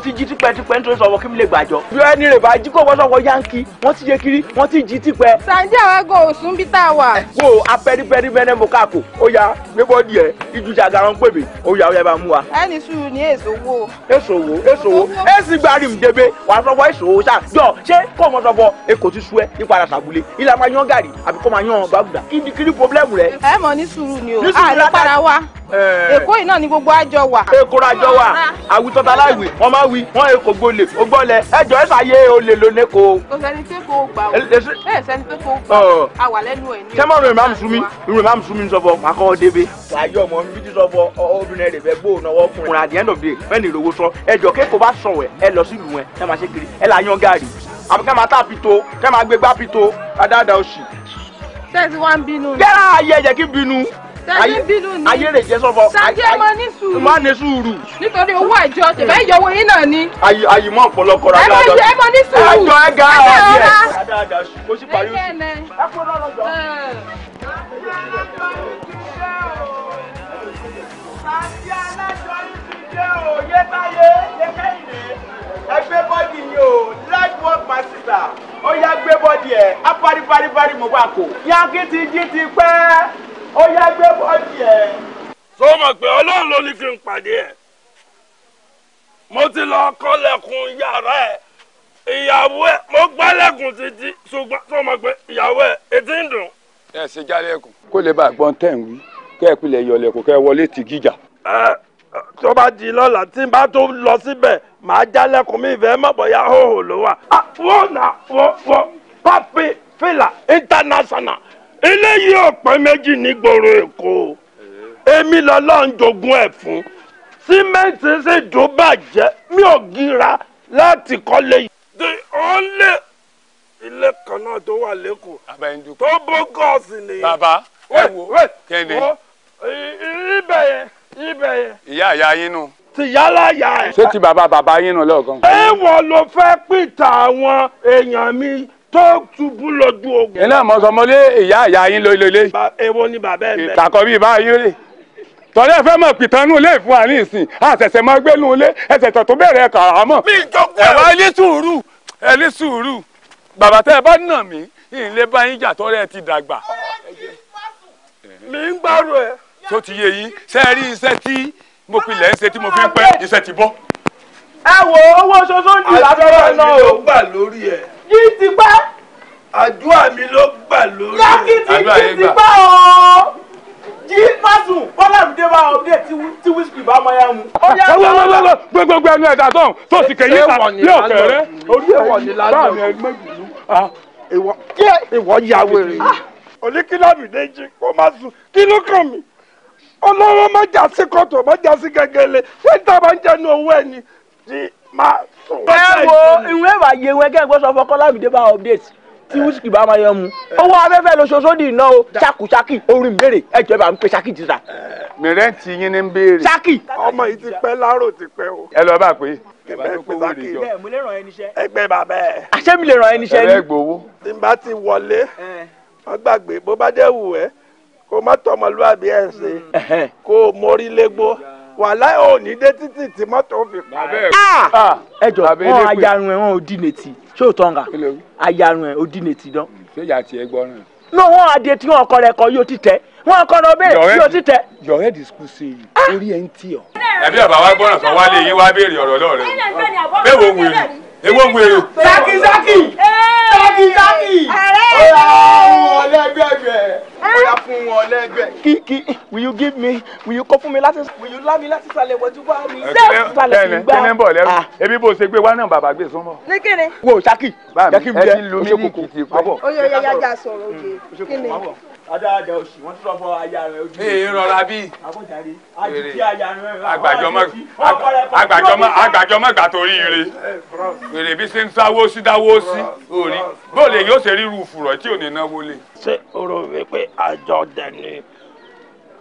ti jí tipẹ́tipẹ́ nítorí sọ̀wọ́ kí mi lè gbàjọ. bí ẹni rẹ̀ bá jí kó wọ́n sọ̀wọ́ yankí wọ́n ti jẹ kiri wọ́n ti jí tipẹ́. sàǹdí àwa go òsùn bí tá a wà. wo apẹ́rípẹ́rí mẹ́rẹ́ mo káàkó ó ya gbébọ́ díẹ̀ ìjú ṣàgàrán pèbè ó ya ó yẹ bá mú wa. ẹni sùúrù ní èso wo. èso wo èso wo èsì gbárí mi débé wà á sọ̀wọ́ èso wo ṣá jọ ṣé kó mọ sọ̀wọ́ èkó ti sú ẹ nípadà sàbúlé ilà máa yan gàrí àbí kó máa yan gbàgùdà kí ni kí ni pọ́blẹ́mù rẹ. ẹ mọ̀ ní sùúrù ni o àlọ́ para wa. Eh. èkó yìí náà ni gbogbo àjọ wà. èkó rajọ wà àwùjọta láìwì wọn máa wí wọn èkó gbolè ògbọlẹ ẹjọ ẹ ṣàyè olè lónìí kò. kò sẹ́ni tí kò gbà o ẹ sẹ́ni tí kò gbà o àwà lẹ́nu ẹ̀ ní. sẹ́mọ̀ rẹ̀ máa ń sunmi rẹ̀ máa ń sunmi sọ́fọ̀ akọ́ débé. wàyọ̀ mọ̀ níbi tí sọ́fọ̀ obìnrin rẹ̀ fẹ́ gbóò náwó fún un. at the end of the day fẹ́ni ìrówó sọ ẹjọ kéko bá sọ̀wẹ̀ ẹ lọ sí ìlú wọn ẹ máa ṣe kiri ẹ là yan gààrí àbí ká máa tà pito ká máa gbégbá pito adáadáa òsì. sẹ́ẹ̀sì wá ń bínú. yàrá ayé ẹ̀jẹ̀ kí bínú ayé ayé rè jẹ sọfọ ṣáàjì ẹ máa ní sùúrù máa ní sùúrù. nítorí owó àjọ tẹ̀fẹ́ ìyọwọ́ yín náà ni. ayi ayi mọ ọ̀pọ̀lọpọ̀ rẹ dáadáa ẹ máa ní sùúrù àjọ ẹ ga ọ díẹ̀ dáadáa mo sì parí oṣù. ẹ kó lọ́rọ̀ jọ. ṣáàjì alájọ ìfìdí òye táyé yẹkẹ́yìn ẹgbẹ́ bọ́dì ni o lẹ́gbọ́n pàṣípà ó yá gbé bọ́dì ẹ̀ á parí parí parí mo bá kò. yankí ti jí ti pẹ́. ọ gbé bọ́ọ̀dì ẹ̀. tó mọ̀ pé ọlọ́run ló ní kí n pàdé yàrá ẹ̀ ìyàwó ẹ̀ mo gbálẹ̀kùn títí ṣùgbọ́n tó mọ̀ pé ìyàwó ẹ̀ etí ń dùn. ẹ ṣe jálẹ̀kùn. kó lè bá ẹ pilẹ̀ kẹ́ ẹ wọlé ti gíjà. ẹ tó bá di lọ́la tí n bá tó lọ síbẹ̀ màá jálẹ̀kùn na wọ́n wọ́n pápí fìlà international eléyìí ọ̀pẹ méjì nígboro èkó èmi lọ́lọ́ ń jogún ẹ̀ fún símẹ́ǹtì sì dùn bàjẹ́ mi ò gíra láti kọ́lé yìí. the only ilé kan náà tó wà lẹ́kọ̀ọ́ tó bógọ́ọ̀sì nìyẹn. bàbá ẹ wo kẹ́ni. ibẹ̀ yẹn ibẹ̀ yẹn. ìyá ìyá yín nù tìyálà yà ẹ. ṣé ti bàbá bàbá yín nù lọ́ọ̀kan. ẹ wọ ló fẹ́ pìtà àwọn èèyàn mi tó tubú lójú ogun. iná mọ̀sánmọ́lé ìyá ìyá yín ló lélẹ̀. èwo ni bàbá ẹ̀ bẹ̀. ìtàkọ́ bíi báyìí rè tọ́lá ẹ fẹ́ mọ̀ pìtánú ilé ìfún wa ní ìsìn àṣẹ̀ṣẹ̀ máa gbẹ́nu ilé ẹsẹ̀ tó tó bẹ̀rẹ̀ kàrámọ̀. mi ìjọkọ ẹ wá ilé sùúrù ẹ ní sùúrù bàbá tẹ ẹ bá nà mí ìlé bá yín jà tọ́lá ẹ ti dàgbà. mi ń gbárò ẹ. tó ti yé yín ṣe é rí iṣẹ́ tí mo pilẹ̀ ń ṣe tí mo fi ń pẹ́ iṣẹ́ ti bọ́. ẹ wo owó ṣoṣo ń di yìí ti pẹ́. àdúrà mi ló gbà lórí rẹ̀ àdúrà yẹn gbà. yàtí ti ti pẹ́ o jí fásùn bọ́lá mi dé bá update tí wíṣíkì bá máa yá mu. wọ́wọ́wọ́wọ́ gbogbo ẹnu ẹ̀dá tán tó sì kẹ́yìn ta yóò kẹ́rẹ́. orí ẹ̀wọ̀ ni lánàá ah, ìwọ ya wèrè. Ah. oníkìlámì lẹ́jì kó má sùn kí ló kàn mí. ọlọ́wọ́ má jà sí kọ́tọ̀ má jà sí gẹ́gẹ́lẹ́ ṣé tá a bá ń jẹnu owó ẹni tí máa ẹ wo ìwé ìwà yẹ wọn kẹ́ ẹ̀ gbọ́sọ̀ fọkọ́ lámìdé bá update tí wíṣíkì bá máa yọ mu owó afẹ́fẹ́ lóṣooṣù dì náà o ṣakùṣakì orin mèrè ẹjọ́ bá ń pe ṣakì ti ta. mìíràn ti yín ní béèrè. ṣakì. ọmọ yìí ti pẹ́ láró ti pẹ́ o. ẹ lọ bá a pé. ẹgbẹ́ pé ṣakì ẹgbẹ́ bàbá ẹ̀. àṣé mi lè ràn ẹ́ níṣẹ́ ni. ẹ̀rẹ́ gbowó. tí n bá ti wọlé wọ́n gbàgbé bó bá dé wù ẹ́ kó má tọmọlúwàbí ẹ̀ ṣe kó mórí légbó wàhálà ò ní dé títì tí mọ́tò fi pa ẹ́. Ah! ẹ jọ wọn ayarun ẹ wọn ò dín létí ṣé ò tán ayarun ẹ ò dín létí dán. ṣé ìyá tiẹ̀ gbọ́ náà. no wọn adé tí wọn kọ rẹ kọ yóò ti tẹ wọn kọ lọ bẹ́ẹ̀ yóò ti tẹ. your head is kúse ah! orí ẹ ń tì ọ. ẹbí ọba wa sọ wálé yín wá béèrè ọ̀rọ̀ lọ́rẹ́ bẹ́ẹ̀ wo wèrè ewo wèrè. zaki zaki zaki zaki ọ̀yà fún wọn lẹ́gbẹ̀gbẹ̀ ọ̀yà fún wọn lẹ́gbẹ̀. kí kí will you give me will you kọ́ fún mi láti will you lá mi láti sàlẹ̀ wọ́jú bá mi. ṣé sàlẹ̀ kì í gbà. ẹnẹ bọ̀ lẹ́rù ah. ebi bó ṣe gbé wa náà bàbá gbé sọ́mọ́. ní kíni. wo saki jẹ́ kí n jẹ́ oṣù kòkò. ọyọ yẹ yájà sọ̀rọ̀ òde kíni adáadáa oṣù wọn tún lọ fọ aya rẹ ojú. ee rọra bí. àbújáde àjùkí aya rẹ. àgbàjọmọ àgbàjọmọ àgbàjọmọ gbà torí ire wèrè bí ṣe ń sáwó sí dáwó sí orí bóòlù yóò ṣe ríru fùrọ̀ tí ò ní náwó lé. ṣé o rò wípé àjọ dẹ̀ ni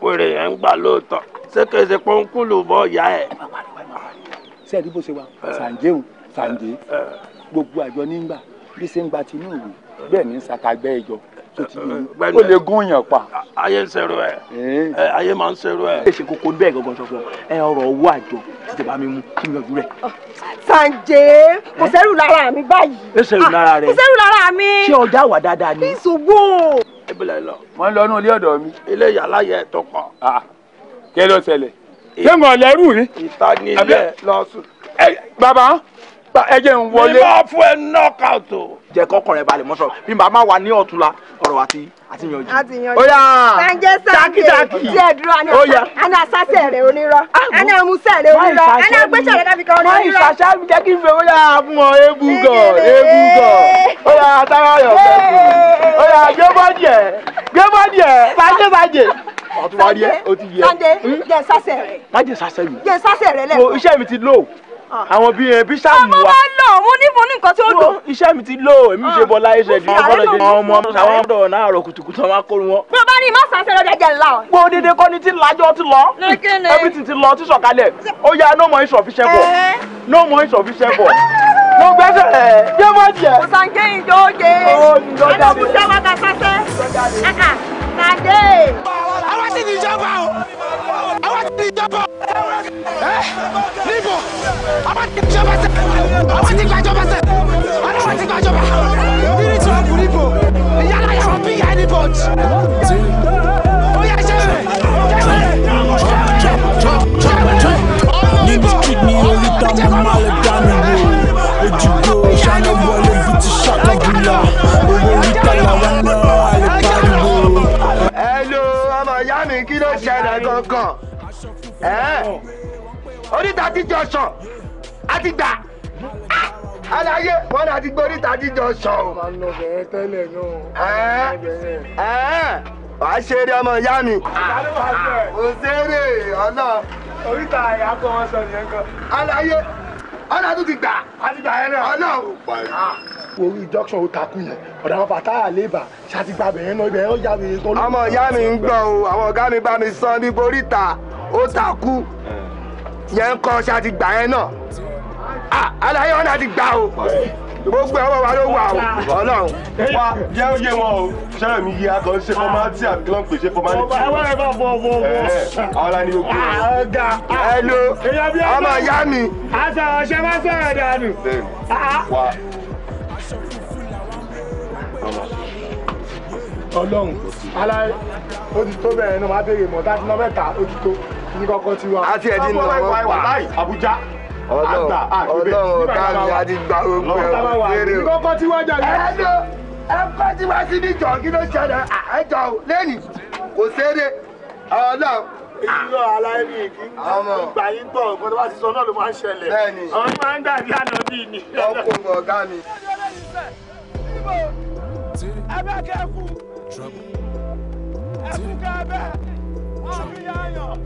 wèrè yẹn ń gbà lóòótọ́ ṣé kì í ṣe pọ́ńkúlù bọ́ ìyá ẹ̀. ṣé ẹ̀rí bó ṣe wà sàǹjẹ̀hùn sàǹjẹ̀ gbogbo àjọ nígbà bí ṣe ń gba tinú ìwé bẹ́ẹ̀ ní sàkàgbẹ́ ìjọ tó ti yé o lè gún yàn pa. ayé ń ṣerú eh? ẹ ayé máa ń ṣerú ẹ. ẹ ṣe kókó bẹ́ẹ̀ gangan sọ fún ẹ ọ̀rọ̀ owó àjọ tètè mi mú kí n yọjú rẹ. Oh, sànjẹ́ kò sẹ́rù eh? lára mi báyìí. Ah, kò sẹ́rù lára rẹ kò sẹ́rù lára mi. ṣé ọjà wà dáadáa ni. ìṣubú. ìbílẹ̀ lọ. wọ́n lọ inú ilé ọ̀dọ̀ mi. ilé yàrá yẹ tó kọ. Ah, kí ló ṣẹlẹ̀. ṣé mo lẹ́rù rí. ìtanilẹ̀ lọ sùn. Eh, bàbá ẹ jẹ́ n wọlé. mi máa fún ẹ knockout o jẹ́ kọ́kàn rẹ balẹ̀ mọ́sọ̀rọ̀ bí ma wa ní ọ̀túnla ọ̀rọ̀ àti àti yanjú. àti yanjú oya sanjẹ sanjẹ tí ẹ dúró àná oya àná àsásẹ rẹ onírọ́ àná ẹmusẹ rẹ onírọ́ àná agbẹsẹ rẹ kábíkan onírọ́. wọ́n ìṣàṣà mi jẹ́ kí n fẹ́ oya fún ọ ebu gọ̀ ebu gọ̀ oya tára yọ̀ fẹ́ fún mi oya gbé bọ́ọ̀dì ẹ̀ gbé bọ́ọ̀dì ẹ̀ bàjẹ́ bàjẹ́ ọ̀tún ẹ o ti yẹ. sanjẹ hmm? jẹ sásẹ rẹ. má jẹ sásẹ mi. jẹ sásẹ rẹ lẹ Ah. àwọn bíi ẹbí ṣàmù wa. ọmọ wa lọ mo ní mo ní nǹkan tí ó dùn. iṣẹ́ mi ti ah. lọ èmi ṣe bọ́lá ẹ̀ṣẹ̀ ju ọgbọ́dọ̀ jẹ àwọn ọmọ àwọn ọmọdọ̀ náà àrò kùtùkùtù ọmọ akóró wọn. bí o bá ní ìmọ̀ sàṣẹ lọ jẹjẹ ńlá o. gbọ́ dédé kọ́ ni tí lajọ́ ti lọ everything ti lọ ti sọ̀kalẹ̀ ó yá no more ìṣọ̀fi ṣẹ́bọ̀ eh? no more ìṣọ̀fi ṣẹ́bọ̀ mo gbẹ́sẹ̀ rẹ̀ dé mọ́ jẹ́. kùsàǹkẹ́ ìjọ oge ẹnìkùsẹ́ wa kà sásẹ́ kàdé. àwa ti ní ìjọba o ìjọba ẹ níbo àwọn ti gbàjọba sẹ àwọn ti gbàjọba sẹ àwọn ti gbàjọba bírí tí wọn kù níbo ìyálà yà wọn bí yà ní bọd ó yà ṣe rẹ níbi kidney olùta mo máa lè dánú wo ojúgbó ṣáná wọlé bí ti ṣàkàdúrà owó oríta làwọn náà àlè pariwo. ẹ lo ọmọ ìyá mi kí ló ṣẹlẹ̀ gangan oríta tíjọ sọ àti gbà ah! aláyé wọn náà ti gbé oríta tíjọ sọ o. wàá ṣeré ọmọ ìyá mi. o ṣeré ọ̀nà. oríta àyà kọ́ wọn sọ nìyẹn kan. aláyé ọ̀nà tó ti gbà. a ti gbà yẹn náà. ọ̀nà ò pọ̀ yìí ah! orí junction otaku yẹn ọ̀dà àwọn bàtà àlébà ṣàtìgbà bẹ̀rẹ̀ náà ibẹ̀ ó yá mi. ọmọ ìyá mi ń gbọ́ o àwọn ọ̀gá mi bá mi sán ní boríta ó takú yẹn kọ́ ṣe àti gbà yẹn náà àlàyé ah, wọn náà gbà o gbogbo ọmọ wa ló wà o Ọlọ́run. wa jẹ́ oyè wọn o ṣẹ́rẹ̀ mi yí akọ ṣe fọmáàtì àbí lọ́n pè ṣe fọmáàtì. ẹ wọ́n ẹ bá fọ fọ fọ. àwọn la ni o gbé. Ah, ọ̀gá ọmọ ìyá mi. aṣọ ọṣẹ máa sọ̀rọ̀ dànù. Ah. wa Ọlọ́run aláì ó ti tó bẹ́ẹ̀ ni màá béèrè mọ dájú náà mẹ́ta ó ti tó kíkọ́kọ́ ti wá. àti ẹ̀dín nà wọ́n pa Àbújá ọlọ́run ọlọ́run ọ̀gá mi àti gba gbogbo ẹ̀wọ̀n fèrè o. kíkọ́kọ́ ti wá jáde. ẹ̀ẹ́dọ̀ ẹ̀kọ́ ti wá sí ní ìjọ kí ló ṣẹlẹ̀ ẹ̀jọ̀ lẹ́nìí kò séré ọlọ́run ìlọ aláìní kí gbà yín gbọ́ ọ̀gbọ́n tó bá ti sọ náà ló máa ń ṣẹlẹ̀ ọ̀run máa ń dàbí ànábì ni. ọkùnrin ọ̀gá mi. ẹbẹ kẹfù ẹfù kẹbẹ wọn fi yá yàn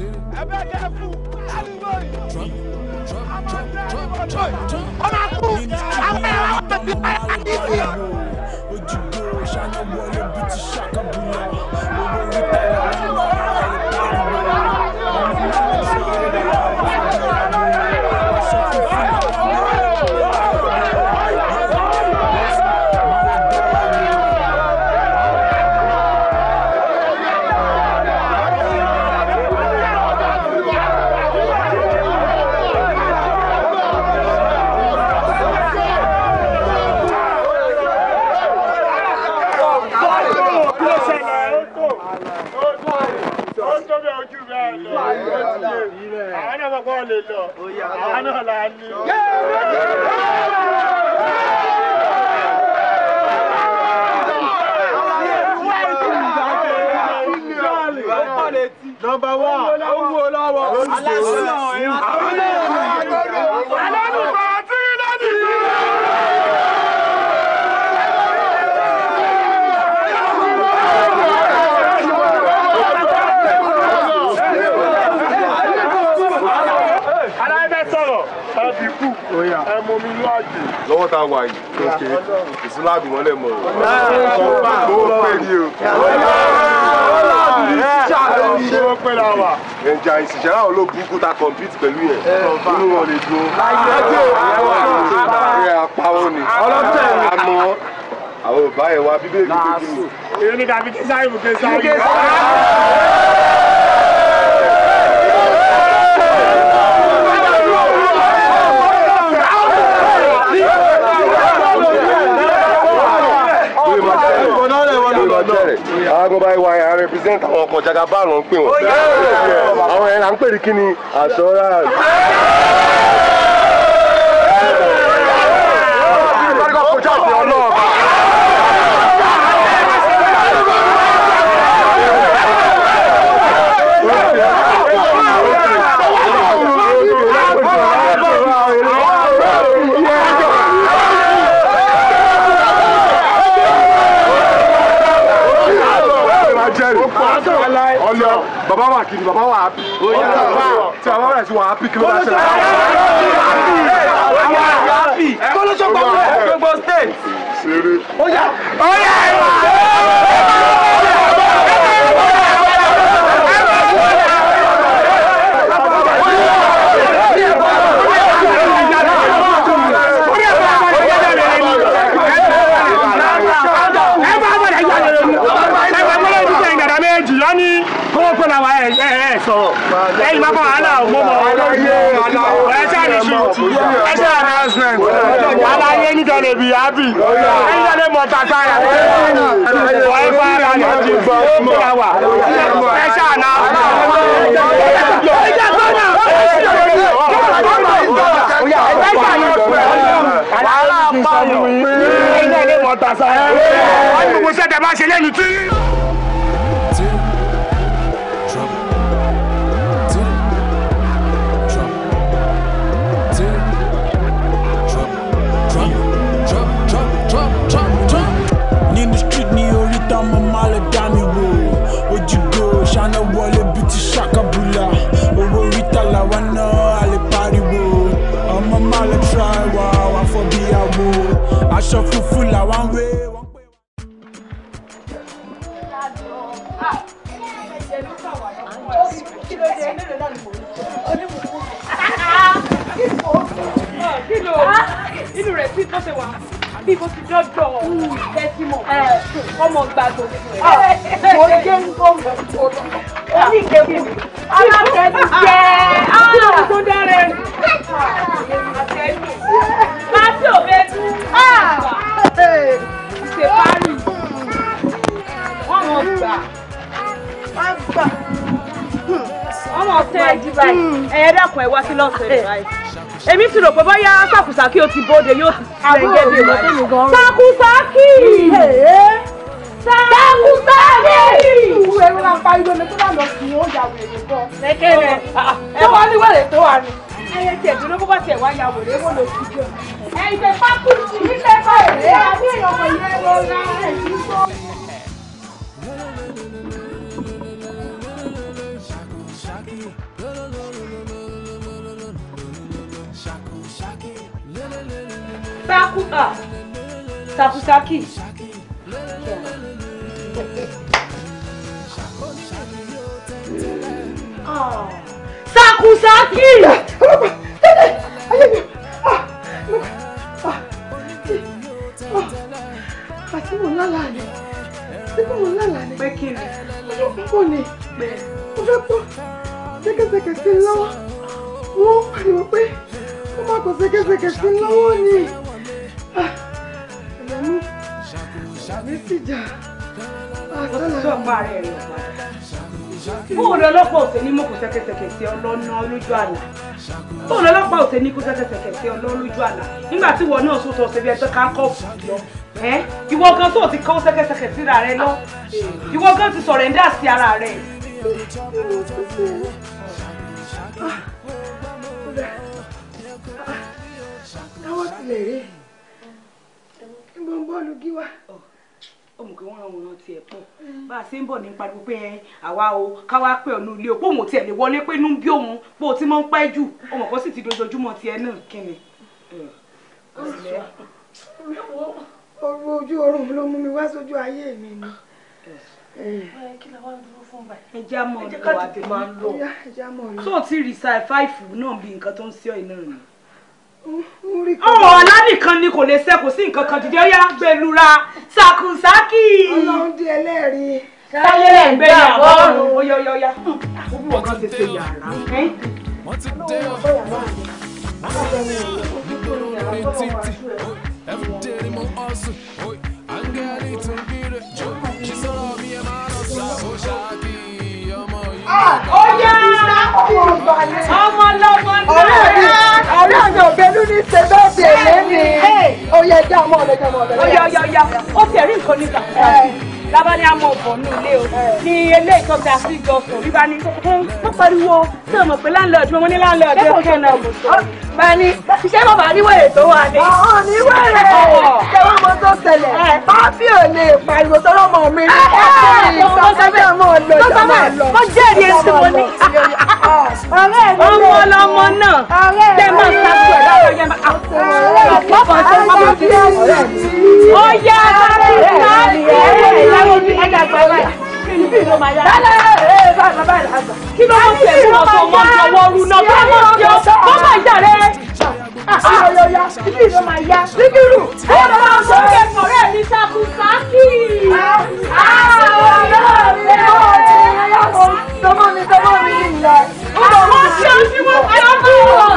ẹ bẹ kẹ fún ládùúgbò yìí ọmọ tẹ ẹ kọjọ yìí ọmọ kú àwọn ẹ wà pẹ̀lú àdìsí yọ. ojúgbó lè lọ àwọn náà la ní. lọ́wọ́ tá a wà yìí lókè ìsúláàbì wọn lè mọ̀ ọ́. mo pè ní o. ẹ̀jà ìsìnṣẹ́ láwọn ló burúkú ta compete pẹ̀lú yẹn inú wọn lè dúró. ẹ̀ àpawọ́ ni àmọ́ àwọn ò bá ẹ̀ wá bíbélì gbogbo. èmi ni dàbí kí sáyé mú kí sáyé. tágbọ́n báyìí wáyé àwọn represent àwọn ọkọ̀ jagaba ló ń pè wọ́n. àwọn yẹn là ń pè ní kíni assurance. ọlọ́ọ̀bà. happy kí ló bá ṣẹlẹ̀. àwọn àgbà happy kólóṣó gbogbo ẹ̀ gbogbo state. ó yá ó yá ẹ̀ wá. ẹ̀yin bá bá wàhálà ò mọ́ mọ́. gonna be happy. Ẹ̀yin lè mọ̀ tata yà. Wọ́n ẹ bá ara yà ti gbọ́ ọmọ yà wà. Ẹ ṣàná. Ẹja sọ́nà. Ẹja sọ́nà. Wàhálà pàlù. Ẹ̀yin lè mọ̀ tata yà. Wọ́n ti gbogbo sẹ́dẹ̀ bá ṣe lẹ́nu tí. aṣọ funfun làwọn ń wé. inú rẹ̀ sí tó ṣe wà bí mo ti dọ́jọ́ tẹ́tímọ̀ ọmọ gbàgbọ́ mo jẹ́ ń gbọ́ mọ́ oníkèéfì. báyìí hmm. ẹ dákun ẹ sí lọ́sẹ̀ báyìí èmi ti rò pé bóyá sàkùsàkì ó ti bóde yóò ti sẹ́ńgẹ́dẹ̀ wá sàkùsàkì sàkùsàkì ẹ̀rọ la pa ìlú ẹ̀mẹ́tọ́ lànà kì í ó yà wèrè gan. lẹ́kẹ̀rẹ̀ ah, ah. ẹ wá ní wẹ̀rẹ̀ tó wà ní. ẹyẹ tiẹ̀ dúró bó bá tiẹ̀ wá ya wèrè wọ́n lọ sí jọ. ẹ̀jẹ̀ pákúùtì nílẹ̀ Thank you. Saku ah Sakusaki. Sakusaki. Àti mò ń lálàá ni, àti mò ń lálàá ni. Pé kí ni? Mo yóò púpọ̀ ni. Bẹ́ẹ̀ ṣẹ̀kẹ̀ṣẹ̀kẹ̀ sí lọ́wọ́ wọ́n pariwo pé kó má kó ṣẹ̀kẹ̀ṣẹ̀kẹ̀ sí lọ́wọ́ ni ẹ̀mí ẹ̀mí sì jà bóun lọlọ́pàá ọ̀sẹ̀ ní mú kó ṣẹ̀kẹ̀ṣẹ̀kẹ̀ sí ọlọ́nà lójú àlá bóun lọlọ́pàá ọ̀sẹ̀ ní kó ṣẹ̀kẹ̀ṣẹ̀kẹ̀ sí ọlọ́nà lójú àlá nígbà tí ìwọ náà sọ̀tọ̀ ọ̀sẹ̀ bí ẹjọ́ ká kọ́ fún lọ ìwọ gan tó ti kọ́ ṣẹ̀kẹ̀ṣẹ̀kẹ̀ síra rẹ lọ ìwọ gan ti sọ̀rẹ́ńdà sí ara rẹ. Táwọ́ tilẹ̀ rí. Níbo ń bọ́ọ̀lù gíwá? Ọmọ kí wọ́n ràn wọ́n rántí ẹ̀ pọ̀. Bá a ṣe ń bọ̀ ní pariwo pé àwa o káwá pé ọ̀nà ilé o. Póòmù tiẹ̀ lè wọlé pé inú ń bí òun. Pé o ti máa ń pẹ́ jù. Ọmọ kan sì ti dojoojúmọ́ tiẹ̀ náà kí ni. Orú ojú oorun ló mú mi wá sójú ayé mi ni. Kí la wá ń dúró? ẹja mọ ọdọ àti máa ń lọ tó o ti rìsà fáìfù náà bí nǹkan tó ń ṣe ọ iná rẹ. ọ̀rọ̀ ọ̀la nìkan ni kò lè ṣe kò sí nǹkan kan dídé ọ̀yá gbẹlura e ṣàkùnṣákì. ọlọ́run di ẹlẹ́rìí. sáyé lè gbé yàrá ọ̀run ọ̀yọ̀yọ̀yà. ó bí wọ́n kan ṣe ṣe yàrá. wọ́n ti dé ọ̀rọ̀ mi lórí títì every day mo hustle i'm getting to be. ó yá ọmọ lọmọ náà. ọ̀rẹ́ mi ọ̀rẹ́ mi òbẹ́lú ní ṣe bẹ́ẹ̀ bẹ̀rẹ̀ mi ó yẹ dá ọmọ ọ̀rẹ́ jẹ́ ọmọ ọ̀rẹ́ rẹ̀. ó yá ó yá ó yá ó tẹ̀rí nǹkan níta lábá ní àmọ́ ọ̀bọ̀ ní ilé o ní ilé ìtọ́jà sí ìjọsìn bíbá ní wọ́n pariwo tí ọmọ pé láńlọ́ọ̀dù mo ní láńlọ́ọ̀dù ẹ̀kọ́ náà bá ní iṣẹ́ bàbá níwèrè tó wà ní. ọ̀hún níwèrè tẹ̀wọ́n mo tó tẹ̀lẹ̀ pápí ò lè pariwo tọ́lọ́ mọ̀ mi ní ọ̀hún ìtọ́jú ọmọ ọ̀lọ́dọ̀ mo jẹ́rìí èsì mo ní. Ah, ah, ah, ọmọ ọlọmọ náà tẹ máa ń takú ẹ̀ láwọn yẹn máa ń bọ̀ ọ́ yá láti máa ń bẹ̀rẹ̀ ló ní ẹja àgbà báyìí kí ló máa yá kí ló máa tẹ̀ fún ọ̀tọ̀ ọmọ ìjọwọ́ ọ̀rù náà bí wọ́n máa yọ kó má yà rẹ̀. Kí ló máa yá? Síkírù! Ó lọ máa sọ pé ọ̀rẹ́ mi takú sákì. Àwọn ọ̀rẹ́ mi ò tẹ̀ ẹ́ tọmọ mi tọmọ mi nìyẹn. Àwọn ṣe ọtí wọn fi ọtí wọn.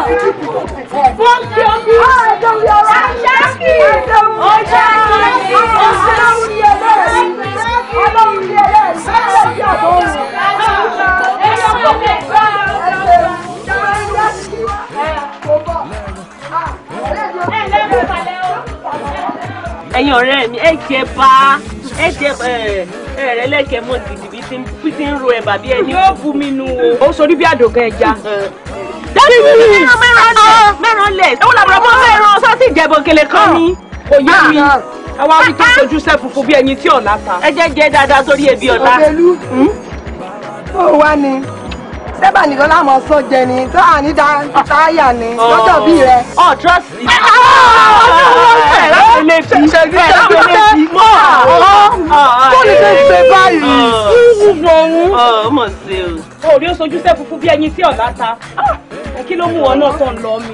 Wọ́n fi ọtí wọn. Ọ̀ṣákì! Ọ̀ṣákì! Ọ̀ṣákì! Ọ̀ṣákì! ọlọ́run ní ẹ̀yà ẹ̀sẹ̀ ẹ̀yà àbọ̀ òun ẹ̀yà ọkọ̀ mi ẹ̀sẹ̀ ẹ̀yin ọ̀rẹ́ mi ẹ jẹ bá ẹ jẹ ẹrẹ lẹkẹ mọ gidigidi tí bí ti ń ro ẹ̀bà bí ẹni yóò bu mi nu o. ó sorí bí àdòkẹ́ ẹja. dábì mi mẹ́ràn lẹ̀ mẹ́ràn lẹ̀. ewu làbúrò mọ́ mẹ́ràn sọ́ọ́sì ìjẹ̀bọ̀ kele kan mi. Ah. kò yé mi. Ah ẹ wá rí tó sojú sẹ́ funfun bí ẹni tí ọ̀la ta ẹ jẹ́ jẹ́ dáadáa sórí ẹbí ọ̀la. òbẹ̀lú ó wá ni sẹ́bà nìkan láwọn sọ jẹ ni tó à ní táyà ni lọ́jọ́ bí rẹ. ọ trọ́ọ̀sì. Bọ́ọ̀lù ṣe ń ṣe báyìí. Wúwo òun. Ọmọ ṣe o. Orí ó sojú sẹ́ funfun bí ẹni tí ọ̀la ta. Kí ló mú wọn náà tán lọ mi?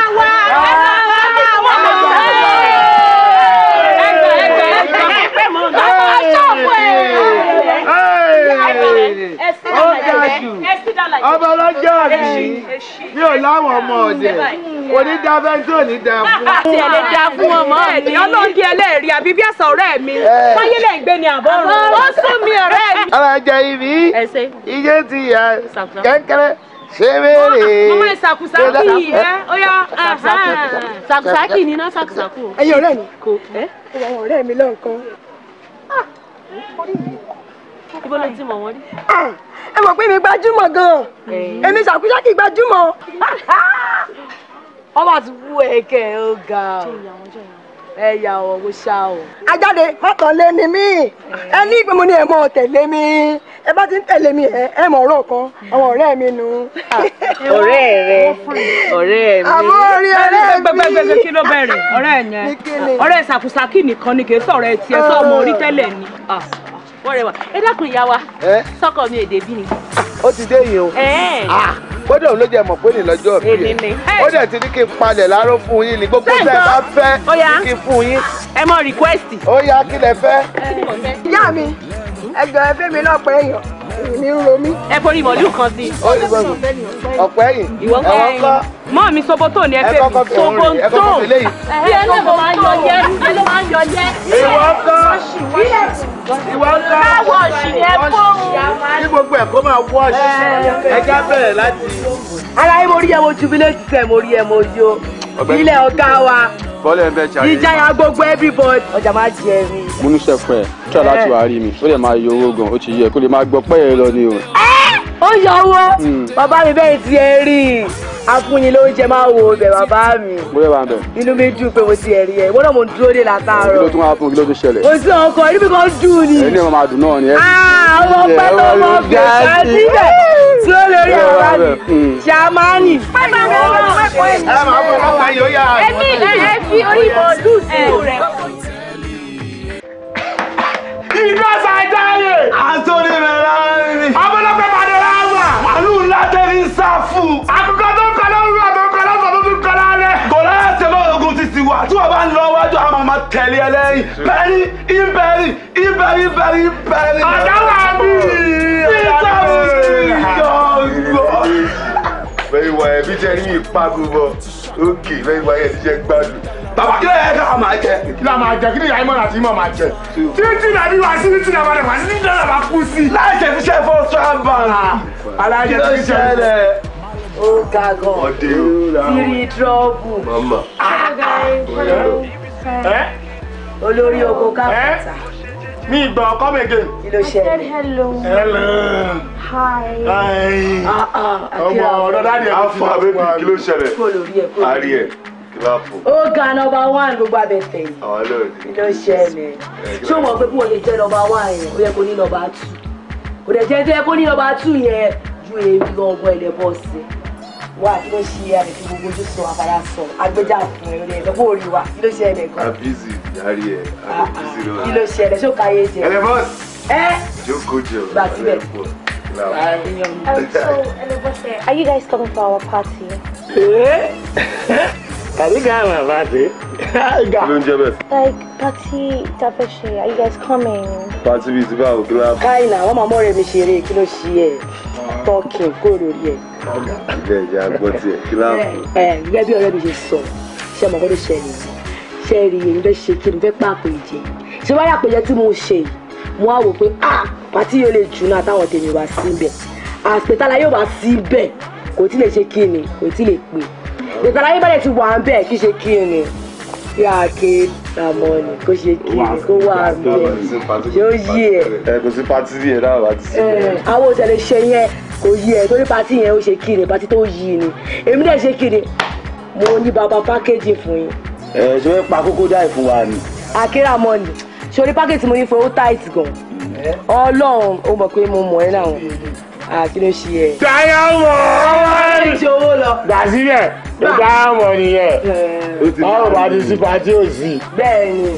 ó ga jù ọmọ ọlọ́jọ́ mi mi ò láwọn ọmọ ọ̀dẹ̀ onídàbẹ́ tí ò ní da fún. àti ah, ah, ẹ̀ lè da fún ọmọ mi ọlọ́ọ̀dẹ ẹlẹ́ẹ̀rí àbí bí ẹ̀sán ọ̀rẹ́ mi táyé lè gbé ni àbọ̀ rẹ̀ ó sún mi ọ̀rẹ́ mi. ọ̀rọ̀ ẹ̀jẹ̀ ibi iye ti yà kẹ́kẹ́rẹ́ sebere ah, mama ye sakusaki ẹ oya sakusaki ni na sakusaku. ẹ̀yin ọ̀rẹ́ mi kò ọ̀rẹ́ mi lọ nǹkan ibo ló ti mọ̀ wọ́n rí. ẹ mọ̀ pé mi gbajúmọ̀ gan-an eh. èmi ṣàkúṣàkì gbajúmọ̀. wọ́n bá ti wú ẹ̀kẹ́ ó ga ọ́ ẹ̀yà ọ̀ wo ṣá o. ajáde mọ́tànlé ni mí eh. ẹ ní ìpinnu ni ẹ mọ̀ tẹ̀lé mi ẹ bá ti ń tẹ̀lé mi ẹ mọ̀ ọ̀rọ̀ kan àwọn ọ̀rẹ́ mi nu. Ah, ọ̀rẹ́ rẹ ọ̀rẹ́ mi. àmọ́ orí ọ̀rẹ́ mi. gbẹgbẹgbẹ kí ló bẹ̀rẹ̀ ọ̀rẹ́ yẹn ọ̀rẹ́ ṣàkúṣàkì nìkan ni kì í sọ̀rọ̀ ẹ tiẹ̀ sọ ọmọ orí tẹ́lẹ̀ ni. Ah wọ́n rẹwà ẹ dákun ìyá wa sọ́kọ mi èdè bí ni. ó ti dé yìí o kódà òun ló jẹ mọ̀ pé ní lọ́jọ́ bí ẹ ó dẹ̀ ti ní kí n palẹ̀ láró fún yín ní gbogbo tẹ́ ẹ bá fẹ́ kí n fún yín. ẹ mọ rìkwẹ́sì. ó yá kí lẹ fẹ́. ìyá mi ẹgbẹ̀rún fẹ́mi náà pé èèyàn mi ń ro mí. ẹ forí mọ̀lú kan sí. ó ti gbọ́dọ̀ ọ̀pẹ́ yìí ìwọ́n kọ́ ẹ̀yìn mọ́ mi soboto ni ẹ fẹ́ mi soboto bí ẹ lọ́mọ máa ń yọ jẹ́ ẹ lọ́mọ máa ń yọ jẹ́. ìwọ́n kọ́ ìwọ́n kọ́ wọ́ọ̀ṣì ni ẹ fóun. kí gbogbo ẹ̀kọ́ máa wọ́ọ̀ṣì ẹja bẹ̀rẹ̀ láti. ara yín mo rí ẹ mo jubilé ti tẹ̀ mo rí ẹ mo yó ilẹ̀ ọ̀gá wa bọ́lẹ̀ ń bẹ jàre. ìjayà gbogbo everybody. ọjà máa jẹ mi. mo níṣẹ́ fún ẹ tí ọ̀la mi ó lè máa yọ owó gan ó ti yẹ kó lè máa gbọ́ pẹ́ẹ́ lọ ni o ó yọ owó bàbá mi bẹ́ẹ̀ ti ẹ rí i afúnyin ló ń jẹ máa wo ibẹ̀ bàbá mi inú mi dùn pé mo ti ẹ̀ rí ẹ wọ́n náà mo ń dúró dé látàárọ̀ kí ló tún wá fún kí ló tún ṣẹlẹ̀ kò sí ọkọ inú mi kan dùn ni ẹni ọmọ àdùn náà ni ẹ ah, ọmọ pẹ́ tó mọ bẹ̀rẹ̀ síbẹ̀ tí ó lórí àwa hmm. mi ṣàmánì. ẹni ẹ fi orí mọ̀ọ́lù sí rẹ̀. ìdọ́sà jáde. àtúndì mẹ́rán. lóhùn. àkùkọ tó ń kọ lóhùn àkùkọ lọ́sọ̀ tó tún kọ lálẹ́. kò láyà ṣe wà tí wọ́n bá ń bẹ́ẹ̀ni wà ní jẹ́ ní ìpago bọ̀ ókè lẹ́yìn wáyé ti jẹ́ gbádùn. bàbá kí lóye máa jẹ. kí lóye máa jẹ kí lóye àìmọ́ àti ìmọ̀ máa jẹ. títí nàbí wá sí títí nàbá rẹ̀ wá sí títí nàbá kú sí. láì jẹ́ ó ga gan tírí trọ́bù àga ẹ̀fẹ́ olórí oko kápẹ́tà. mi gbọ́ come again. kí ló ṣẹlẹ̀. hello. hello. hi. hi. Ah, ah, ọmọ ọ̀dọ́ dáadé ẹ̀ fún wa bébí kí ló ṣẹlẹ̀. kó lórí ẹ̀ kó lórí ẹ̀ ó ga nọmba one gbogbo abẹ́fẹ́ yìí kí ló ṣẹlẹ̀ ṣé o mọ̀ pé bí wọ́n lè jẹ́ nọmba one yẹn ó yẹ kó ní nọmba two kò dẹ̀ jẹ́ jẹ́ kó ní nọmba two yẹn ju èmi gan ọgbọ́n ẹ̀lẹ́bọ̀ọ́sì wá kí ló ṣe àdìsí gbogbo ojú sọ àfàrà sọ agbẹjà fún ẹ rẹ lọ́wọ́ orí wa kí ló ṣe ẹ̀dẹ̀ kan. àbísí ìdarí ẹ àbísí ah, lọ́la. Ah, kí ló ṣe ẹ̀dẹ̀ ṣó káyé jẹ. ẹlẹbọs. ẹ jókòó jẹ o. gbà um, are you guys coming for our party. Kàdíkà àwọn àbáṣe. Ló ń jẹ bẹ́ẹ̀. Like party ta are you guys coming? Party bíi ti báwo kí ló á. Káyìnà, wọ́n máa mọ́rẹ̀ mi ṣeré kí ló ṣí ẹ̀. Tọ́kì kó lórí ẹ̀. Ìjẹ́ ìjẹ́ agbọ́n tiẹ̀ kí ló á. Ẹ gẹ́gẹ́ bí ọ̀rẹ́ mi ṣe sọ, ṣé ọmọ gbọ́dọ̀ ṣẹlẹ̀ yìí? Ṣé rí èyí fẹ́ ṣe kí n fẹ́ pààkó ìjẹ? Ṣé wáyà péjẹ tí mo ṣe ah party yóò lè jù náà táwọn tèmi wá síbẹ̀. Àṣetálá yóò wá síbẹ̀. Kò tí lè ṣe kí ni, kò tí lè ìgbàlá yín bẹ̀rẹ̀ ti wà ń bẹ̀ kí ṣe kí ni kí a ké àmọ́ ni kó ṣe kí ni kó wà ń bẹ̀ yóò yí ẹ̀. ẹ kò sí pati yẹn náà wà ti sí. àwọn òṣèlè ṣe yẹn kò yí ẹ torí pati yẹn ó ṣe kí ni pati tó yí ni èmi náà ṣe kí ni mo ní bàbá pákéjì fún yín. ẹ ṣe fẹ́ pa kókó dáì fún wa ni. àkérà mọ́ ni sori pákéjì mo ní fún owó táìtì gan-an ó mọ̀ pé mo mọ̀ ẹ́ náà kí ló ṣe ẹ. Diamond ọmọ ti owó lọ. gbàsílẹ̀ dayamọ nìyẹn ọrùn bá ti sí pàtí òsì. bẹ́ẹ̀ni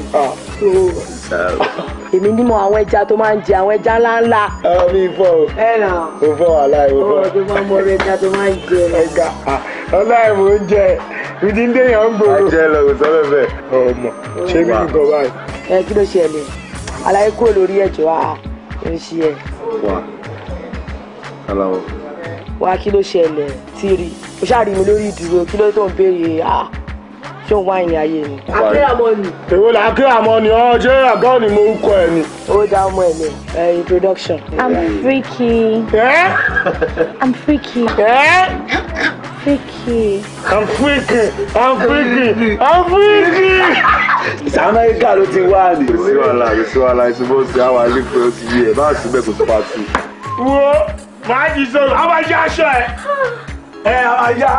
èmi nímọ̀ àwọn ẹja tó máa ń jẹ àwọn ẹja ńláńlá. ẹ mi fọ o ẹ nà o fọ aláì o fọ. ọ̀rọ̀ tó máa ń mọ ẹja tó máa ń jẹ. ẹja aláì mò ń jẹ ìdí ń déyàn ń gbòòrò. ajẹ́ lọ kò sọ ọmọ ṣé mi nìkan báyìí. ẹ kí ló ṣẹlẹ̀ aláì kúrò lórí ẹ̀jọ̀ a ẹ ṣe ẹ aláwọ. wá kí ló ṣẹlẹ̀ tíri o ṣáà rí mi lórí ìdúró kí ló tó ń béèrè ah ṣé òun wá ìrìn ayé ni. akéramọ ni. èwo la akéramọ ni ọ ṣé àgọ́ ni mo kọ ẹ ni. ó dá ọmọ ẹ lẹ ẹyin production. i'm freaky. Eh? i'm freaky. Eh? freaky. i'm freaky. i'm freaky. i'm freaky. sàmẹ́ríkà ló ti wá ni. kò sí wàhálà kò sí wàhálà ìṣubú sí àwọn àlè pé ó ti yé ẹ bá a sì bẹ́ẹ̀ kò sí pa sí máa jí sọ̀rọ̀ a máa yá aṣọ ẹ ẹ a máa yá.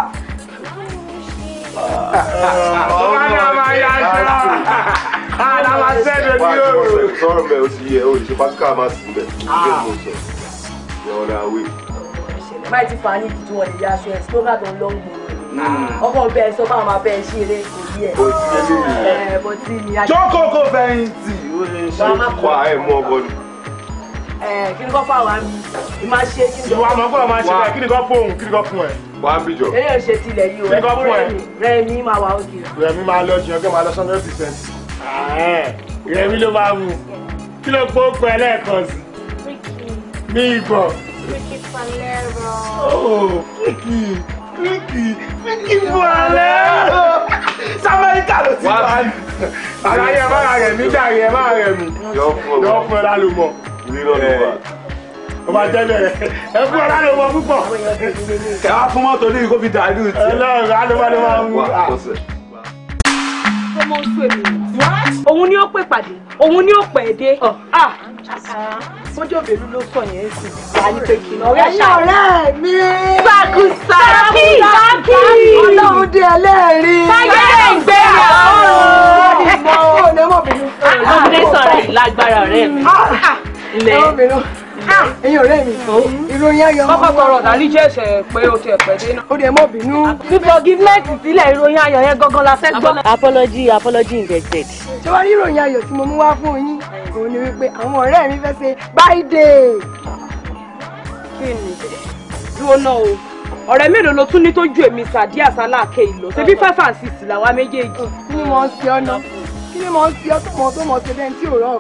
ọmọ náà máa yá aṣọ ala ma sẹ́dọ̀ ní òòrùn. sọ̀rọ̀ bẹ́ẹ̀ o ti yẹ o lè ṣe pásítọ̀ máa sùn bẹ́ẹ̀ ilé ìwé sọ yọ̀ọ́ náà wé. máì ti fàánì tí wọn lè yaṣọ ẹ sítóbà tó ń lọ ń gbòòrò ọkọ bẹ ẹ sọ bá máa bẹ ẹ ṣeré kò yí ẹ. bó ti yẹ eh, lóyún. jókòó kò fẹ́yìntì. bá a má kọ́ ẹ mọ́ ọkọ ni kí ni kò fà wá mi ìmá ṣe kí ni. ìwà àmọ́ gbọ́dọ̀ máa ṣe bẹ́ẹ̀ kí ni kò fóun kí ni kò fún ẹ. wà á bìjọ. eré ò ṣe tilẹ̀ yìí o ẹ kó rẹmi rẹmi máa wà òkè. rẹmi máa lọ jiyàn kí n máa lọ hundred percent. rẹmi ló máa mú kí ló gbó pẹ́ lẹ́ẹ̀kan sí. mi ìgbọ̀. Ricky Valero. Oh, Ricky. Ricky, Ricky Valero. Samẹ́ríkà ló ti bá a. Àlàyé ẹ máa rẹ̀ mí dàrí ẹ máa rẹ̀ mí. Yọ fún ẹ lálùmọ̀ o ma tẹ́lẹ̀ ẹ fún ọlá ló mọ púpọ̀. ẹ wá fún mọ́tò ní kó fi dàlú tí. Ọlọ́run alóbáló máa ń wú. Ah. ọmọ oṣù èmi. òun ni ó pè pàdé òun ni ó pè é dé. mọ́jọ́bẹ̀lú oh. ah. ló sọ yẹn sí. wà á ní pé kí n ọ̀rẹ́ ṣá. ọ̀rẹ́ mi. sáàkì sáàkì sáàkì. ọlọ́run dé ẹlẹ́rìí. táyé ìgbé àwọn. ọ̀rẹ́ Ah! ọ̀rẹ́ mm-hmm. apology apology invested. ṣé wàá rí ìròyìn ayọ̀ tí mo mú wá fún yín òun ni wípé àwọn ọ̀rẹ́ mi fẹ́ ṣe birthday. kí ni dúró náà o ọ̀rẹ́ mélòó ló tún ní tó ju èmi sàdí àsálà kéèlò ṣebí five and six làwa méjèèjì. kí ni wọ́n ṣe ọ́nà kí ni mo ń fi ọtún mọ tó mọ tó bẹ́ẹ̀ tí ò rọ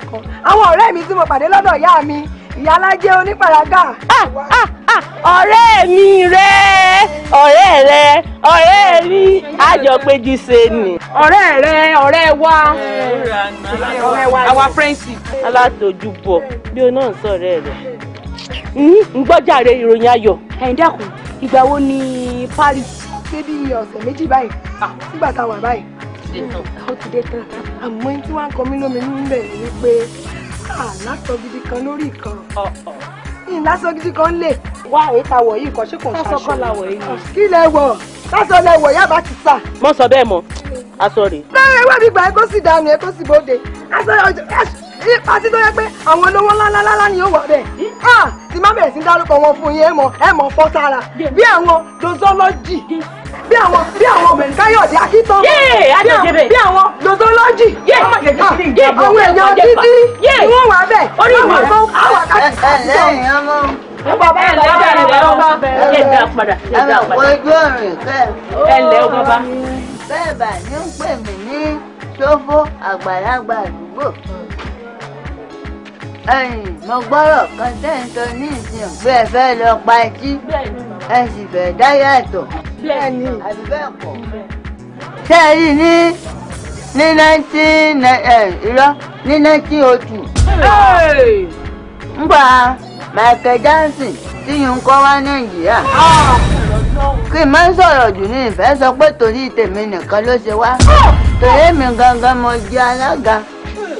àwọn ọ̀rẹ́ mi tí mo pàdé lọ́dọ̀ ìyá mi ìyálájẹ onípàràgà. Ah, ah, ah, ọ̀rẹ́ mi rẹ ọ̀rẹ́ rẹ ọ̀rẹ́ mi àjọpéjì ṣe ni. ọ̀rẹ́ rẹ ọ̀rẹ́ wa ọ̀rẹ́ wa our friendship. alátojú bọ̀ bí o náà ń sọ̀rẹ́ rẹ̀ ń gbọ́jàre ìròyìn ayọ̀. ẹ̀yin dákun ìgbà wo ni Paris. ṣé bí ọ̀sẹ̀ méjì báyìí nígbà tá báyìí dé tán. ó ti dé tán àmọ́ tí wọ́n á kọ mí lómi níbẹ̀ ni wípé àlásọ gidi kan lórí ìkan. ìlásọ gidi kan lè wá àríta wọ̀ yìí kan ṣé kò ń ṣaṣọ. sásọ kọ́ wọ̀ kí lẹ wọ̀ sásọ lẹ wọ̀ yàrá ti sà. mọ sọ bẹ́ẹ̀ mọ aṣọ rẹ̀. bẹ́ẹ̀ wá mi gbà ẹ kó sì dànù ẹ kó sì bóde aṣọ pàtí tó yẹ pé àwọn olówó ńláńláńlá ni ó wà bẹ́ẹ̀ ah, tí má bẹ̀rẹ̀ sí dárúkọ wọn fún yín ẹ mọ̀ ẹ mọ̀ fọ́ sára bí àwọn dozology bí àwọn bí àwọn káyọ̀dé akíntọ́ bí àwọn dozology ah, àwọn èèyàn títí ni wọ́n wà bẹ́ẹ̀ àwọn tó àwọn àkàtúntò bàbá ẹ lọ bá ẹ lọ bá ẹ dá padà ẹ dá padà. àwọn ojú ọ̀rìn kẹ́ ẹ lẹ́ o bàbá. bẹ́ẹ̀ bá ní ń pè mí ní ṣòfò àgbàlagbà àdúgbò ẹ̀yin mo gbọ́rọ̀ kan tẹ́ ní ìsìn bí ẹ fẹ́ lọ pa etí ẹ sì fẹ́ ẹ̀tọ́ ṣé ẹ rí ní ní nineteen eh, eh, irọ́ ní nineteen o oh two Michael Jackson tí yín kọ́ wá Nàìjíríà ah! kí n sọ̀rọ̀ jù ní ìfẹ́ sọ pé torí tèmi nìkan ló ṣe ah!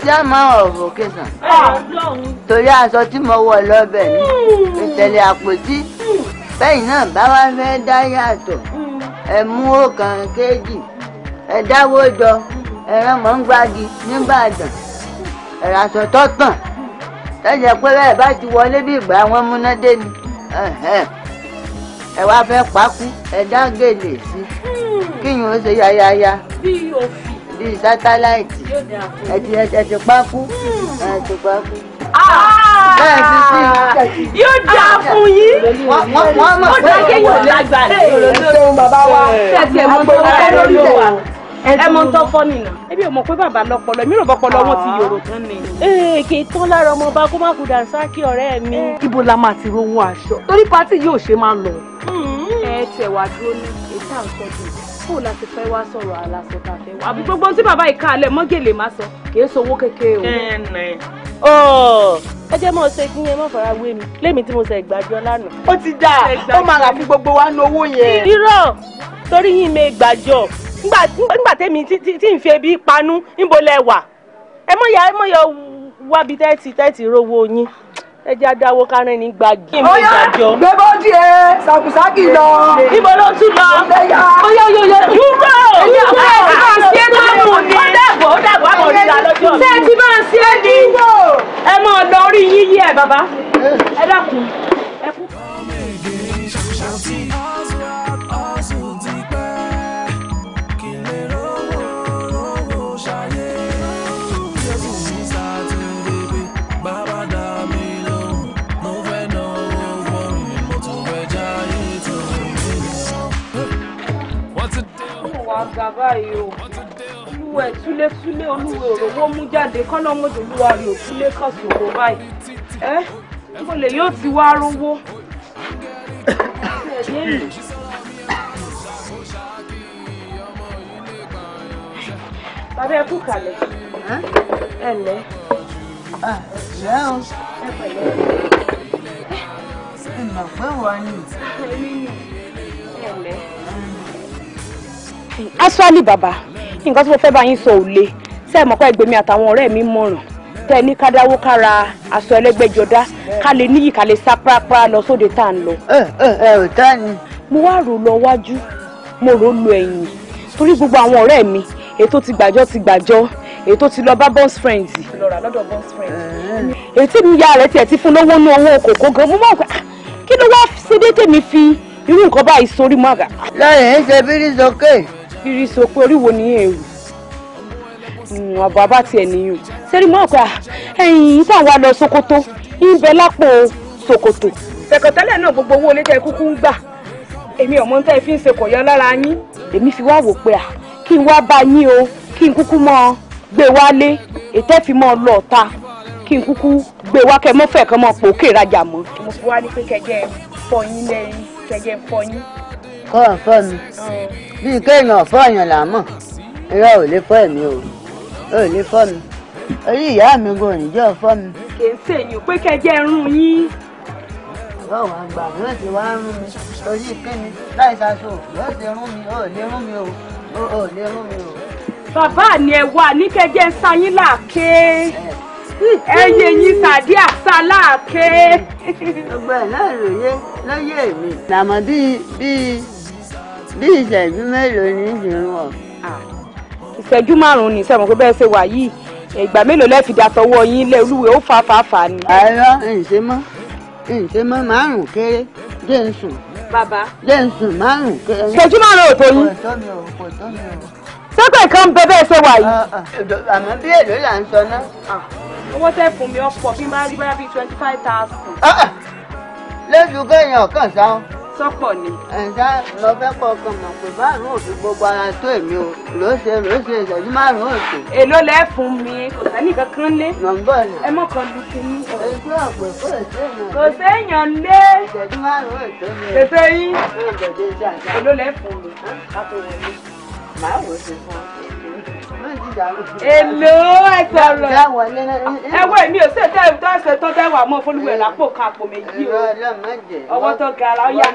chairman of vocation torí aṣọ tí mo wọ̀ lọ́bẹ̀ ni ìtẹ̀lẹ̀ àpótí bẹ́yìn náà bá wá fẹ́ dá yàtọ̀ ẹ mú ọ̀kan kéjì ẹ dáwó jọ ẹran mọ̀ ń gbági nígbàdàn ẹ̀rọ aṣọ tọ́tàn tẹ́jẹ̀ pé bẹ́ẹ̀ bá ti wọlé bí ìgbà wọn múná dé ni ẹ wá fẹ́ pákú ẹ dá gèlè sí kíyìn ó ṣe yáyáyá. bí òfin bíi sátáláìtì ẹ̀dì ẹ̀dì pákú hmm. ẹ̀dì pákú. Ah! bẹ́ẹ̀ ti sí ìlú. yóò dáa fún yín ó dáa kéèyàn lágbà ṣéun bàbá wa ṣètì ẹ̀mọ́ tó wà lórí wa ebi ò pé bàbá lọ́pọlọ èmi rò bọ́pọlọ wọn ti yòrò tán eh, tán lára ọmọ kó má kú dànsákì ọ̀rẹ́ mi. Eh. ibo la máa ti rówó aṣọ torí pati yóò ṣe máa lọ. Hmm. ẹ tiẹ̀ dúró ní ètò àwọn kó láti fẹ́ wá sọ̀rọ̀ aláṣọ tá fẹ́ wá àbí gbogbo tí bàbá yìí ká alẹ́ mọ́gèlè má sọ kì í sowó kékeré o. ẹ jẹ́ mọ́ ṣe kí mi lémi mo ṣe ìgbàjọ lánàá. ó ti dáa ó máa rà fún wa ní owó yẹn. irọ́ torí yìí mi ìgbàjọ nígbà tẹ́mi tí n fi ebi panú níbo lẹ wà ẹ mọ̀ ẹja dáwọ́ kárẹ́ ní gbàgì mú ìdájọ́. gbé bọ́dì ẹ sàkùsàkì lọ. ibo ló tún lọ. oyè oyè oyè dúró. èmi ò fẹ́ ti máa ṣe é lọ́mù ni. ó dàgbọ́ ó dàgbọ́ àmọ̀ nígbà lọ́jọ́ mi. ṣé ẹ ti máa ṣe é ni. ẹ máa lọ orí yíyí ẹ bàbá. ẹ dákun. wá ga báyìí o olúwẹ̀ túlétúlé olúwẹ̀ òrówó mú jáde kọ́lọ́mọdé olúwa rè òtúlé kan ṣòro báyìí ẹ mo lè yóò ti wá rówó. bàbá ẹ kú kalẹ̀ ẹ lẹ́ ẹ o ẹ pẹ̀lẹ́ ẹ mà pé ẹ lẹ́ actually Baba, nǹkan tí mo fẹ́ bá yín sọ ò le ṣe é mọ̀ pé ẹgbẹ̀mí àtàwọn ọ̀rẹ́ mi mọ̀ràn tẹ́ ẹ ní ká dáwó ká ra aṣọ ẹlẹ́gbẹ́jọdá ká lè níyì ká lè sá pàápàá lọ sóde tá à ń lọ. ẹ ẹ ẹ ò ni. mo wá rò lọ wájú mo rò lọ ẹ̀yìn torí gbogbo àwọn ọ̀rẹ́ mi èyí tó ti gbàjọ́ ti gbàjọ́ èyí tó ti lọ bá bons friends. lọ́ra lọ́dọ̀ bons friends. èyí tí mi ya rẹ̀ tiẹ̀ ti fún lówó ní owó kòkó gan mo mọ̀ pé ah, kí ló wá ṣe dé tèmi fi irú nǹkan báyìí sórí mọ́ àgà. lọ́rẹ̀ ń ṣe bírí sókè ìrísí òpó oríwo ní èrò ọ̀bọ̀ hmm, abá tiẹ̀ nìyẹn sẹ́rí mọ́ ọ̀gá ẹ̀yìn tá à lọ Sokoto ń lápò Sokoto. tẹ̀kọ̀tẹ́lẹ̀ náà gbogbo owó olétẹ̀ kúkú ń gbà èmi ọ̀mọ́ tẹ́ fi ṣe kọ̀yọ́ lára yín. èmi fi wá wò pé à kí n wá bá yín o kí n kúkú mọ́ ọ gbé wálé ètẹ́ fi mọ́ lọ ọ̀ta kí n kúkú gbé wá kẹ́ mọ́fẹ́ kan mọ́ pòókè rajà mọ́. mo fi wá ní pé kẹjẹ fọyín lẹ́yìn kẹjẹ fọyín fọ́ ọ̀ fọ́ mi bíi kéèyàn fọ́ ọ̀yàn là mọ̀ irọ́ ò lè fọ́ ẹ̀mí o ò lè fọ́ mi orí ìyá mi gan òníjọ́ fọ́ mi. kì í ṣèyàn pé kẹjẹ rún yín. ọ̀rọ̀ wa gbà yóò ti wá rún mi orí kíni láì ṣaṣọ yóò ti rún mi ò lè rún mi o ò lè rún mi o. bàbá ni ẹ wà ní kẹjẹ ń sa yín láàké ẹ yẹ yín tàdí àṣà láàké. gbogbo ẹ̀ náà lóye lóye mi. làmọ́ bíi bíi bí ìṣẹ́jú mélòó ní ìṣẹ́wọ̀n. ìṣẹ́jú márùn-ún ni sẹ́wọ̀n pé bẹ́ẹ̀ ṣe wà yìí ìgbà mélòó lẹ́ẹ̀ fi dàtọwọ́ yín lé olúwe ó fà fà fà ni. àìrọ ǹṣe mọ ǹṣe mọ márùn kéré jẹ́ ń sùn. bàbá jẹ́ ń sùn márùn kéré. ìṣẹ́jú márùn-ún ò tó yín. kò tó mi o kò tó mi o. sẹ́pẹ̀ kan bẹ bẹ́ẹ̀ ṣe wà yìí. Ah, ah, àmọ́ bí èlò là ń sọ náà. owó tẹ́ fún mi ọ̀pọ̀ bí máa rí báyà bíi twenty five thousand. Ah, lójú kẹyìn ọ̀kan sáwọn sọ́pọ̀ ni. ẹ̀ńdá lọ fẹ́ kọ̀ọ̀kan mọ̀ pé márùn-ún òfi gbogbo ara tó èmi o ló ṣe ló ṣe ìṣẹ́jú márùn-ún òsè. èló lẹ fún mi kò sẹ́ni kankan lé. nọ̀mbọ̀ ni. ẹ mọ̀kan lu kínní. èyí ọ̀pẹ̀ kò séèyàn. kò séèyàn lé. ìṣẹ́jú márùn-ún òsè mi. tètè yín. èló lẹ fún mi. màá wò ó ṣe fún ọ èlò ẹsẹ̀rọ̀ ẹwọ́ ah, èmi ò sèé tẹ́ tó ẹsẹ̀ tó tẹ́ wà mọ́ fọlùwẹ̀ lápò kan àpò méjì o ọwọ́ tó ga ara ọ̀yà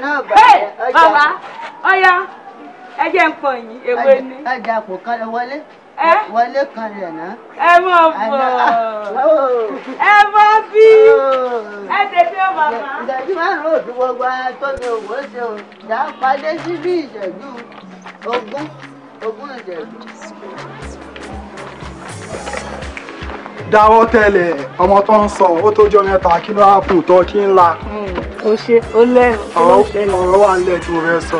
ọ̀la ọ̀yà ẹjẹ̀ ń pọ̀ yín ewé ni. ẹja kò kan lè wọlé wọlé kan rẹ̀ náà. ẹ mọ̀ bọ̀ ẹ mọ̀ bí ẹ tètè ọmọ bá. ìdájú márùn-ún òbí gbogbo ara tó ní òwò ṣe ò dá padé sí bí ìṣẹ́jú ogún ogún ìṣẹ́jú dáwọ́ tẹ́lẹ̀ ọmọ tó ń sọ ó tó jọ mẹ́ta kí ló hàpù tó kí ń la. o hmm, ṣe o lẹ́nu kí ló ṣẹlẹ̀. ọ̀rọ̀ wà lẹ̀ tí mo fẹ́ sọ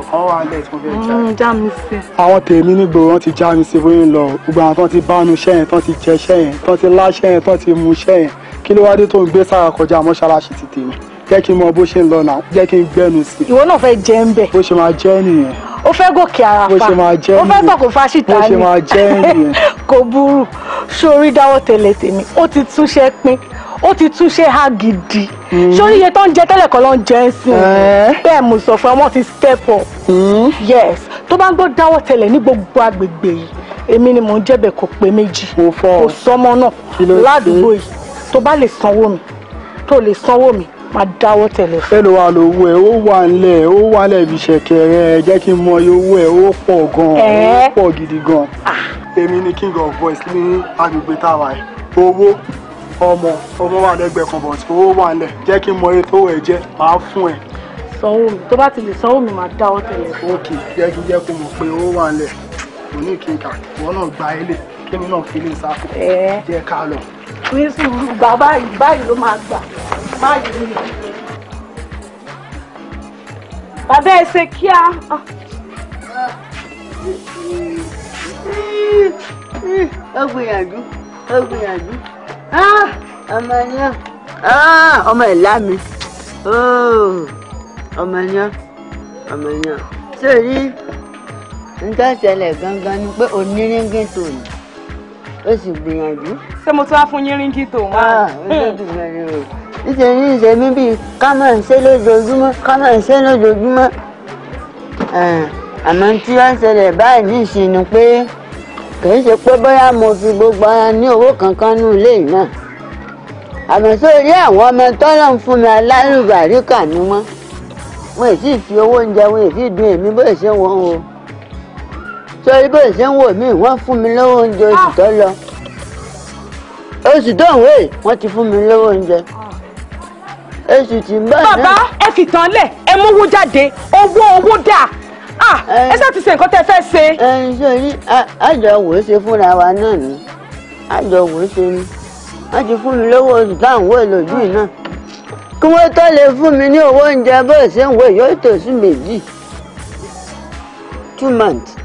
ọ̀kan wà lẹ̀ tí mo fẹ́ jáde. Hmm, já mi sí. àwọn tèmi nígboro wọn ti já mi sí bóyá lọ gbogbo àwọn tó ti bánu iṣẹ́ yẹn tó ti jẹ iṣẹ́ yẹn tó ti láṣẹ́ yẹn tó ti mu iṣẹ́ yẹn kí ló wá dé tó ń gbé sára kọjá mọ́ṣáláṣí ti tèmi jẹ́ kí n mọ bó ṣe ń lọ náà jẹ́ kí n gbẹ́nu sí. ìwọ náà fẹ́ jẹ́ ń bẹ̀. bó ṣe máa jẹ́ nìyẹn. ó fẹ́ gòkè ara pa bó ṣe máa jẹ́ nìyẹn ó fẹ́ tọkọ fásitì ni bó ṣe máa jẹ́ nìyẹn. kò burú sórí dáwọ́ tẹ̀lé tèmi ó ti túnṣe pín ó ti túnṣe há gidi hmm. sórí iye tó ń jẹ tẹ́lẹ̀ kan ló ń jẹ ń sìn eh? bẹ́ẹ̀ mo sọ fún ẹ wọ́n ti step up hmm. yes tó bá ń gbọ́ dáwọ́ tẹ̀lé ní gbogbo agbègbè yìí èmi ni mò ń jẹ́bẹ̀ kò pé méjì kò sọmọ náà ládùúgbò yìí tó bá lè sanwó mi tó lè sanwó mi máa dáwọ́ tẹ̀lé fún. ẹ ló wà lówó ẹ ó wà nílẹ̀ ó wà nílẹ̀ ibi ṣẹ̀kẹ̀rẹ̀ jẹ́ kí n mọ iye owó ẹ ó pọ̀ gan ó pọ̀ gidi gan èmi ni king of voice ní agbègbè táwa ẹ̀ owó ọmọ ọmọ wà lẹ́gbẹ̀ẹ́ kan bọ̀t owó wà nílẹ̀ jẹ́ kí n mọ iye tó ẹ jẹ́ màá fún ẹ. sanwó mi tó bá ti lè sanwó mi máa dáwọ́ tẹ̀lé fún. ókè jẹ́ kí jẹ́ kó mọ̀ pé owó wà nílẹ̀ kò ní ìkíkà ìwọ náà gba ilé kémi náà fi ilé sáfù jẹ́ ká lọ ní sùúrù gbà báyìí báyìí ló máa gbà báyìí ni. bàbá ẹ ṣe kíá. ó gbìyànjú ó gbìyànjú ọmọ yẹn ọmọ ìlà mi ọmọ yẹn ọmọ yẹn ṣé rí nǹkan ṣẹlẹ̀ gangan ni pé onírin gé tòun ó sì gbìyànjú. ṣé mo tún wá fún yín ríngì tó wá. nítorí ìṣẹ́mi bíi ká máa ń ṣe lójoojúmọ́ ká máa ń ṣe lójoojúmọ́ eh, àmọ́ tí wọ́n ṣẹlẹ̀ báyìí ní ìsinmi pé kì í ṣe pé bóyá mo fi gbogbo ara ní owó kankan ní ilé náà àmọ́ sórí àwọn ọmọ tọ́lọ̀ ń fún mi alárùbáríkà ni wọ́n wọ́n èsì fi owó oúnjẹ wọ́n èsì dun èmi bó ṣe wọ́n o sórí bó ṣe ń wò mí wọ́n fún mi lówó oúnjẹ oṣù tó lọ oṣù tó ń wé wọ́n ti fún mi lówó oúnjẹ oṣù tí ń bá náà. bàbá ẹ fìtàn lẹ̀ ẹ mówó jáde owó owó dà ẹ ṣáà ti ṣe nǹkan tẹ́ ẹ fẹ́ ṣe. ẹ ẹ sori àjọ wò ó ṣe fúnra wa náà ni àjọ wò ó ṣe ni wọ́n ti fún mi lówó oṣù táwọn wò lójú yìí náà kí wọ́n tó lè fún mi ní owó oúnjẹ bó ṣe yóò tó sí méjì two months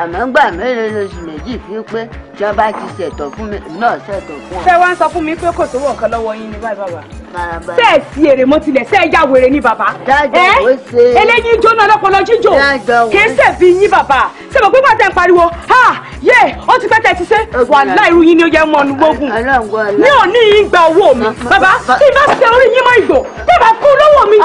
àmọ́ gbà mélòó lóṣù méjì fi pé tí wọ́n bá ti ṣètò fún mi náà ṣètò fún ọ. ṣé wàá sọ fún mi pé kò sówó nǹkan lọ́wọ́ yín ni báyìí bàbá. ṣé ẹ ti èrè mọ́ tilẹ̀ ṣé ẹ ya wèrè ni bàbá. dájọ́ ó ṣe é. eléyìí jóná lọ́pọ̀lọ́ jíjò kì í ṣe fi yín bàbá ṣé mo pípa tẹ̀ ń pariwo ha yé ó ti pẹ́ ti ṣe wà láìrú yín ni ó mọ́nu gbógun ní òní yín gba owó mi bàbá tí ì bá ṣe orí yín mọ́ ìgbò tí ì bá kú lọ́wọ́ mi.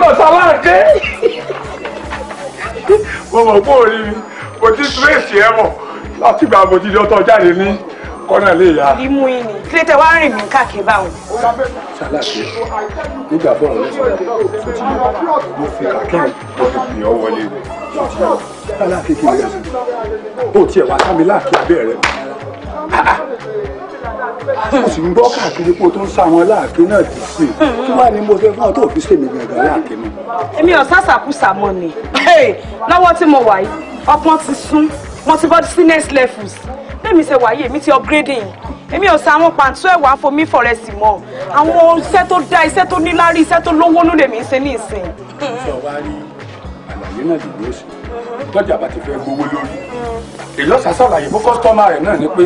kò sáláàdé mo mọ̀ pé òní mi mo ti tírèsì ẹ mọ̀ láti gba mo ti di ọtọ jáde ní kọ́nà lè yá. imú yín ni kílé tẹ wá rìn mí káàkiri báwọn. sáláàdé nígbà bọ́ọ̀ lọ sọ́dọ̀ tó ti yọ mo fi kàkẹ́ mo fi pè ọ́ wọlé sáláàdé kìnìún bó tiẹ̀ wá sámi láàkì abẹ́ rẹ̀ ah, ah tí o sì ń gbọ́ káàkiri pé o tó ń sá wọn láàfin náà ti sè kí wàá ní mo fẹ́ fún ọ tó fi sèmi gbẹ̀gbẹ̀ láàfin èmi ò sásàkúsà mọ ni lọ́wọ́ tí mo wà yìí ọpọ́n ti sún mo ti bọ́ sí next levels bẹ́ẹ̀mi ṣe wáyé mi ti upgrading èmi ò sa àwọn pàǹtí ẹ̀wà fomi fọ̀rẹ́sì mọ́ àwọn iṣẹ́ tó dá iṣẹ́ tó níláárí iṣẹ́ tó lówó ló lèmi ń ṣe ní ìsìn. sọ wá rí àlàyé náà dùn lóṣù dọ́jà bá ti fẹ́ gbowó lórí ìlọ́sà sàlàyé fún kọ́sítọ́mà rẹ̀ náà ni pé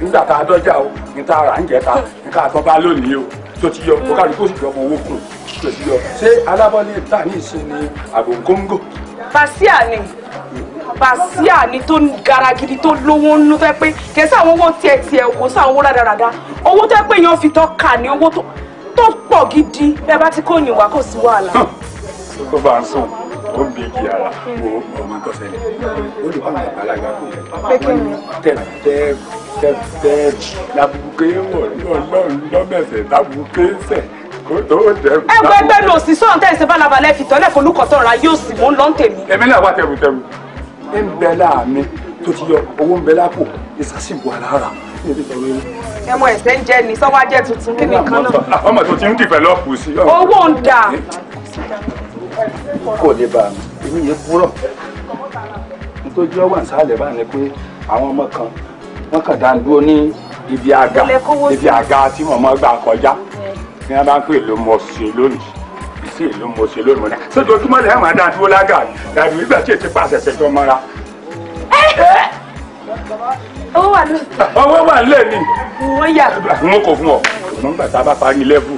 nígbà tá a dọ́jà o níta rà ń jẹta níta àtọ́ bá lónìí o tó ti yọ kó kárí kó sì jọ owó kù tó ti yọ ṣé alábọ́lé ta ní ìsìn ni àbò góńgò. pàṣíà ni pàṣíà ni tó gara gidi tó lówó nínú fẹ́ pé kẹsàn àwọn owó tiẹ̀ tiẹ̀ kò sí owó rádaràda owó tẹ́ pé èèyàn fi tọ́ ka ni owó tó pọ̀ gidi bẹ́ẹ̀ bá ti kó ìwà kò sí wàhálà ó ń bí igi ara wo ọmọ tó ṣẹlẹ̀ ó lè fún àwọn àgbàlagbà kò yẹ wọ́n tẹ tẹ tẹ tẹ làbùkẹ́ wọ̀ lọ́ọ̀lọ́ọ̀ lọ́mẹsẹ̀ làbùkẹ́ sẹ̀ ẹgbẹ́ ẹgbẹ́ lò sí sọ́ọ̀n tẹ́ ìṣe balabalẹ̀ fi tọ́lẹ̀ folúkọ̀tọ̀ ra yóò sì mú lọ́n tèmi. èmi náà wà tẹrùtẹrù. ẹ ń bẹ láàmì tó ti yọ owó ń bẹ lápò ìsásìbò alára ẹmọ ẹsẹ ń jẹ ní sọwọ ajẹ tuntun kí nìkan náà. ọmọ tó ti ń dìbẹ̀ lọ́ọ̀pù sí. owó ń dà kò lè bá mi èmi yẹn kúrọ̀ nítorí ọwọ́ ìsàlẹ̀ báyìí ni pé àwọn ọmọ kan wọ́n kàn dá dúró ní ibi àga ibi àga tí mọ̀mọ́ gbà kọjá ní wọn bá ń pè ló mọ̀ ṣe lónìí ìsì ló mọ̀ ṣe lónìí mọ̀nà sọ́jọ́ ojúmọ́ lẹ́yìn máa dá dúró lága dàbí ìgbà tí ètò pàṣẹ ṣẹjọ́ mọ́ra. owó wà lónìí. owó wà lónìí. wọ́n yà. mo kò fún ọ ṣùgbọ́n gbàtà bá parí lẹ́bù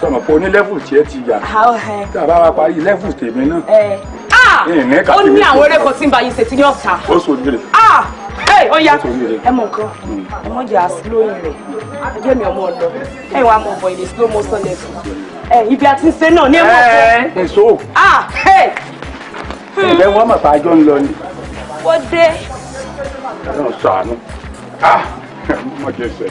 sọmọ pé onílẹ́fù tí ẹ ti yà eh? tá a bá wa parí lẹ́fù tèmi náà ìní eh. ah! kàtí ah ó ní àwọn eré kan tí ń ba yìí ṣe ti ní ọ̀sà. ó sojú rẹ̀. Ah! Eh, ẹ ọ̀ya ẹ mọ̀ nǹkan ẹ hmm. mọ̀ jẹ́ àsìlóyìn rẹ̀ ẹgbẹ́ mi ọmọ ọ̀dọ́ ẹ wàá mọ̀ bọ̀ ìdè slow motion lẹ́fù ibi àti ṣe náà ní ẹ̀wọ̀n kan. Ah! ẹ so. ẹ̀bẹ̀ wọ́n mọ̀ pa àjọ ń lọ ni. wọ́n dé. ẹ náà sànú. mọ̀ jẹ́ sẹ̀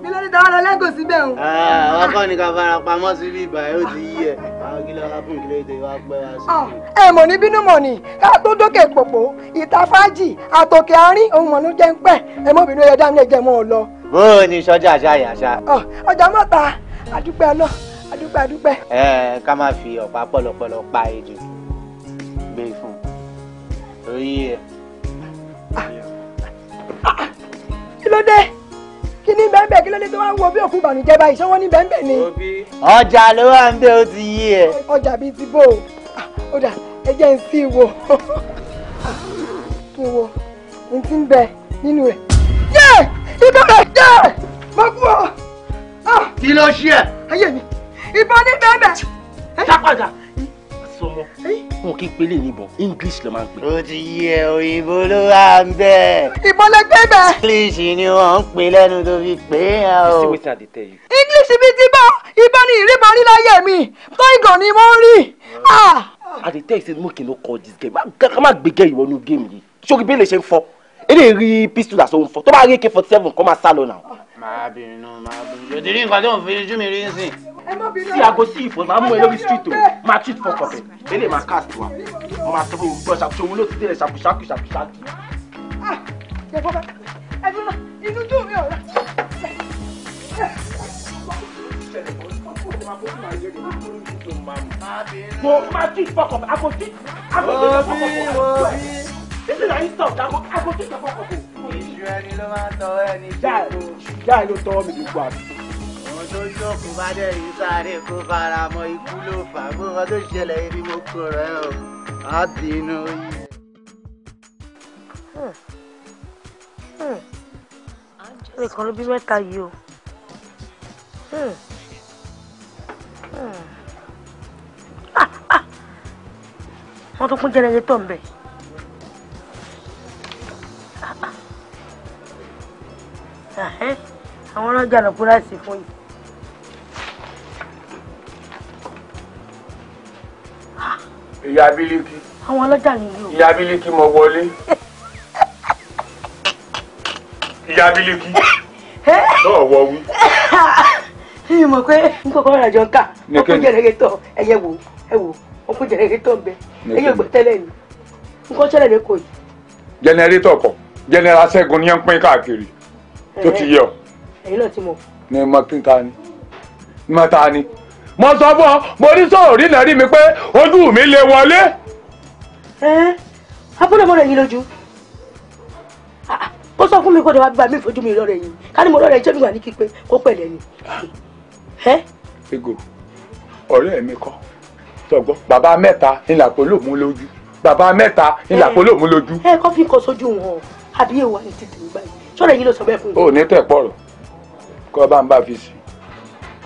tọrọ lẹ́kọ̀ọ́ síbẹ̀ o. Ah, àwọn kọ́ ni ká fara pamọ́ sí bí ìbà yóò ti yí ẹ àwọn kìlọ̀ hápùn kìlọ̀ ètò ìwà pẹ́ wá sí. Ah, ẹ mọ̀ ní bínú mọ̀ ni ká tó dókè pòpò ìta fájì àtòkè àárín ohun mọ̀ ló jẹ́ ń pẹ́ ẹ mọ̀ bínú ẹ̀dá mi lè jẹ́ mọ́ ọ lọ. bó o ní àṣà yàṣà. Ah, ọjà mọ́ta àdúpẹ́ ọlọ́ àdúpẹ́ àdúpẹ́. ẹ kí ni bẹ́ẹ̀ bẹ́ẹ̀ kí ló dé tó wá ń wo bí òfin bànújẹ́ báyìí ṣé wọ́n ní bẹ́ẹ̀ bẹ́ẹ̀ ni. ọjà ló wà ń bẹ ó ti yí ẹ. ọjà bíi ti bò ó ah, dà ẹ jẹ́ n sí ìwò kí n wo n ti ń bẹ nínú rẹ̀. yé ibà rẹ̀ yé mo kú ọ. Ah. kí ló ṣe ẹ. ayé mi ìbọn ní bẹ́ẹ̀ bẹ́ẹ̀. sápàdà sọmọ eh? wọn kì í pélé níbọn english ló máa ń pè. o ti yẹ òyìnbó ló wà ń bẹ. ìbọn lè gbé bẹ. english ni wọn ń pè lẹ́nu tó fi pè é hàn o. you see wetin i dey tell you. english bí ti bọ́ ìbọn ni ìrìbọn rí mi tóyìngàn ni mo ń rí. Ah! i dey tell you say mokin no call dis game ká má gbẹgẹ ìwọ inú game yìí ṣókí bí lè ṣe ń fọ èdè rí pistol àti òun fọ tó bá rí ak forty seven kó máa sá lọ náà. màá bínú màá bínú yòtí rí nǹkan tó ń fi ojú mi rí sí sí I go see máa mú ẹ street o máa treat for kọfẹ lélẹ̀ máa cast wa mo máa tọrọ òun bọ́ ṣàkóso òun ló ti délẹ̀ ṣàkóṣàkó ṣàkóṣàkó. inú dùn mí ọ̀rá. mo máa treat for kọfẹ aago treat aago treat for kọfẹ this is an insult I go, treat for kọfẹ. ìṣù ẹni ló máa ń ẹni ṣe é. jáì ló tọwọ́ mi ló gbọ́ tó yọ̀kú bá dẹ̀ rí sáré kó fara mọ́ ikú ló fà á gbọ́n tó ṣẹlẹ̀ ibi mo kọ̀ rẹ̀ o á bínú yìí. ó kàn ló bí mẹ́ta yìí o. wọ́n tún kún jẹnẹrétọ̀ ń bẹ̀. àwọn ọlọ́jà lọ kúrò fún yìí. ìyá bílíkì. àwọn ọlọ́jà nílé o. ìyá bílíkì mo wọlé. ìyá bílíkì. lọ́ọ̀ wọ wí. mi mọ̀ pé n kò kọ́ ọ̀rọ̀ àjọ ká ọkọ̀ jẹ̀rẹ̀gẹ̀tọ̀ ẹ̀yẹ wò ẹ wò ọkọ̀ jẹ̀rẹ̀gẹ̀tọ̀ bẹ ẹ̀yẹ gbọ́ tẹ́lẹ̀ ni n kọ́ ṣẹlẹ̀ lẹ́kọ̀ọ́ yìí. jẹnẹrétọ̀ kọ jẹnẹra ṣẹ́gun ni ẹ ń pín káàkiri tó ti yẹ ọ. ẹ̀yin náà ti mọ̀. ní mọ kí n ta ni mọ ta ni mo sọ fún ọ mo rí sóòrí náà rí mi pé ojú mi lè wọlé. ẹ abúlọ̀mọ́ rẹ̀ yín lójú ah, ah, ó sọ fún mi kó de wá bíbá mi fojú mi lọ́rẹ̀ yín ká ní mo lọ́rẹ̀ jẹ́ mi wà ní kíkpé kó pẹ̀lẹ́ ni. ego ọ̀rẹ́ mi kọ́ sọ̀gbọ́n bàbá mẹ́ta ni làpọ̀lọ́ mú lójú bàbá mẹ́ta ni làpọ̀lọ́ mú lójú. ẹ kọ́ fi kọ sójú wọn àbí èèwọ̀ ni títì nígbà yìí sọ̀rọ̀ yín ló sọ bẹ́ẹ̀ fún mi. o ní tẹ̀ pọ̀rọ̀ kọ́ bá ń bá fi sí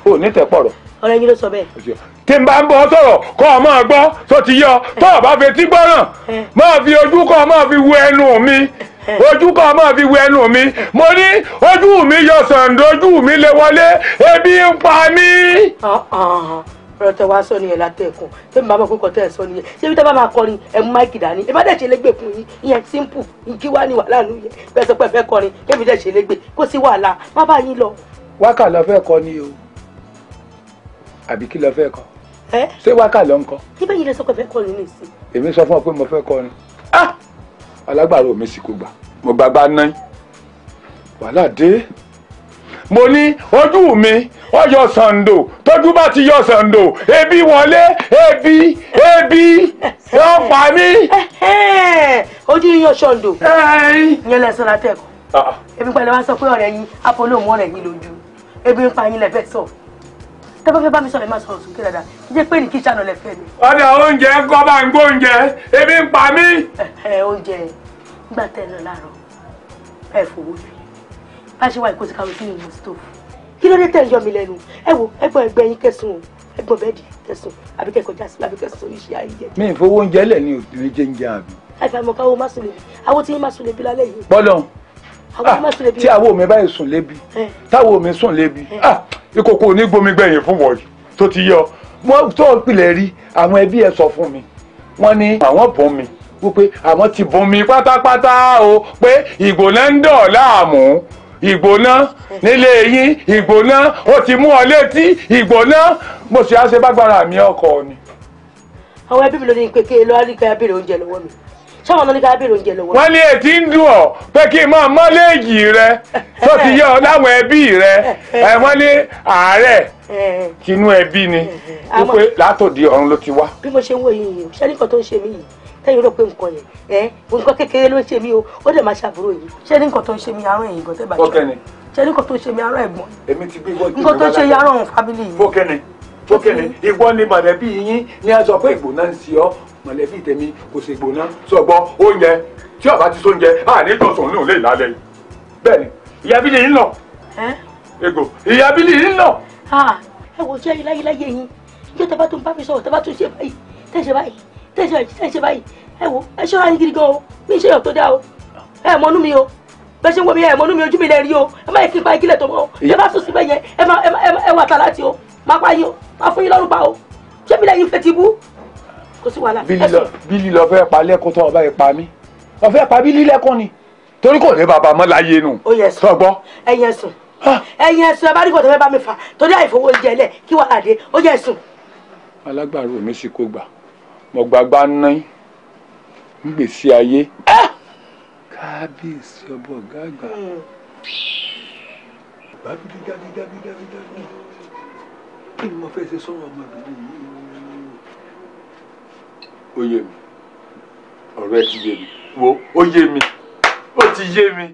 o ní tẹ̀ pọ̀rọ̀ ọ̀rẹ́ yín ló sọ bẹ́ẹ̀. tí n bá ń bọ sọ̀rọ̀ kọ́ ọ máa gbọ́ tó ti yọ eh. tó o bá fetí gbọ́ràn eh. máa fi ojú kọ́ ọ máa fi wo ẹnu mi eh. ojú kan máa fi wẹ ẹnu mi mo ní ojú mi yọ sàǹdó ojú mi lè wọlé ebi ń pa mí. ọ̀rọ̀ tẹ wá sọ nìyẹn látẹ̀kùn tẹ mi bá mọ̀ kókò tẹ sọ nìyẹn ṣé ibi tá a bá máa kọrin ẹ̀ mú máìkì dání ẹ bá dẹ̀ ṣe légbè fún yín ìyẹn simple ìkí wá ní wàhálà nù yẹn bẹ́ẹ̀ sọ pé ẹ fẹ́ kọrin kébì dẹ̀ ṣe légbè kó sí wàhálà má bá yín lọ. wákà fẹ́ kọ ni o àbí kí lọ fẹ́ kọ ṣé wákà lọ ń kọ. níbẹ̀ yìí lọ sọ pé fẹ́ kọ ni nìsín. èmi sọ fún ọ pé mo fẹ́ kọ ni ah! alágbàro mi sì kò gbà mo gbà bá ná wàhálà dé mo ní ojú mi ó yọ sàǹdò tójú bá ti yọ sàǹdò ebi wọlé ebi ebi yóò pa mí. ojú yíyọ sàǹdò yẹn lẹ sọra ah, ah. ebi pẹ̀lẹ́ wá sọ pé ọ̀rẹ́ yín apolo mọ ọ̀rẹ́ yín lójú ebi ń pa yín lẹfẹ sọ tẹ́ bá fẹ́ bá mi sọ̀rọ̀ ẹ máa sọ̀rọ̀ sókè dáadáa kí jẹ́ pé ní kí sànà lẹ fẹ́ mi. ọ̀dà oúnjẹ kọ́ bá ń gbóúnjẹ ebi ń pa mí. oúnjẹ nígbà tẹ́ ẹ lọ láàárọ̀ ẹ fowó fi bá ṣe wà ìkó ti kàwé sí ìmọ̀ stóòfù kí ló dé tẹ̀ ń yọ mi lẹ́nu ẹ wo ẹgbọ́n ẹgbẹ́ yín kẹsùn o ẹgbọ́n bẹ́ẹ̀dì kẹsùn àbí kẹkọjá sí àbí kẹsùn iṣẹ́ ayé. mi ìfowó oúnjẹ lẹ ní òbí jẹ oúnjẹ ah, mi báyìí ìkòkò onígbomi gbẹ̀yìn fún wọ̀nyí tó ti yọ wọ́n tó ń pilẹ̀ rí àwọn ẹbí ẹ sọ fún mi wọ́n ní àwọn bọ́n mi wípé àwọn ti bọ́n mi pátápátá o pé ìgbóná ń dọ̀ láàmú ìgbóná nílé yín ìgbóná ó ti mú ọ létí ìgbóná mo sì á ṣe bágbára mi ọkọ ni. àwọn ẹbí mi ló ní pé kí lọ́ọ́ rí oúnjẹ lọ́wọ́ mi sọ́wọ́n lọ́ní ká bèrè oúnjẹ lọ́wọ́. wọ́n ní ètí ń dùn ọ́ pé kí n máa mọ́lẹ́ẹ̀jì rẹ tó ti yọ láwọn ẹbí rẹ ẹ wọ́n ní àárẹ̀ tinú ẹbí ni wípé látòdì ọ̀run ló ti wá. bí mo ṣe ń wò yìí o ṣé nǹkan tó ń ṣe mí yìí tẹ́yìn rò pé nǹkan yẹn ẹ nǹkan kékeré ló ń ṣe mí o ó dẹ̀ máa ṣàbúrò yìí ṣé nǹkan tó ń ṣe mí arán ẹ̀yìn gan bá ṣe mí arán ẹ̀gbọ́n nǹkan ìwọ ni mọ̀lẹ́bí yín ni a sọ pé ìgbóná ń ṣe ọ́ mọ̀lẹ́bí tèmi kò ṣe gbóná sọ̀gbọ́n oúnjẹ tí ọba ti sóúnjẹ a ní tọ̀sán ní òun lè lálẹ́ yìí bẹ́ẹ̀ ni ìyá bílí yìí ń lọ. ego ìyá bílí yìí ń lọ. ẹ wo jẹ́ iláyéláyé yín jẹ́ tẹ́ bá tún bá mi sọ̀rọ̀ tẹ́ bá tún ṣe báyìí tẹ́ ṣe báyìí tẹ́ ṣe báyìí ẹ wo ẹ ṣọ́ra yín gidi gan o mi ṣe yàn tó dá o ẹ mọ́nú mi o bẹ́ẹ̀ ṣe ń wo mi ẹ mọ́nú mi ojú mi lẹ rí o ẹ má yẹ kí n pa ìkílẹ̀ tó mọ́ o ẹ má sùn síbẹ̀ yẹn ẹ má ẹ wà tà láti o má pa yín o má fún yín lọ́rùn pa o ṣé mi lẹ́yìn fẹ́ ti bú kò sí wàhálà. bílí lọ fẹ́ pa lẹ́kùn tó ọba ìpa mi ọ̀fẹ́ pa bílí lẹ́kùn ni torí kò ní bàbá mọ́ láyé nu sọgbọ́n. ẹyẹ sùn ẹyẹ sùn ẹ bá rí kò tó fẹ́ bá mi fà torí àìfowó jẹ lẹ kí wàhálà dé ó yẹ sùn. alágbàrú mi sì kó gbà mo gbàgbá ná ń gbèsè ayé kábíyèsí ọba ọ̀gá àgbà ìmọ̀ hmm. fẹ́ ṣe sọ̀rọ̀ ọmọbìnrin yìí ó yé mi ọ̀rọ̀ ẹ ti yé mi wo ó yé mi ó ti yé mi.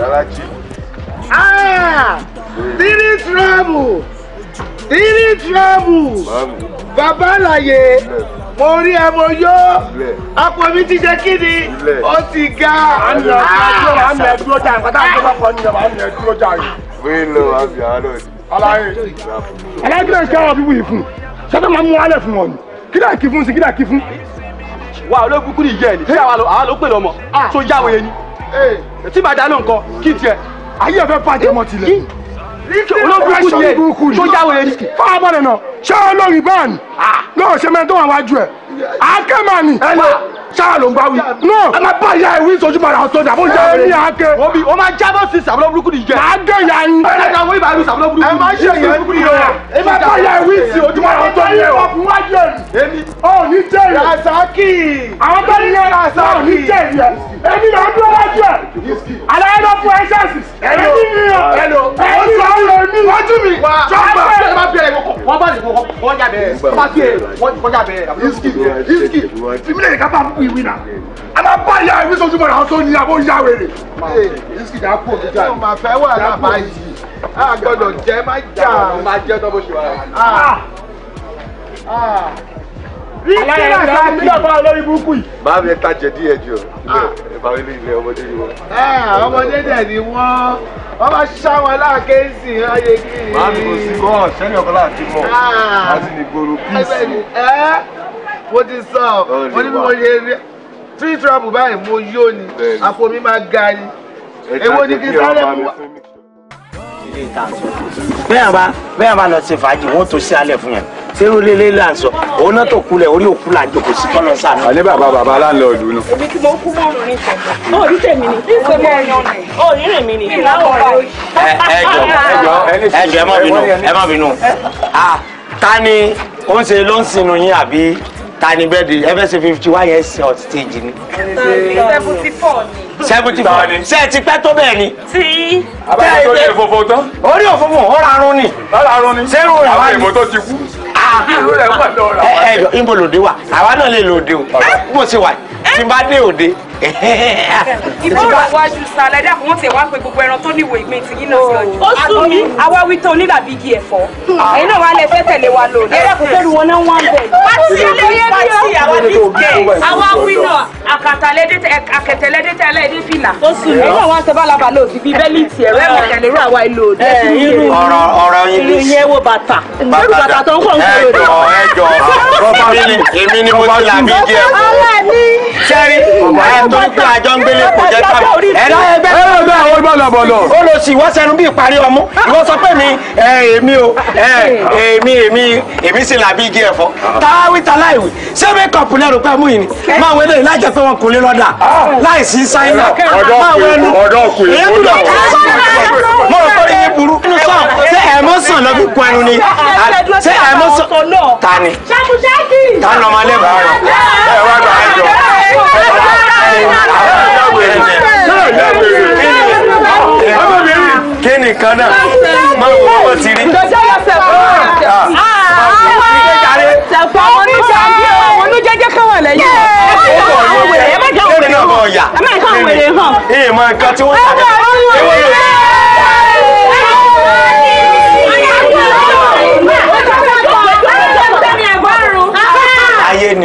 Yàrá jí. Ah! Spirit trouble. Rírì tíráàbù. Bàbá àlàyé. Mo rí ẹ mo yó. Apò mi ti jẹ kí ni? Ó ti ga. À ah! ń lọ sí àjọ àmì ẹ̀dúró jà nípa táwọn tó bá kọ ní ìjọba àmì ẹ̀dúró jà yìí. Wíì lọ àbí àárọ̀ ni. Aláyé. Aláyé náà kí àwọn bíbú yìí fún. Sọ́tọ̀ máa mú wálẹ̀ fún wọn. Kí dà kí fún sí, kí dà kí fún. Wa olóògùn kúrò ìjẹ́ ẹ̀ ní. Ṣé àwa ló pè lọ́mọ? Tó ah. yáwó yẹn ni. Eh. Tí bàdá náà kọ, kí tiẹ̀. Ayé ẹ fẹ́ bàjẹ́ mọ́ eh, tilẹ̀ olóògùn yẹ tó jáwé rẹ nísìkì. fáwọn ọmọdé náà ṣé olórí bẹ́ẹ̀ ni náà ah. ṣe mẹ́tọ́ wà wájú ẹ̀ akẹ́mà ni ṣáà ló ń bá wí. náà alábá ìyá ẹ̀ wí sojú padà ọ̀tọ̀ ìdàbọ̀ ìjà rẹ̀. ẹni àáké. omi o máa jábọ̀ sí sàbúlọ̀ burúkú nìjẹ́. máa dé ìyá yín. ẹ ẹ káwọn ìbàdàn sàbúlọ̀ burúkú. ẹ máa ṣe ìyá burúkú yìí rẹ. ẹ máa bẹ́ẹ̀ pákí ẹ̀ wọ́n ti kọjá bẹ́ẹ̀ ìsìkì ìsìkì ìmílẹ̀ yìí ká bá fún ìwé náà alábá ìyá ìwé sojúmọ́ náà tó ní abó ìyá wèrè ìsìkì dà pọ̀ gíga ẹ̀ máa fẹ́ wà náà máa yí a gbọ́dọ̀ jẹ́ má jà máa jẹ́ tó bó ṣe wà báwo ni ta jẹ díẹ̀ jù ọ báwo ni ilé ọmọdé ni wọn. ọmọdé dẹ̀ ni wọ́n wọ́n bá ṣá wọn láàkéésì ayé kiri. máa ní kò sí gan sẹ́yìn ọ̀kan láti mọ̀ láti ah. ní gbòòrò píìsì. ẹ mo ti sọ mo ní mo ṣe rí free travel báyìí mo yó ni àpò mi máa ga ni èwo ni kí sáré mu wá. bẹ́ẹ̀ bá bẹ́ẹ̀ bá lọ ṣe fàájì wọ́n tó sí alẹ́ fún yẹn sẹ́rù lélẹ́ là ń sọ òun náà tó kulẹ̀ orí òkú là ń jòkó sí kọ́nà sànú. àní bàbá bàbá láńlọ́ọ̀dù nù. èmi tí mo kú mọ́rùn ní ìfẹ̀mọ́. ó rí tèmi ni. ìfẹ́ mọ́ ọyàn rẹ̀. ó rí rẹ̀ mi ni. ìlàwọ̀ rẹ̀. ẹ jọ ẹ jọ ẹ jọ ẹ má bínú ẹ má bínú. Ah, ta ni ó ń ṣe ló ń sinú yín àbí Tani ni bẹ́ẹ̀dì ẹ fẹ́ ṣe fifty one years on stage ni. seventy four ni. seventy four ni. ṣé ẹ ti pẹ́ tó bẹ́ẹ̀ ni. ti. abájọ tó yẹ fòfò tán. orí òfófó ọ̀rọ̀ arún ni. ọ̀rọ̀ arún ni. ṣé ìrora wa ni. àwọn èèmọ̀ tó ti kú. Ah. ẹ ẹ ìbò lòdì wa àwa náà lè lòdì o bó ṣe wà tí n bá dé òde ìbọ̀rọ̀ wájú sálẹ̀ dàpọ̀ wọ́n ti wá pé gbogbo ẹran tó níwò ìgbín ti yín náà sí ọjọ́. ó sún mi. àwa wí tó onílàbí igi ẹ̀fọ́. ẹ̀yin náà wà lẹ fẹ́ tẹ̀lé wa lò. ẹ dàpọ̀ pẹ̀lú wọn náà wọ́n bẹ̀. pàṣẹ lóye bí o. àwa bí kẹ́ àwa wí náà àkàtàlédé tẹ́lẹ̀dé fìlà. ó sún mi. ẹ̀yin náà wọ́n tẹ bálabà lò sí bí bẹ́líìtì ẹ̀rọ ẹ̀mọ̀ tẹ̀lérò àwa ìlò òde. irú yẹn wo bàtà. irú bàtà tó ń kọ̀ ń kọ̀ lòdì. ẹjọ ẹjọ nítorí pé àjọ ń gbélé kò jẹ́ ká ẹ̀rọ ẹgbẹ́ ẹgbẹ́ àwọn bọ̀lọ̀bọ̀lọ̀ ó lọ sí ìwọ́sẹ̀nu bí ìparí ọmú ìwọ sọ pé mi èmi o èmi èmi èmi sì làbí igi ẹ̀fọ́ táwí taláìwì ṣé mi kàn pùlẹ̀ rò pé mú yìí ni máa wọlé lájẹ pé wọn kò lè lọ́dà láìsí sáyẹ́nà máa wẹnu èyí kúlọ̀ mo rò pé iye burú ṣé ẹ̀mọ́ sàn lọ́ fi kún ẹnu ni ṣé ẹ̀mọ́ sàn kí ni kan náà máa wọ ọmọ ti rí. ǹjọ́jọ́ yọ sẹ̀fọ́ sẹ̀fọ́ oníṣàjẹ́ oníjẹ́jẹ́ kan wà lẹ́yìn. ẹ má jẹ́ òwèrè hàn ẹ má jẹ́ òwèrè hàn. ẹ má jẹ́ òwèrè hàn. ẹ má jẹ́ òwèrè hàn. ayé ni.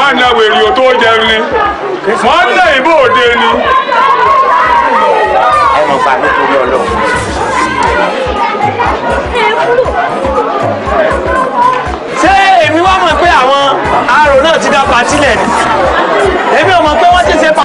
wọ́n na wèrè ò tó jẹun ni wọ́n na ìbò òde ni. ẹ mọ̀ bá nítorí ọlọ́run. ṣé èmi wá mọ̀ pé àwọn arò náà ti dá pa sílẹ̀ ni èmi ò mọ̀ pé wọ́n ti ṣe pa.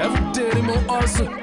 Every day they more awesome.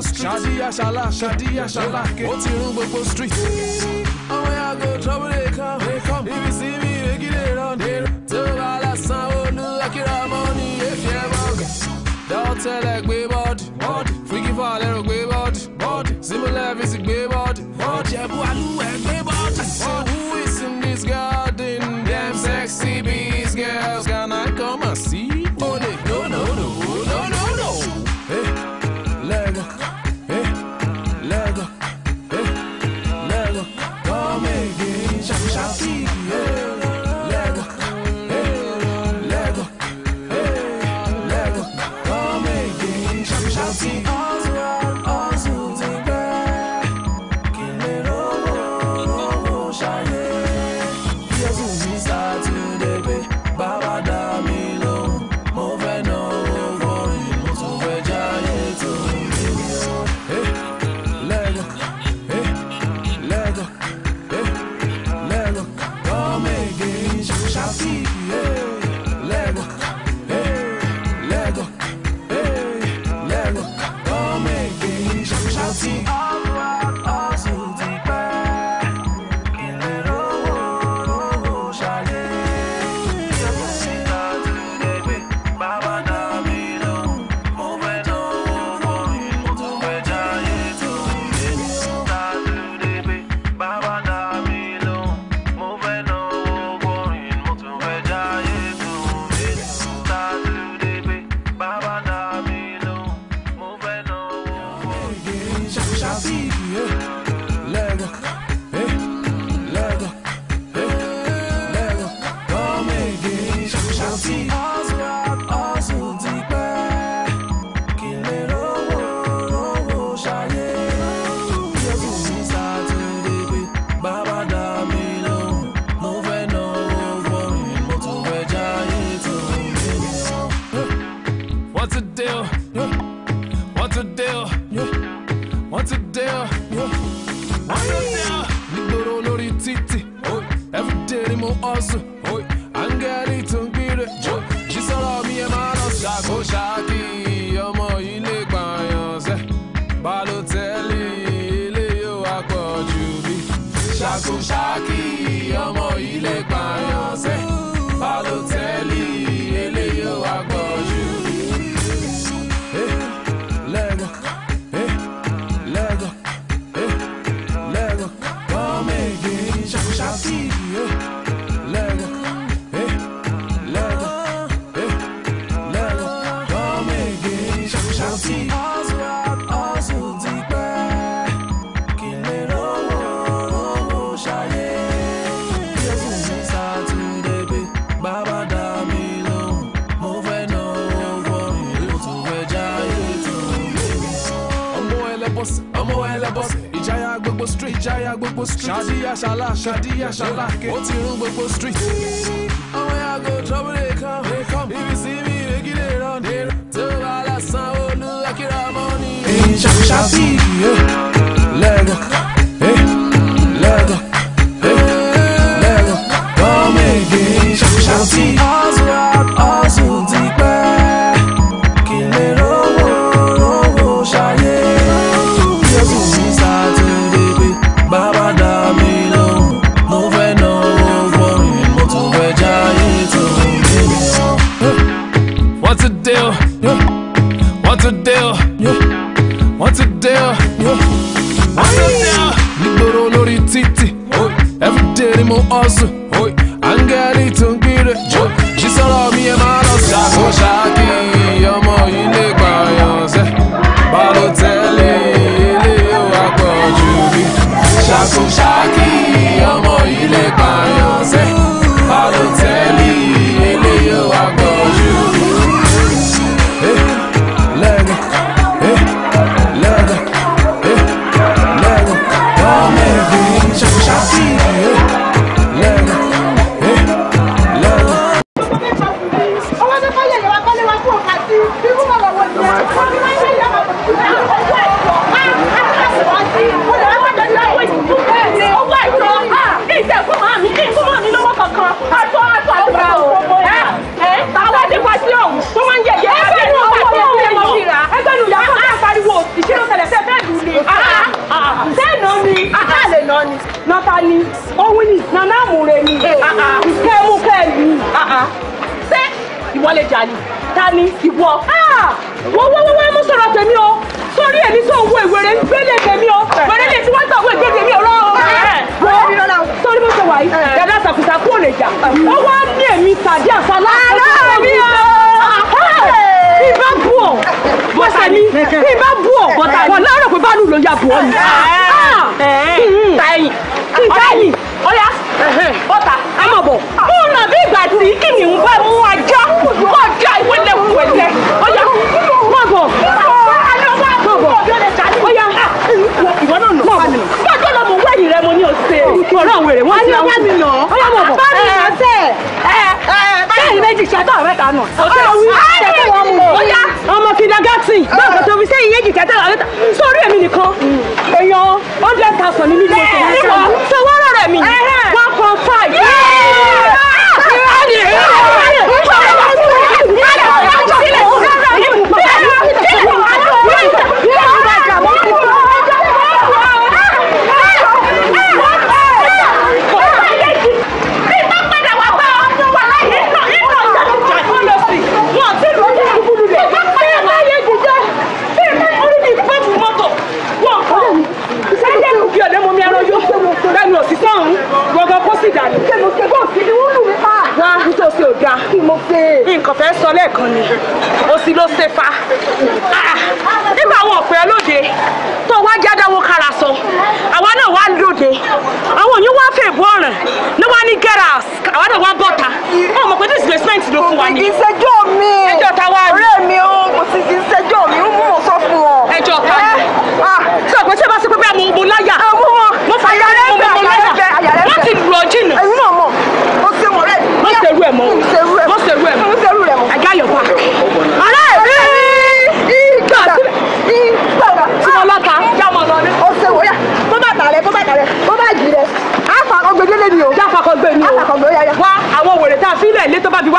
gbogbo street. Ṣadí àṣàlá, ṣadí àṣàlá ké. Ó ti rún gbogbo street. Àwọn ẹ̀yà go trouble dey come. Dey come. Ibi sí mi ìrègì lè rán. Tó bá lásán olú akíra mọ́ ni èéfì ẹ̀ mọ́. Dọ́tẹ́lẹ̀ gbé ya gbogbo street. Ṣadi ya ṣala, ṣadi ya ṣala, ó ti rún gbogbo street. Àwọn ya go trouble dey come, dey come. If you see me, make you run, dey run. Tó bá lásán, olú akíra mọ́ ni. Ìṣàkóṣàbí eh, yìí, lẹ́gbọ̀n.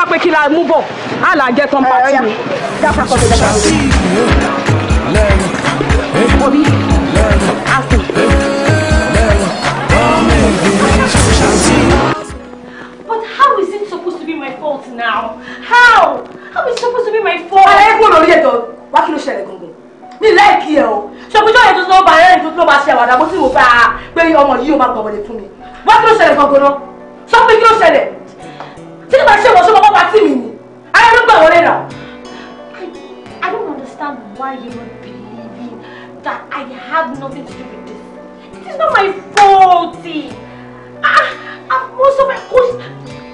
wá pé kí la mú bọ̀ á là jẹ́ tán pàtì obi asin. But how is it supposed to be my fault now? How? How is it supposed to be my fault? Ara ẹ̀kún lórí ẹ̀dọ̀ wá kí ló ṣẹlẹ̀ Mi láìkí ẹ o. Ṣọ̀bùjọ́ yẹn tuntun ọba ẹ̀rìn tuntun ọba ṣe àwàdà bó ti wò fẹ́ ah, pé ọmọ yìí ó máa gbọ̀mọ̀lẹ̀ fún mi. Wá kí ló ṣẹlẹ̀ náà? Sọ pé kí ló tí kí n bá ṣe wọ́n ṣe I am not going anywhere. I I don't understand why you are believing that I have nothing to do with this. It is not my fault. Ah, I'm of my cause.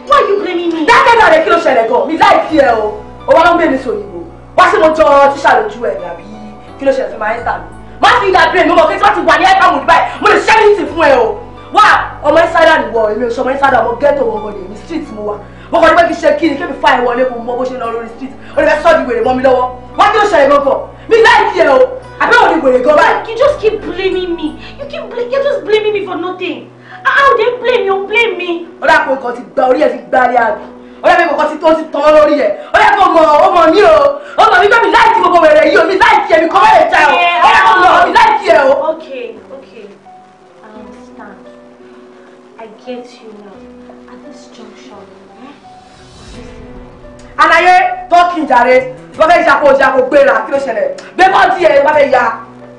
Why are you blaming me? That náà rẹ̀ kí ló ṣẹlẹ̀ gan-an? Mi láìpí ẹ o. O wá ń gbé mi sòyìnbó. Wá sí mo jọ tíṣà lójú ẹ̀ dàbí kí ló ṣẹlẹ̀ ma máa ń tà mí. Má fi ìdá brain mi mọ̀ pé tí wọ́n ti wà ní ẹ̀ka mùdí báyìí, mo lè ṣẹ́ ní ìsìn fún ẹ o. Wá ọmọ Ẹ́sádà nìwọ, èmi ò ṣọmọ Ẹ́sádà, ọmọ ghetto ọmọ ọmọdé, mi street mo wa ọkọ nípa kí ṣe kí ni kébi fáyẹ wọlé kò mọ bó ṣe lọ lórí street ó lè fẹ́ sọ́ọ̀dì wèrè mọ́ mi lọ́wọ́ wọ́n ní òṣèré gan kan mi láìpẹ́ o àbẹ́ òní wèrè gan báyìí. you just keep blaming me you keep bl you just blaming me for nothing how dey blame you blame me. ó dà pé nǹkan ti gba orí ẹ̀ ti gba rí àbí ó dà pé nǹkan ti tó ti tán lórí ẹ̀ ó dà pé ọmọ ọmọ mi o ọmọ mi gbà mí láìsí gbogbo wèrè yìí o mi láìsí ẹ̀ mi kọ́ wẹ̀rẹ̀ já o ó dà pé mi láìsí o. okay okay i understand i get you now at this junction aláyé tọ́kì jàre wọ́n fẹ́ ṣàkó ṣàkó gbéra kí ló ṣẹlẹ̀ bẹ́ẹ̀ bá tiẹ̀ wọ́n fẹ́ ya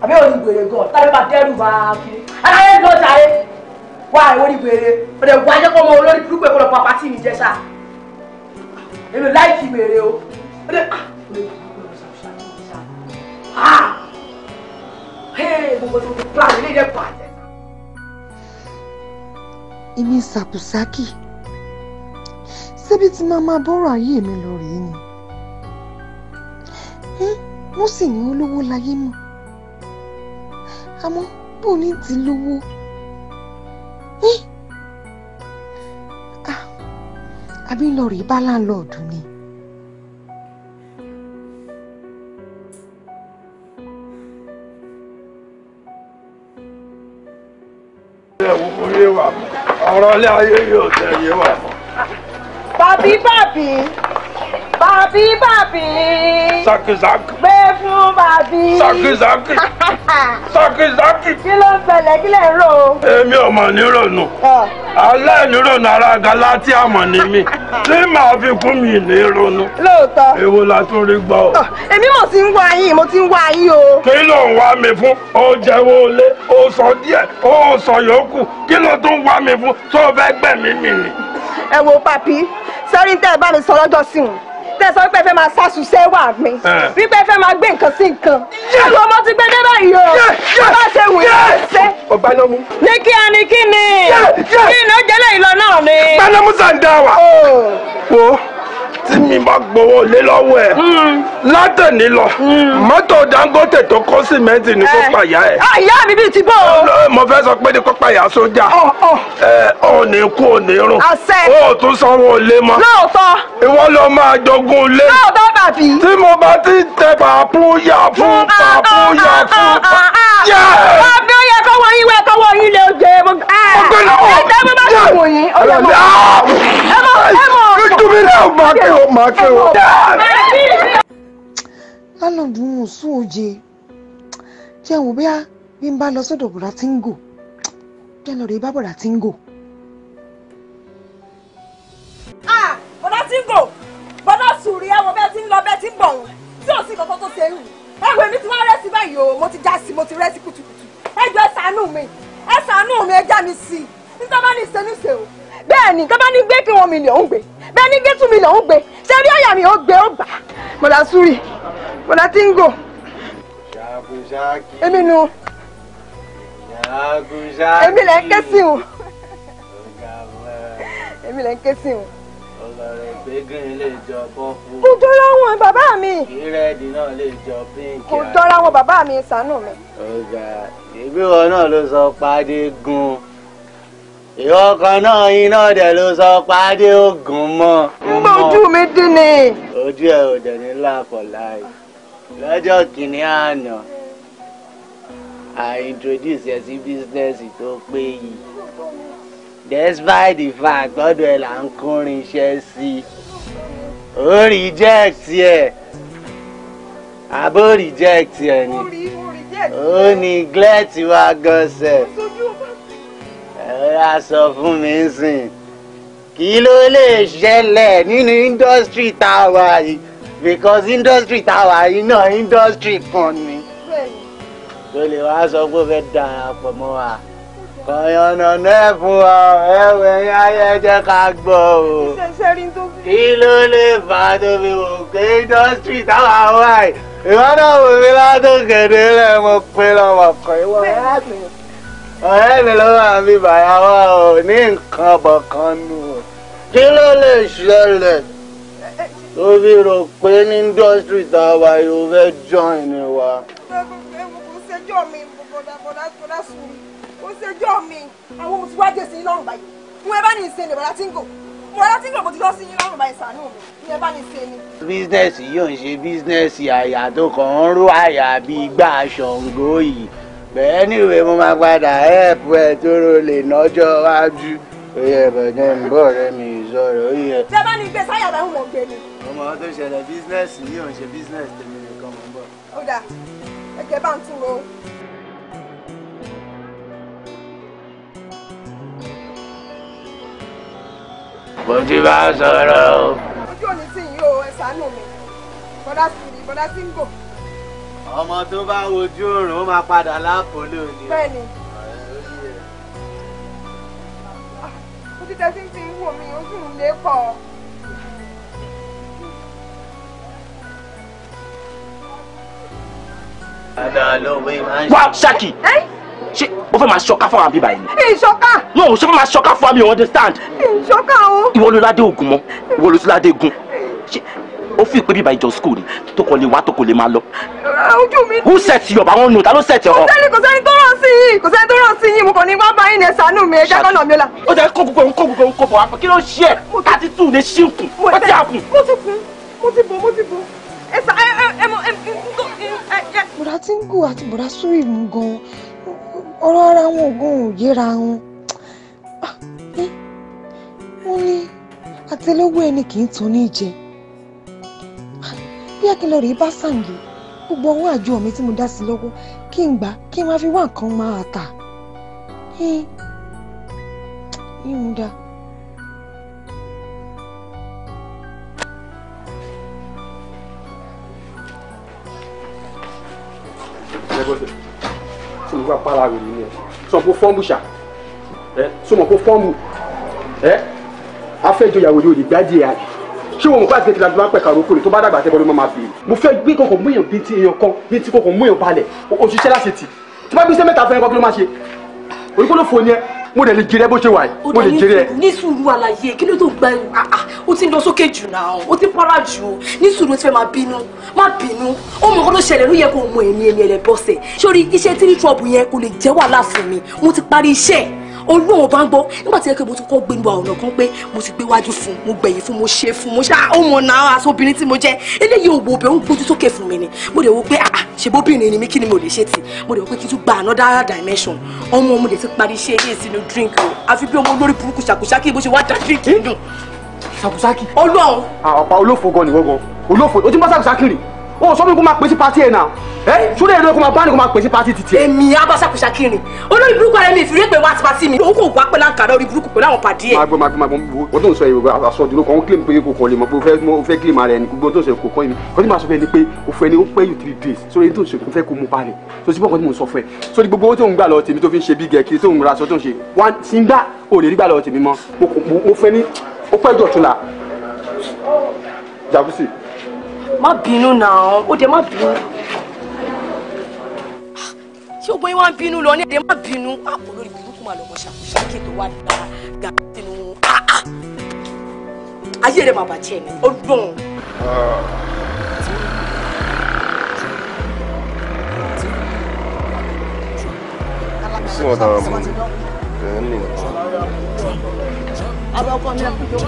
àbí òní gbèrè gan tàbí bá dẹ́rù bá kiri aláyé lọ jàre wá ìwé ní gbèrè ọ̀dẹ̀ wá jẹ́ kọ́ ọmọ olórí dúpẹ́ kọ́ lọ pa pàtì mi jẹ́ sá èmi láìkì gbèrè o ọ̀dẹ̀ ah, ah, ah gbogbo tó ń plan ilé ìdẹ́ bàjẹ́. Èmi Sàpùsákì ṣebí tí máa máa bọ́rọ̀ ayé mi lọ rèé ni wọ́n sì ní olówó láyé mọ̀ àmọ́ bò ní ti lówó àbí lọ rèé bá láńlọ́ọ̀dù ni. ọ̀rọ̀ ilé ayé yóò tẹ̀ yé wà mọ́ bàbí bàbí bàbí bàbí. sakizaki. gbé fún bàbí. sakizaki. sakizaki. kí ló ń ṣẹlẹ̀ kí lè ń rò ó. èmi ò mọ̀ ní rònú. alẹ́ ní rònú ara gala tí a mọ̀ ní mi. tí màá fi kún mi ní ronú. lóòótọ́. èwo la tún rí gbọ́. èmi mo ti ń wá yín mo ti ń wá yín o. kí ló ń wá mi fún ó jẹ́wọ́ lé ó sọ díẹ̀ ó sọ yòókù kí ló tún wá mi fún tó fẹ́ gbẹ̀mí mi ni ẹ wo papi sẹ́rí tẹ́ ẹ bá mi sọ lọ́jọ́ sí wọn tẹ́ ẹ sọ pé ẹ fẹ́ máa ṣàṣùṣẹ́ wà mí wípé ẹ fẹ́ máa gbé nǹkan sí nǹkan ṣé ọmọ ti gbé dé báyìí o bá ṣe wù yín ṣe. ọba ní kí a ní kí ni kí iná jẹ́lẹ̀ ìlọ náà ni. gbanámú sàn dá wa. Oh. wo tí mi bá gbowó lé lọ́wọ́ ẹ̀ hmm. látẹ̀ní lọ hmm. mọ́tò Dangote tó kọ́ símẹ́ǹtì ní kó eh. pàyà ẹ̀. Ah, ìyá mi bíi ti bó o. mo fẹ́ sọ pé ní kó pàyà sójà ò oh, oh. eh, ní kú ò ní rùn ó tún sanwó lé mọ́. ìwọ ló máa jogún lé. tí mo bá ti tẹ bàbú yà fún bàbú yà fún. Ah, ah, yẹ lálọ́dún ah. ah! sún oje jẹ́ wò bí bí n bá lọ sọ́dọ̀ bùrà tí ń gò jẹ́ lọ́dọ̀ ibà bùrà tí ń gò. Ah! bọ́dá tí ń gò bọ́dá sùúrì ẹ̀wọ̀n bẹ́ẹ̀ tí ń lọ bẹ́ẹ̀ tí ń bọ̀ wọ́n tí ò sí kankan tó ṣe é rù ẹ̀wọ̀n èmi ti wá rẹ́sì báyìí o mo ti já sí mo ti rẹ́sì kùtùkùtù ẹjọ́ ẹ ṣàánú mi ẹ ṣàánú mi ẹ já mi sí i níta bá ní ìṣẹ́nusẹ̀ o. bẹ́ẹ̀ ni tọ́ba ní gbé kí wọn mílíọ̀n gbé bẹ́ẹ̀ ní gbé tún mílíọ̀n gbé ṣé bí mi ò gbé ó gbà. mọ̀lá súrì mọ̀lá tíngò. èmi nu èmi lẹ ń ké sí o èmi lẹ ń ké sí o. kò jọra wọn bàbá mi. ìrẹ́dì náà lè jọ pínkì. kò jọra wọn bàbá mi ṣàánú mi. ọ̀gá ìbí wọn náà ló sọ pàdé gun ìwọ kan náà iná dẹ̀ ló sọ pàdé ogun mọ́. ń gbọ́ ojú mi dín ni. ojú ẹ ò dẹ̀ ní láàpọ̀ láàyè lọ́jọ́ kìíní àná I introduce ẹ sí business tó pé yìí despite the fact ọdọ ẹ là ń kórin iṣẹ́ sí i ó reject ẹ àbó reject ẹ ni ó neglect wa gan sẹ ẹ sọ fún mi nsìn kí ló lè ṣẹlẹ̀ nínú industry tá a wà yìí because industry tá a wà yìí náà industry kan ni tó lè wá sọ pé ó fẹ́ darapọ̀ mọ́ wa kọ̀yọ̀nà ẹ̀ fún ọ ẹ̀wẹ̀ ayé jẹ́ ká gbọ́ o kí ló lè fà á tóbi wò pé industry táwa wà yìí ìwọ náà wò mí látòkèdè lẹ mo pe lọmọ kan ìwọ ọ̀rẹ́ mi ọ̀rẹ́ mi ló máa mi bàyà wá o ní nǹkan bọ̀kan nù o kí ló lè ṣẹlẹ̀ tó fi rò pé ní indọ́sítírì tá a wà yóò fẹ́ join ni wa. kò ṣẹjọ́ mi bọ̀dà bọ̀dà bọ̀dà sùn kò ṣẹjọ́ mi àwọn oṣù wájú Business, rárá tí mo ti lọ sí yín lọ́rùn báyìí sàánú mi ìyẹn bá mi ṣe ni. bísínẹ́sì yóò ń ṣe bísínẹ́sì àyà tó kàn ń ró àyà bíi gbà ṣọ̀ǹgó yìí bẹ́ẹ̀ ni ìwé mo máa padà ẹ̀ẹ́pù ẹ̀ tó ro lè nọ́jọ́ wájú oyè ìbàdàn ń bọ̀ rẹ mi ìṣòro oyè. ṣé bá ní gbé sáyà táwọn mọ̀ gbé ni. ọmọ tó ṣẹlẹ̀ bísínẹ́sì yóò ń ṣe bísínẹ́sì tèmi nìkan mọ̀ ń bọ̀. ó dà ẹ̀jẹ̀ bá ń tún ro mo ti bá a sọ̀rọ̀ o. ojú òní tí yìí o ẹ ṣàánú mi bọ́dá sí mi bọ́dá sí ń gò. ọmọ tó bá wojú oòrùn ó máa padà láàpọ̀ lónìí. bẹ́ẹ̀ni. ojú tẹ́sí ti ń wò mí ojú mi lè pọ̀. Wá Ṣakí ṣé o fẹ́ máa ṣọ́ká fún àwọn bíbá yìí ni. ìṣọ́ká. no o ṣe fẹ́ máa ṣọ́ká fún àmì understand. ìṣọ́ká o. ìwọ ló ládé ogun mọ́ ìwọ ló tún ládé gun ṣé o fi ìpè bíbá ìjọ school ni tó kọ lè wá tó kọ lè máa lọ. Ah, ojú mi. who set you up àwọn nù ta ló set you up. kò sẹ́ni kò sẹ́ni tó rán sí i kò sẹ́ni tó rán sí i mo kàn ní wá bá yín ẹ ṣàánú mi ẹ jẹ́ kọ́nà mi la. ó jẹ́ kó gbogbo òun kó gbogbo òun kó bọ̀ wá kí ló ṣe ẹ̀ láti tù ní ṣìnkùn ó ti àkùn. mo ti kun mo ti bọ̀ mo ti bọ̀ ẹ sà ẹ ẹ ẹ mo ẹ ẹ. bùrọ̀dá tí ń gùn àti bùrọ̀dá sórí mu gan-an ọ̀rọ̀ ara wọn ògùn ò yíra wọn ah, wọ́n ní àtẹ́lẹwọ́ ẹni kì í tún ní jẹ ah, bí akínlẹ̀ rẹ̀ bá sàǹgì gbogbo owó àjọ mi tí mo dá sí lọ́wọ́ kí n gbà kí n máa fi wá nǹkan máa tà yíyún dá. Gracias ìwà pàlàwé nínú ẹ sọ pé fọ́ọ̀mù ṣà ẹ sọ mọ̀ pé fọ́ọ̀mù ẹ afẹ́jọ ìyàwó yóò lè gbájì ẹ àbí ṣé wọn mọ̀ pé àti kékeré máa ń pẹ̀ka àrókò rẹ̀ tó bá dàgbà tẹ́bọ̀ ló máa bèèrè mo fẹ́ gbé kọkàn múyàn bíi ti èèyàn kan bíi ti kọkàn múyàn balẹ̀ òṣìṣẹ́ láti tì tí bá gbé iṣẹ́ mẹ́ta fẹ́ kọ́ kí ló máa ṣe òyìnbó ló fò ní ẹ mo dẹ̀ lè jèrè bó ṣe wà yìí mo lè jèrè. ní sùúrù àlàyé kí ló tó gba ẹrù àà ah, ah, ó ti ń lọ sókè jù náà ó ti para jù ó ní sùúrù tí fẹ́ máa bínú má bínú ó mọ̀ kó tó ṣẹlẹ̀ ló yẹ kó mọ èmi ẹni ẹlẹ́bọ̀sẹ̀ sórí iṣẹ́ tí ní trọ́ọ̀bù yẹn kò lè jẹ́ wàhálà fún mi mo ti parí iṣẹ́ olóhùn bá ń gbọ́ nígbà tí ẹ pé mo tún kọ́ gbé níbo ọ̀nà kan pé mo ti gbé wájú fún mo gbẹ̀yìn fún mo ṣe fún mo ṣá ó mọ̀ náà aṣọ́bìnrin tí mo jẹ́ eléyìí òwò bẹ́ẹ̀ ń gbójú sókè fún mi ni mo dẹ̀ wo pé àà ah, ṣe bóbìnrin ni mi kí ni mo lè ṣe tì mo dẹ̀ wo pé kí n tún gba another dimension ọmọ mo lè ti parí iṣẹ́ eré sínú drink o àfi bí ọmọ olórí burúkú ṣàkóṣákì bó ṣe wá da drink nínú. ṣàkóṣákì. ọlọ́run. àpá ah, olófo gan ni wọ́n gan olófo ojú bá ṣàkóṣákì rìn o sọ fún mi kó máa pè sí pati ẹ̀ náà ẹ ṣúlẹ̀ ẹ̀ náà kó máa bá ní kó máa pè sí pati títì. èmi abasakusa kiri olórí burúkú ara mi ìfìrí èpè wá ti pati mi òun kò wá pẹ̀lú àǹkàrà orí burúkú pẹ̀lú àwọn pàdé ẹ̀. máa gbọ́ máa gbọ́ máa gbọ́ o tó ń sọ yìí o aṣọ ìdúró kan ó kílèmù pé kò kọ́ lè mọ̀ pé o fẹ́ kílèmù ara ẹni gbogbo tó ń sọ kò kọ́ yìí kọ́ tí màá sọ fẹ́ ni pé o fẹ́ ni ó pẹ́ yù three days sórí tó ń sọ kò fẹ́ kó mú balẹ̀ so síbọ̀ kan tí mò ń sọ fún ẹ sórí gbogbo owó tó ń gbà lọ tèmi tó fi ń ṣe bí gẹ̀ẹ́kì tó ń ra aṣọ tó ń ṣe wá sí ń gbà o lè rí gbà lọ tèmi mọ́ mo fẹ́ ni má bínú náà ó dé má bínú. ṣé ògbóyin wá ń bínú lọ ní èdè má bínú àpò ah, lórí burúkú màá lọ́mọ ṣàkóso kí ètò wà dára gàdá sínú ah, ah. ayé rẹ̀ bàbá tiẹ̀ ní ọdún. sí wọn tàwọn ọmọ ẹ ní nǹkan. ọba ọkọ mi lọ kújọ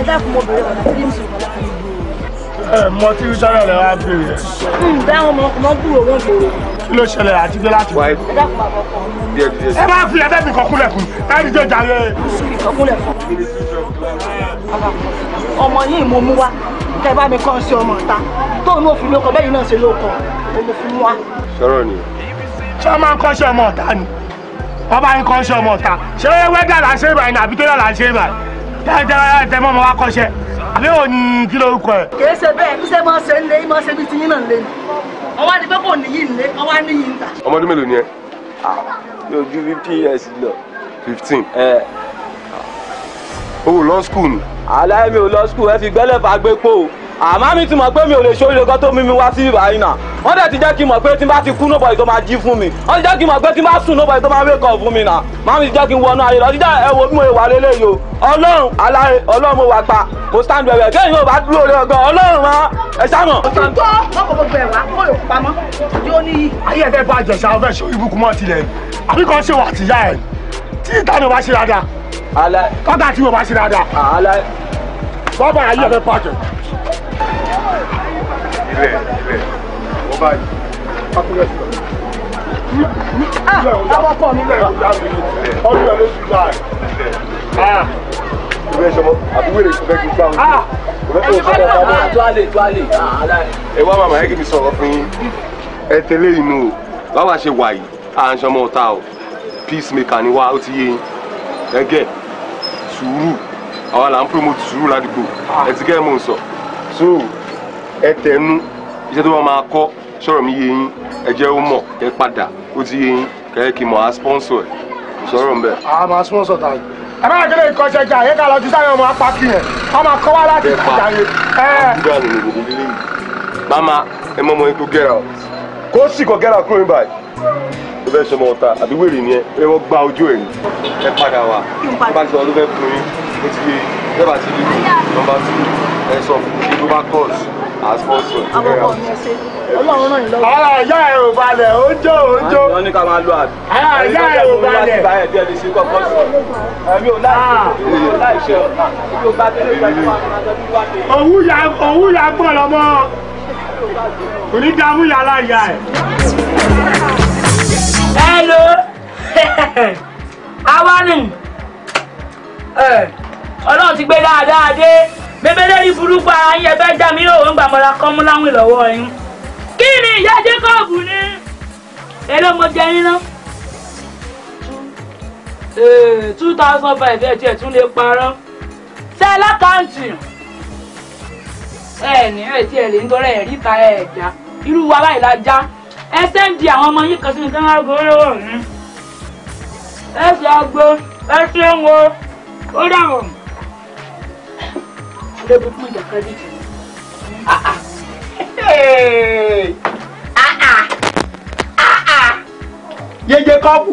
ẹ dákun mo bèrè ọ̀nà tí mi sùn lọ́wọ́ ẹ mọ tí sọ́rọ̀ rẹ̀ wá bèrè. Hmm, bẹ́ẹ̀ wọn mọ gbúrò wọn gbòòrò. kí ló ṣẹlẹ̀ àti dé láti. ẹ dákun àkọ́kọ́. ẹ máa fi ẹbẹ́ mi kọkúnlẹ̀kùn ẹni tó jàre. kọkúnlẹ̀kùn. ọmọ yìí mo mú wa kẹ bá mi kọ́ sí ọmọ ta tóun náà fi lóko bẹ́ẹ̀ náà ṣe lóko òun fi mú wa. sọ̀rọ̀ ni. ṣé ọmọ nǹkan ṣe ọmọ ọ̀tá ni ọba nǹkan ṣe ọmọ ọ̀tá ṣé wẹ́dà là ń ṣe ìbàyìn àbí tó yà là ń ṣe ìbàyìn tẹ́tẹ́ mọ́ ọmọ wa kọ́ṣẹ́ àbí ò kí ló kọ ẹ̀. kìí ṣe bẹ́ẹ̀ kí ṣe máa ṣe ń lé máa ṣe bí ti náà lé ọwọ́ ni pé kò níyì ń lé ọwọ́ níyì ń tà. ọmọ mélòó ni ẹ. yóò ah, ju fifty years lọ. fifteen. ẹ o lọ school ni. aláìmí ò lọ school ẹ fi gbẹ́lẹ̀ fàgbé pò àmọ́ mi ti mọ̀ pé mi ò lè ṣoríire kan tó mímí wá sí bíbá yìí náà wọ́n dẹ̀ ti jẹ́ kí n mọ̀ pé tí n bá ti kú nobody tó máa jí fún mi wọ́n ti jẹ́ kí n mọ̀ pé tí n bá sùn nobody tó máa wake up fún mi náà màmí ti jẹ́ kí n wọnú ayé lọ jíjẹ́ ẹ wo bí mo wà lélẹ̀ yìí o ọlọ́run aláre ọlọ́run mo wà pa mo stand bẹ̀rẹ̀ kí èyí ò bá dúró lé ọgọ́ ọlọ́run mọ́ ẹ sámọ̀. ọ̀sán tó ọkọ̀ mo bẹ̀rẹ̀ wá kó yòókù pamọ́ yóò ní. ayé ẹ̀fẹ́ bá jẹ̀sà ọ̀fẹ́ ṣe ibùkún mọ́ tilẹ̀ àbíkọ́ ṣe wà tìyá ẹ̀ tí ìtàn ò bá ṣe dáadáa kọ́gà tí ò bá ṣe bàbá ayé ẹ fẹ́ pàjẹ́. ilé ilé ó báyìí akúrẹ́ sílẹ̀. ah àwọn ọkọ mi lọ. ọdún ẹ ló ti dá ẹ ìwé ìṣọmọ àbúwèrè ìṣọmọ ẹgbẹ gbà wọn. ìwé ìṣọmọ ẹgbẹ gbà wọn. tuale tuale. ẹ wá màmá yẹn kí mi sọ̀rọ̀ fún yín ẹ tẹ́lẹ̀ inú o báwa ṣe wà yìí à ń ṣọmọ ọ̀tá o peacemaker ni wá ó ti yé yín ẹ gẹ̀ sùúrù àwa là ń promote sùúrù ládùúgbò ẹ ti gẹ́gẹ́ mò ń sọ so ẹ tẹnu iṣẹ́ tó bá máa kọ́ sọ̀rọ̀ mi yé yín ẹ jẹ́ ó mọ̀ ẹ padà ó ti yé yín kí n mọ̀ á sponsor ẹ̀ kò sọ̀rọ̀ ń bẹ̀. a máa sponsor ta yìí ẹ bá gẹ́gẹ́ ìkọ́ṣẹ́ jà yẹ ká lọ ti sáré ọmọ apákí yẹn a máa kọ́ wá láti ìjà yẹn. àbúrò àná ni gbogbo ilé yìí. mama ẹ mọ ọmọ yín kó gẹ́ra kó sì kó gẹ́ra kúrò ní báyìí ló fẹ́ sọmọ ọ̀tá àbí wèrè ni ẹ ẹ wọ́n gba ojú ẹ̀ ni ẹ padà wá bá ti sọ ló fẹ́ fún yín ó ti yé lẹ́bà ti rí nọmba tí ẹ sọ fún mi tó bá kọ́ọ̀sì àspọ́sọ̀ ẹ rà ọlọ́run ràn yín lọ́wọ́. ara ìyá ẹ ò balẹ̀ ó jó ó jó. wọ́n ní ká máa lo àbí. ara ìyá ẹ ò balẹ̀. ìgbà yẹn bí ẹni ṣe kọ́kọ́ sí. ẹ̀mí ò láì ṣe ọ̀tá ìbí ya gbọ́ lọ́mọ. kò ní dààmú yàrá ìyá ẹ̀. Hello. Àwa ni. Ọlọ́run ti gbé dáadáa dé. Bébélé rí burúkú ara yín ẹgbẹ́ dá mi òun gbà mọ́ra kọ́ mú láwìn lọ́wọ́ yín. Kí ni ìyá Jacob ní? Èló mo jẹ yín náà. Two thousand five ẹ̀ tiẹ̀ tún lè parọ́. Ṣé alákàntì? Ẹ ní ẹ̀ tiẹ̀ lè ń tọrọ ẹ̀rí ka ẹ̀ já. Irú wa báyìí la já ẹ sẹ́ǹdì àwọn ọmọ yìí kan sí mi kí wọ́n gbowó lọ́wọ́ mi ẹ sì agbo ẹ sì ń wo ó dàrọ̀. ọ̀rẹ́ bó fún ìjàkadì jù. yeye kọ́pù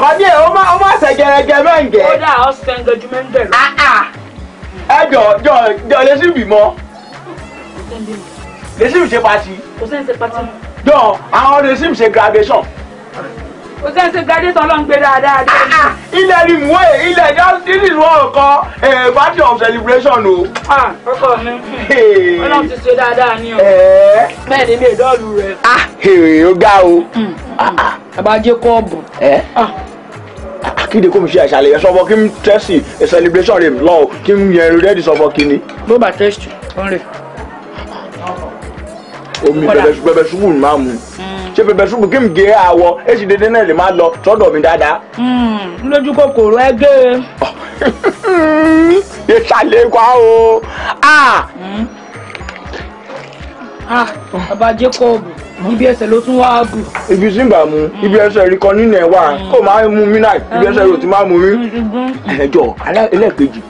kọ́dí ẹ̀ ó má ṣe gẹ́gẹ́ mẹ́ǹgẹ́. ó dà ọ́ sẹ́ǹgẹ́ ju mẹ́ǹgẹ́ lọ. ẹ jọ jọ jọ lẹ́sìn bímọ lẹ́sìn ṣe pati. kò sẹ́ǹsì pati mọ́ dán àwọn ọdẹ sì ń ṣe graduation. o ṣe ń ṣe graduation ló ń gbé dáadáa. Ah, ah, ilẹ̀ ni mú ẹ ilẹ̀ já sí nínú ọ̀kan party of celebration o. Ah, ọkọ mi ọlọ́run ti ṣe dáadáa ni o eh. bẹ́ẹ̀ ni mi ò dọ́ọ̀lù rẹ. èrè ó ga o. àbájẹ kọ́ọ̀bù akéde kó mi eh? ṣe àṣàlẹ̀ yẹn sọ́fọ́ kí n tẹ́sì eh, celebration rẹ̀ lọ́wọ́ kí n yẹn rẹ́ẹ̀dì sọ́fọ́ kí ni. ló bá tẹ́sì ọ̀rẹ́ omi pẹpẹ ṣubú ni máa mu ṣe pẹpẹ ṣubú kí n gé àwọ èsì dédé náà lè máa lọ sọ́dọ̀ mi dáadáa. Hmm. lójú kòkòrò ẹ gé e. yé ṣàlẹ̀ wá o. Hmm. bàbá Jacob ibi ẹsẹ̀ ló tún wáá bù. ibi tí ń bà mú hmm. ibi ẹsẹ̀ rí kan nínú ẹ̀ wá kó máa mú mi náà ibi ẹsẹ̀ rò ti máa mú mi. ẹjọ ẹlẹ́ẹ̀kejì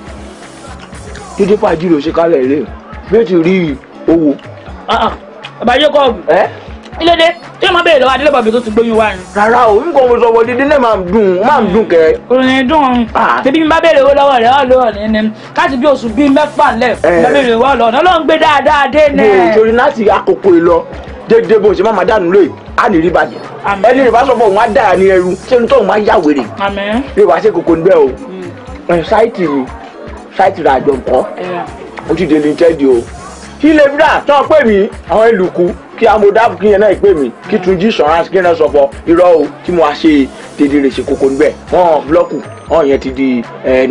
dídí pàjùlọ ṣe kálẹ̀ rẹ̀ bí ó ti rí owó. Ah, ah bàbá Jacob ilé-dé tí wọ́n bèèrè lọ́wọ́ adélébọ̀bì tó ti gbóyún wá ni. rárá o n kò mọ sọ wọlé dídé máa dùn máa dùn kẹ. kò ní dùn bíbí mi bá bèèrè owó lọ́wọ́ rẹ̀ ọ̀ lọ́wọ́ rẹ̀ ni láti bí oṣù bíi mẹ́fà lẹ̀ bá bèèrè owó lọ́wọ́ náà ló ń gbé dáadáa dé nẹ. mo ìṣòro láti àkókò ìlọ déédéé bó ṣe má máa dànù lóye á ní rí bàjẹ́ ẹni rẹ̀ bá sọ fún òun á dára ní ẹrú ṣé ní tóun má yà wèrè rẹ̀ wá ṣe kòkò níbẹ̀ o ṣáìtì hmm. ni ṣáìtì rà àjọ nǹkan ó ti dé ní tẹ́ẹ̀dì o kí lè bí dà tán pè mí àwọn ìlùkù kí amòdáàbò kí yẹn náà pè mí kí Túnjí Insurance kí yẹn náà sọpọ irọ́ o tí mo á ṣe tèdè rè ṣe kókó níbẹ̀ wọ́n búlọ́ọ̀kù wọ́n yẹn ti di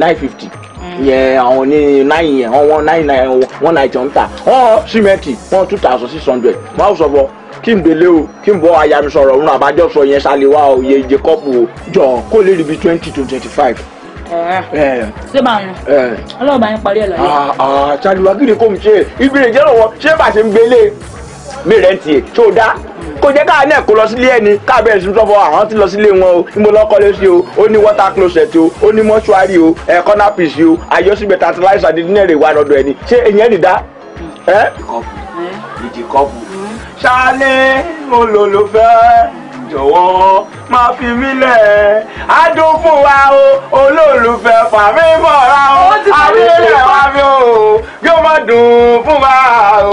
nine fifty mm. yẹn àwọn ní nine yẹn wọ́n nine nine one ninety one ta wọ́n símẹ́ǹtì wọ́n two thousand six hundred mo á sọpọ kí n délé o kí n bọ́ ayami sọ̀rọ̀ òun àbájọ sọ yẹn ṣàlẹ̀ wá o yẹ ìjẹ́kọ́pù o jọ̀ kó lè rí twenty to twenty five Eh. Eh. ṣé bá yẹn eh. ọlọ́run bá yẹn parí ẹ̀ láyé. ṣàdùmá kí ni kò ń ṣe ìbéèrè jẹ́ lọ́wọ́ ṣé bá ṣe ń gbélé mi rẹ̀ ń tiẹ̀ tó dá kò jẹ́ káà náà kó lọ sílé ẹni káà bẹ̀rẹ̀ sí sọ́fọ́ àwọn ti lọ sílé wọn o ní mo lọ́kọ́lé sí o ó ní water closet o ó ní mọ́ṣúárì o ẹ̀ corner piece o àyọ́síbẹ̀ tantalizer dídínlẹ̀rẹ̀ wà lọ́dọ̀ ẹni ṣé ìyẹn nì dá. ìdí kọ́ọ̀bù ìdí olólùfẹ́ jọ̀wọ́ má fi mí lẹ̀ á dún fún wa o olólùfẹ́ fàmí mọ́ra o àbílẹ̀ wa mi o yóò má dùn fún wa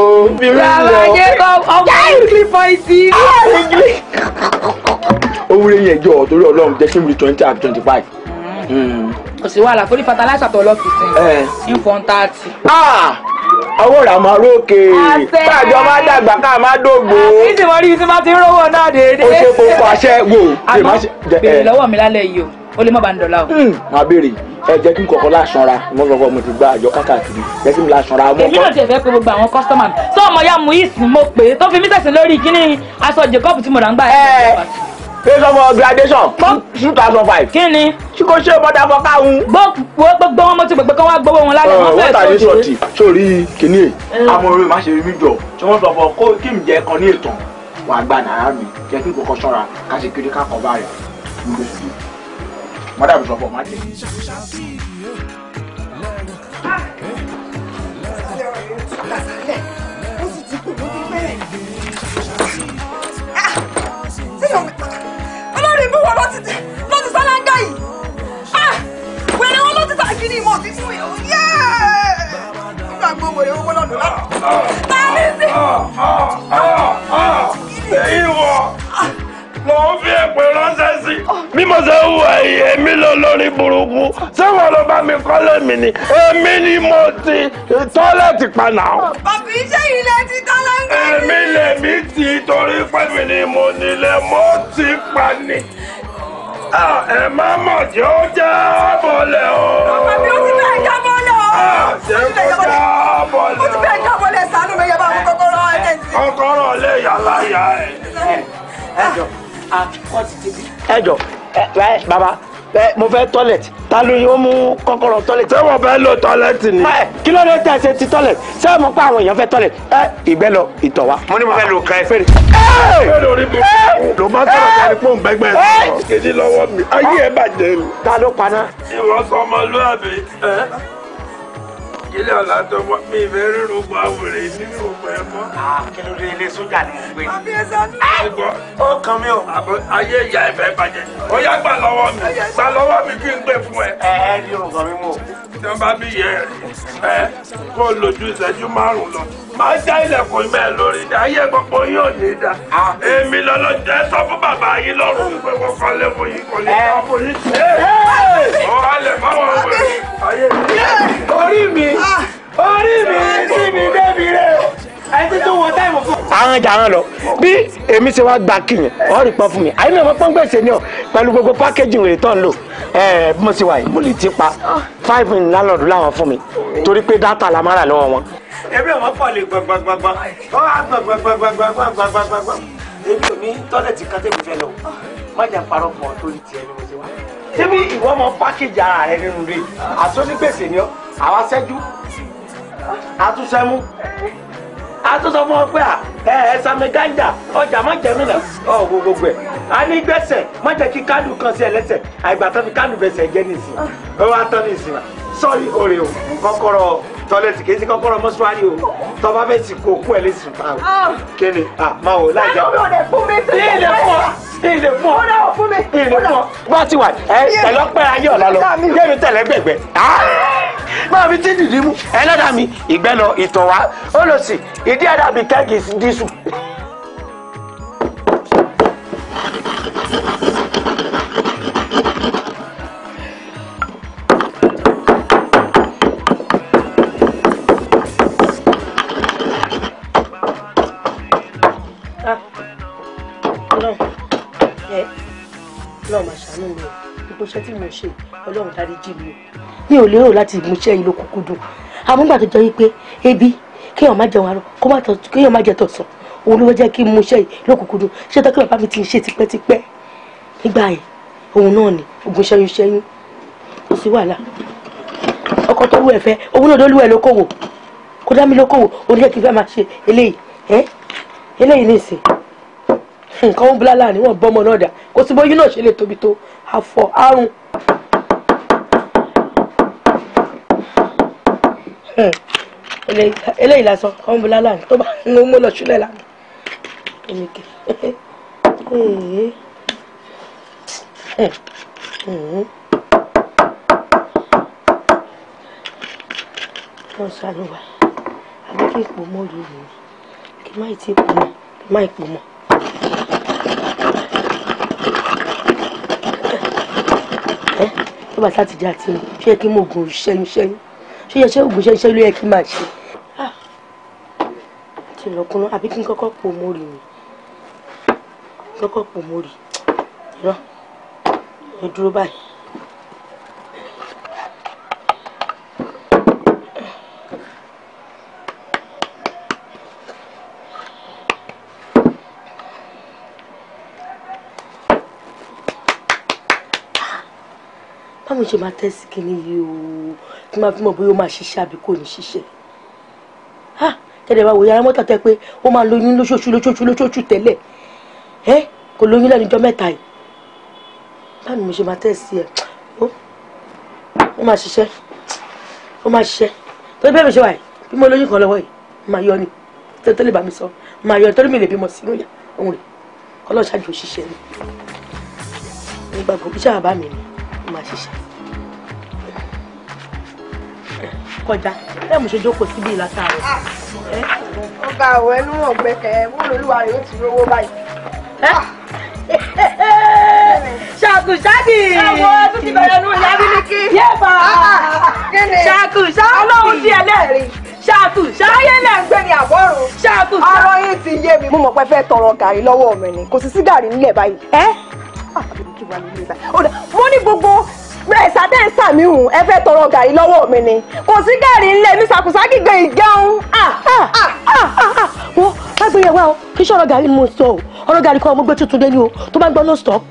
o bí mi lọ. bàbá Jacob ọmọ ìgbìlì ah, pọ́ìsì. yẹn jọ torí ọlọ́run jẹ́ sí mi twenty and twenty five. Hmm kò sí wàhálà forí fatalaisa tó lọ fi sìn eh. ní kọ́ńtáàtì. Ah! owó rà máa rókè káàjọ máa dàgbà ká máa dògbò. àti ìdìbò rí ti máa ti rówó náà déédéé. ó ṣe kókó àṣẹ wò. àmọ́ bèrè eh. lọ́wọ́ mi lálẹ́ yìí o ó lè má bá ń dọ̀la o. máa hmm, béèrè ẹ jẹ́ kí n kọ́kọ́ lásanra mo kọ́kọ́ mo ti gba àjọ kákàkiri jẹ́ kí n lásanra. èmi náà ti ẹ̀fẹ́ pé gbogbo àwọn kọ́sítọ́mà mi tó ọmọ ya mu yìí sì mo pè é tó fi mí sẹ̀sìn lórí kíní aṣọ jacob tí mo rà ń gbà. ẹ eh, pay for graduation two thousand five. kí ni. tí kò ṣe bọ́dà fọ káwọn. gbọ́ gbọ́ wọn mo ti gbẹ̀gbẹ́ kán wá gbowó wọn lálẹ́ wọn fẹ́ẹ́ tó ṣe. sọtì sórí kìnìún amòrò má ṣe rí mi jọ tí wọ́n sọ fọ kó kí mi jẹ ẹ̀kan ní ìtàn wà á gbà náírà mi jẹ́ kí n kò kọ́ ṣọ́ra ká ṣe kiri ká kọ́ báyà ní oṣù yìí mọ́dà mi sọ fọ má jẹ. Ah! wọn ló ti ti ló ti sá láńgá yìí ah, wèrè wọn ló ti ta kiri ìmọ̀ òtí fún yẹn yé nígbà gbọ́ wèrè owó lọ́nà lára tàbí sí. èyí wọ lọ fi èpè ránṣẹ́ sí mímọ ṣe ń wọ ẹyẹ mi lọ lórí burúkú ṣé wọn lọ bá mi kọ́lé mi ni èmi ni mo ti tọ́lẹ̀tì paná. bàbá iṣẹ́ yìí lè ti tọ́lẹ̀tì. èmi lèmi ti torí pé mi ni mo nílé mo ti pa ni ẹ má mọ̀ tí ó já bọ́lẹ̀ o. ọmọ mi ò ti bẹ́ẹ̀ já bọ́lẹ̀ o. ṣé kò já bọ́lẹ̀ o. ó ti bẹ́ẹ̀ já bọ́lẹ̀ sànú mi yẹba àwọn kọ́kọ́rọ́ ẹ̀ sí. kọ́kọ́rọ́ lè yà láyà ẹ̀. ẹ jọ ti bí. ẹ bàbá mo fẹ́ tọ́lẹ̀tì ta ló yóò mú kọ́kọ́rọ́ tọ́lẹ̀tì. ṣé wọ́n fẹ́ lo tọ́lẹ̀tì ni. kí ló dé tẹ̀ ṣe ti tọ́lẹ̀tì ṣé mo pa àwọn èèyàn fẹ́ tọ́lẹ̀tì ẹ ìgbẹ́ lọ ìtọ̀ wa. mo ní mo fẹ́ lo kan ẹ fèrè. fèrè orí mi ló má sọ̀rọ̀ kárí pọ̀ nbẹ́gbẹ́ sọ̀rọ̀ kejì lọ́wọ́ mi ayé ẹ bàjẹ́ mi. ta ló paná. ìwọ sọmọlúwàbí nàìjíríà látọ̀ wá mi ìfẹ́ rírun gbọ́ àwòrán nínú ọgbà ẹ̀fọ́. kí ló dé ilé sójà ni mo gbé. àbí ẹ sọ ẹ̀gbọ́n ó kàn mí o. àbọ ayé ìyá ẹ̀fẹ́ bàjẹ́ ó yá gbà lọ́wọ́ mi gbà lọ́wọ́ mi kí n gbé fún ẹ. ẹ ẹ rí nǹkan mi mú o. bá mi yẹ ẹ kó o lòjú ìṣẹ́jú márùn-ún lọ máa já ilẹ̀kùn mẹ́ lórí dá ayé gbogbo yóò ní dá. èmi lọ́lọ́ orí mi orí mi síbi débi rẹ̀ àti tó wọ táìmù fún. àwọn jà wọn lọ bí èmi ṣe wá gba kíyàn ọ̀rì pọ́n fún mi àyìn náà mo pọ́n gbèsè ni ọ pẹ̀lú gbogbo pákéjì wèrè tó ń lò bí mo ṣe wà yìí mo lè ti pa five in landlord láwọn fún mi torí pé dátà la máa rà lọ́wọ́ wọn. ẹbí ọmọ pọ̀ lè gbàgbàgbàgbà ọ á gbàgbàgbàgbàgbàgbàgbàgbà èmi ò ní tọ́lẹ̀tì kátẹ́kù fẹ́ lọ má jà parọ́ pọ̀ torí tiẹ̀ ni mo ṣe wá. ṣé bí ìwọ mọ pákéjì ara rẹ nínú rẹ àsọ ní gbèsè ni ọ àwa sẹ́jú àtúnṣẹ́mú àtúnṣọ fún ọ pé à ẹ ẹ sami gánjà ọjà má jẹ mí nà ọ gbogbogbò ẹ a ní gbèsè má jẹ kí kádù kan sí ẹ lẹ́sẹ̀ àìgbà tó fi kádù bẹsẹ jẹ nìsín ó wá tán nìsín wa sọrí òrè o kọ́kọ́rọ́ tọ́lẹ̀tì kì í sí kọ́kọ́rọ́ mọ́ṣúárì o tọ́ bá fẹ́ sì kó kú ẹ̀ lè sùn ah. ah, máa wò kí ni máa wò láìjà wò. ilé fún mi ilé fún ọ ilé fún mi ilé fún ọ bá ti wà ẹ ẹlọpẹ ayé ọ̀la lọ yẹnu tẹ̀lé gbẹ̀gbẹ̀ ah! máa fi tí dìdí mú ẹlẹ́dàá mi ìgbẹ́ lọ ìtọ̀ wá ó lọ sí ìdí ẹ̀dá mi kẹ́gì dísù. àánú rẹ gbogbo iṣẹ́ tí mo ṣe Ọlọ́run dárí jì mí mi ò lérò láti mú iṣẹ́ yìí ló kúkú dùn àmọ́ gbà tó jẹ́ wípé ebi kéèyàn má jẹun àárọ̀ kéèyàn má jẹ tọ̀sán òun ló jẹ́ kí n mú iṣẹ́ yìí ló kúkú dùn ṣé tọ́kì bàbá mi ti ń ṣe tipẹ́tipẹ́ nígbà yẹn òun náà ni ogun ṣẹ́yún ṣẹ́yún kò sí wàhálà ọkọ tó lù ẹ fẹ́ òun náà ló lù ẹ lókòwò kó dá mi lókòwò oníjẹ́ kí n fẹ́ máa ṣe eléyìí eléyìí nìsín nǹkan ó búlálà níwọ̀n bọ́mọ náà dà kò sí bóyú náà ṣe lè tóbi tó àfọ̀ àrùn. eléyìí lásán kan búlálà tó bá ń mú lọ sílẹ̀ lánàá èmi kẹ. lọ sànù wa àbí kí n pò mọ́ yìí kí n má pò mọ́. tó bá sátidé àti ẹ̀yìn ṣé yẹ kí mo gùn ṣẹ́yìn ṣẹ́yìn ṣé yẹ ṣé ògùn ṣẹ́yìn ṣẹ́yìn ló yẹ kí máa ṣe. Ah! ti lọkùnrin àbí kí n kọ́kọ́ pò mórì mi kọ́kọ́ pò mórì ẹ dúró báyìí. mo ṣe máa tẹ́sí kínní yìí o kí n máa fi mọ̀ bóyá ó máa ṣiṣẹ́ àbí kò ní ṣiṣẹ́ kẹ́dẹ̀ bá wo yàrá mọ́tà tẹ́ pé ó máa lóyún lóṣooṣù lóṣooṣù lóṣooṣù tẹ́lẹ̀ ẹ kò lóyún lẹ́nu ọjọ́ mẹ́ta yìí báwo ni mo ṣe máa tẹ́sí ẹ ó máa ṣiṣẹ́ ó máa ṣiṣẹ́ tó bẹ́ẹ̀ mi ṣe wà yìí bí mo lóyún kan lọ́wọ́ yìí máa yọ ni tó bá mi sọ máa yọ torí mi bí sábà bá mi ni ó máa ṣiṣẹ́. kọjá bẹ́ẹ̀ mo ṣe jókòó síbi ìlàtàrọ̀. ọba ah, àwọn ẹnu wọn gbẹkẹ wọn lolúwa rẹ yóò ti rówó báyìí. ṣàkù ṣáàdì. ẹ̀wọ̀n tún ti bẹ̀rẹ̀ nù ìyá bílíkì. yéèbà ah, ṣàkù ṣáà ọlọ́run tiẹ̀ lẹ́rìí ṣáàtù ṣáàyè lẹ̀ ń gbé ní àbọ̀rùn. ṣáàtù ṣáà ọ̀rọ̀ yìí ti yé mi. mo mọ̀ pé fẹ́ tọrọ gàrí lọ́wọ́ mi ni kò sì sí gàrí nílẹ̀ báyìí. ẹ́ ah, mo ní gbogbo express adẹ́nsà mi hùn ẹ fẹ́ tọrọ gàrí lọ́wọ́ mi ni kò sí gàrí ńlẹ̀ mi sàkùsà gígbé ìjẹun wọ́n lágbèyẹ̀wá o kì í ṣe ọ̀rọ̀ gàrí mo sọ o ọ̀rọ̀ gàrí kọ́ ọmọ gbé tuntun dé o tó bá ń gbọ́ no stop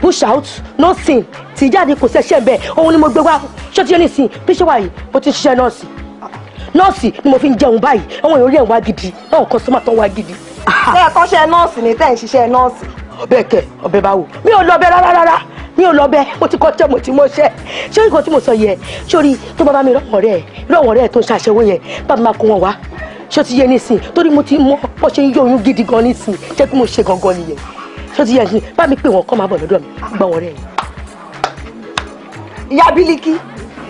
push out no sin tí jáde kò ṣẹṣẹ bẹ́ẹ̀ òun ni mo gbé wá ṣé ti yé nìsín bí ṣe wà yìí ó ti ṣiṣẹ́ nọ́ọ̀sì nọ́ọ̀sì ni mo fi ń jẹun báyìí àwọn èèyàn orí ẹ̀ wá gidi àwọn kọ́sọ́mà tán wá gidi. ṣé ẹ kọ́ṣẹ́ nọ́ọ̀sì ni tẹ́ ń ṣiṣẹ́ nọ́ọ̀sì. ọbẹ̀ kẹ ọbẹ̀ báwo mi ò lọ bẹ rárá rárá mi ò lọ bẹ mo ti kọjá mo ti mọṣẹ ṣé orí kan tí mo sọ yẹ sórí tó bá bá mi rọwọ rẹ rọwọ rẹ tó ń ṣàṣẹwó yẹn bàbá máa kó wọn wá ṣé ti yẹ nísìn torí mo ti mọ bó ṣe ń yọ oyún gidi gan nísìn jẹ́ kí mo ṣe gangan nìyẹn ṣé ti yẹ nísìn bá mi pè wọn kọ́ máa bọ̀ lọ́dọ̀ mi gbọ́ wọn rẹ. ìyá bílíkì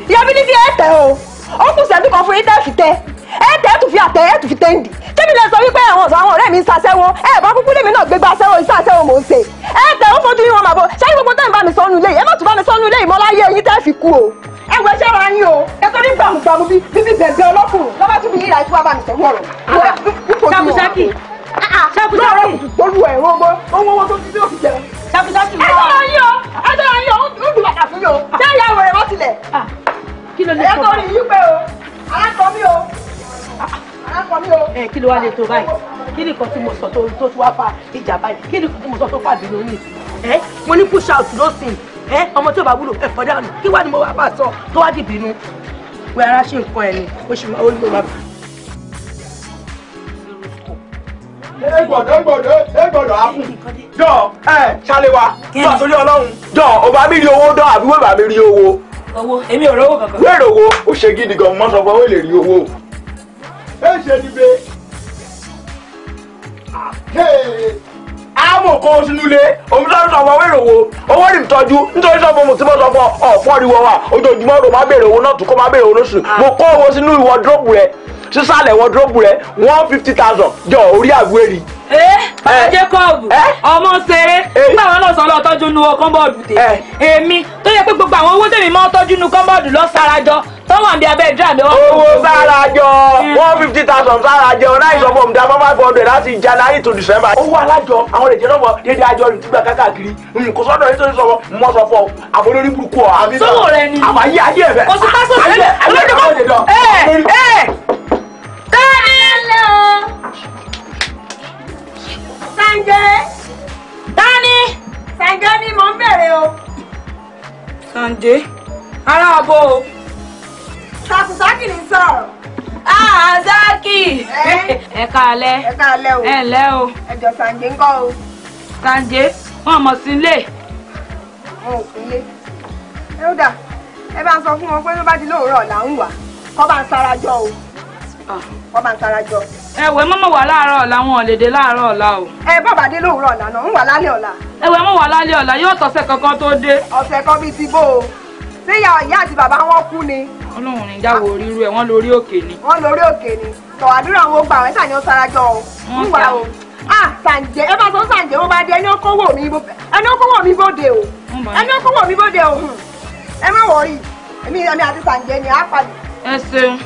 ìyá bílíkì ẹ tẹ o ó kù sẹ́dúkọ̀ fún yín tẹ́ fi tẹ́ ẹ tẹ́ tù fi àtẹ ẹ tù fi tẹ́ǹdì kébì lẹ sọ wípé àwọn ọ̀sán àwọn ọ̀rẹ́ mi ń ṣaṣẹ́wó ẹ bá kúkú lèmi náà gbégbá aṣẹ́wó iṣẹ́ aṣẹ́wó mò ń ṣe ẹ tẹ ó fojú yín wọn màbọ ṣáyé gbogbo tẹ́ ń bá mi sọnù ilé ẹ má tún bá mi sọnù ilé ìmọ̀láyé yín tẹ́ fi kú o ẹ wọ ẹṣẹ́ wa yín o ẹ tó ní gbàmùgbàmù bí bíbí bẹ̀bẹ̀ ọlọ́kùnrin lọ́ba tún fi yíra ẹ tún wá bá mi tẹ̀wọ́ rẹ̀ ṣàbùsàkì olú ẹ̀ rọgbọ́ owó owó tó ti tí ó fi jẹun. ṣàbùsàkì wọ́n. o ẹjọ́ o ń dùn bàtà o ṣé ìyá wẹ̀rẹ̀ wọ́n tilẹ̀. Ah. kí ló lè sọ ẹ kọ́ ni yí pé o alákọ̀ọ́ mi o ẹ kí ló wá lè tó báyìí kí nìkan tí mo sọ tó tó tún wá fa ìjà báyìí kí nìkan tí mo sọ tó fà bínú ní ẹ mo ní push out ló sìn ẹ ọmọ tí ò bá wúlò ẹ fọdá nù kí wá ni mo wá bá sọ tó wá di bínú wẹ ara ṣe nǹkan ẹ ni ó ṣe máa ó ló máa. Egbọ̀dọ̀ gbọ̀dọ̀ egbọ̀dọ̀ akun. Dọ̀ ẹ̀ ṣàlẹ̀wà. Dọ̀ torí Ọlọ́run. Dọ̀ ò bá mi rí owó dọ̀ àbí wọ́n bá mi rí owó. Owó èmi ò rówó kankan. Wéèrè owó ó ṣe gidi gan-an mọ́sán fún wọ́n lè rí owó ẹ̀ṣẹ̀ ni be àmọ̀ kan oṣù nílé òun sọ sọ ọmọ wẹ́rẹ̀ wo owó rìn tọ́jú nítorí sọ fún mùsùlùmọ́ sọ fún ọ̀fọ́ ríwọ́ wa ojoojúmọ́ ló máa béèrè owó náà tó kó máa béèrè owó lóṣù ah. mo kó owó sínú wọ́dúrópù rẹ sísàlẹ̀ wọ́dúrópù rẹ one fifty thousand jọ orí àgbérí. ẹ ẹ eh? eh? jẹ́ kọ́ọ̀bù eh? ọmọ ṣe nínú kọ́mbọ̀dù tèmi eh. èmi tó yẹ pé gbogbo àwọn owó tèmi máa ń tọ́jú nínú kọ́mbọ̀dù lọ sarajọ tọ́wọ́ àbí abẹ́ ìdúrà mi. owó sarajọ hmm. one fifty thousand sarajọ náà ìsọfọ mi dá five hundred láti January to December. owó alájọ àwọn èdè náà dédé àjọ rẹ̀ dúgbà káàkiri hmm, kò sọ́dọ̀ yìí tó ń sọ̀rọ̀ mọ́ sọ fọ́ àfọlórí burúkú ọ̀ àbí sọ. sọ́wọ́ rẹ ni àbáyé ayé ẹ̀ fẹ́. kò sí pásọ̀ sílẹ̀ olódùmọ̀ ẹ̀ ẹ̀ eh, eh. káàlọ́ Sanjay kẹ̀ǹgẹ́ ni mò ń bèrè o. Sànjé ara àbò o. Sàkùsákì ní Ah, Àzákì. Ẹ káalẹ́. Ẹ káalẹ́ o. Ẹ ǹlẹ́ o. Ẹjọ́ Sànjé ńkọ́ o. Sànjé wọn mọ̀ sí ilé. Wọn ò kúnlé. Ẹ ó dà, ẹ bá ń sọ fún wọn pé ló bá di lóòrọ̀ là ń wà. Kọ́ bá ń sarajọ o wọ́n máa ń karajọ. ẹ̀wẹ̀ mọ́mọ́ wà láàárọ̀ ọ̀la wọn ò lè dé láàárọ̀ ọ̀la o. ẹ bọ́ọ̀bà dé lóòrọ̀ ọ̀la náà ń wà lálẹ́ ọ̀la. ẹ̀wẹ̀ mọ́ wà lálẹ́ ọ̀la yóò tọ̀sẹ̀ kankan tó dé. ọ̀sẹ̀ kan bíi ti bó o ṣé ìyá àti bàbá wọn kú ni. ọlọ́run ní ìjáwó oríru ẹ̀ wọ́n lórí òkè ni. wọ́n lórí òkè ni tọ̀wádúrà wọn gbà wẹ́sà ni ó sarajọ o. ń wà o ah sànjẹ ẹ bá sọ sànjẹ mo bá di ẹni okòwò mi ẹni okòwò mi bóde o ẹni okòwò mi bóde o ẹ má wọrí èmi àti sànjẹ ni a pàdé. ẹ ṣeun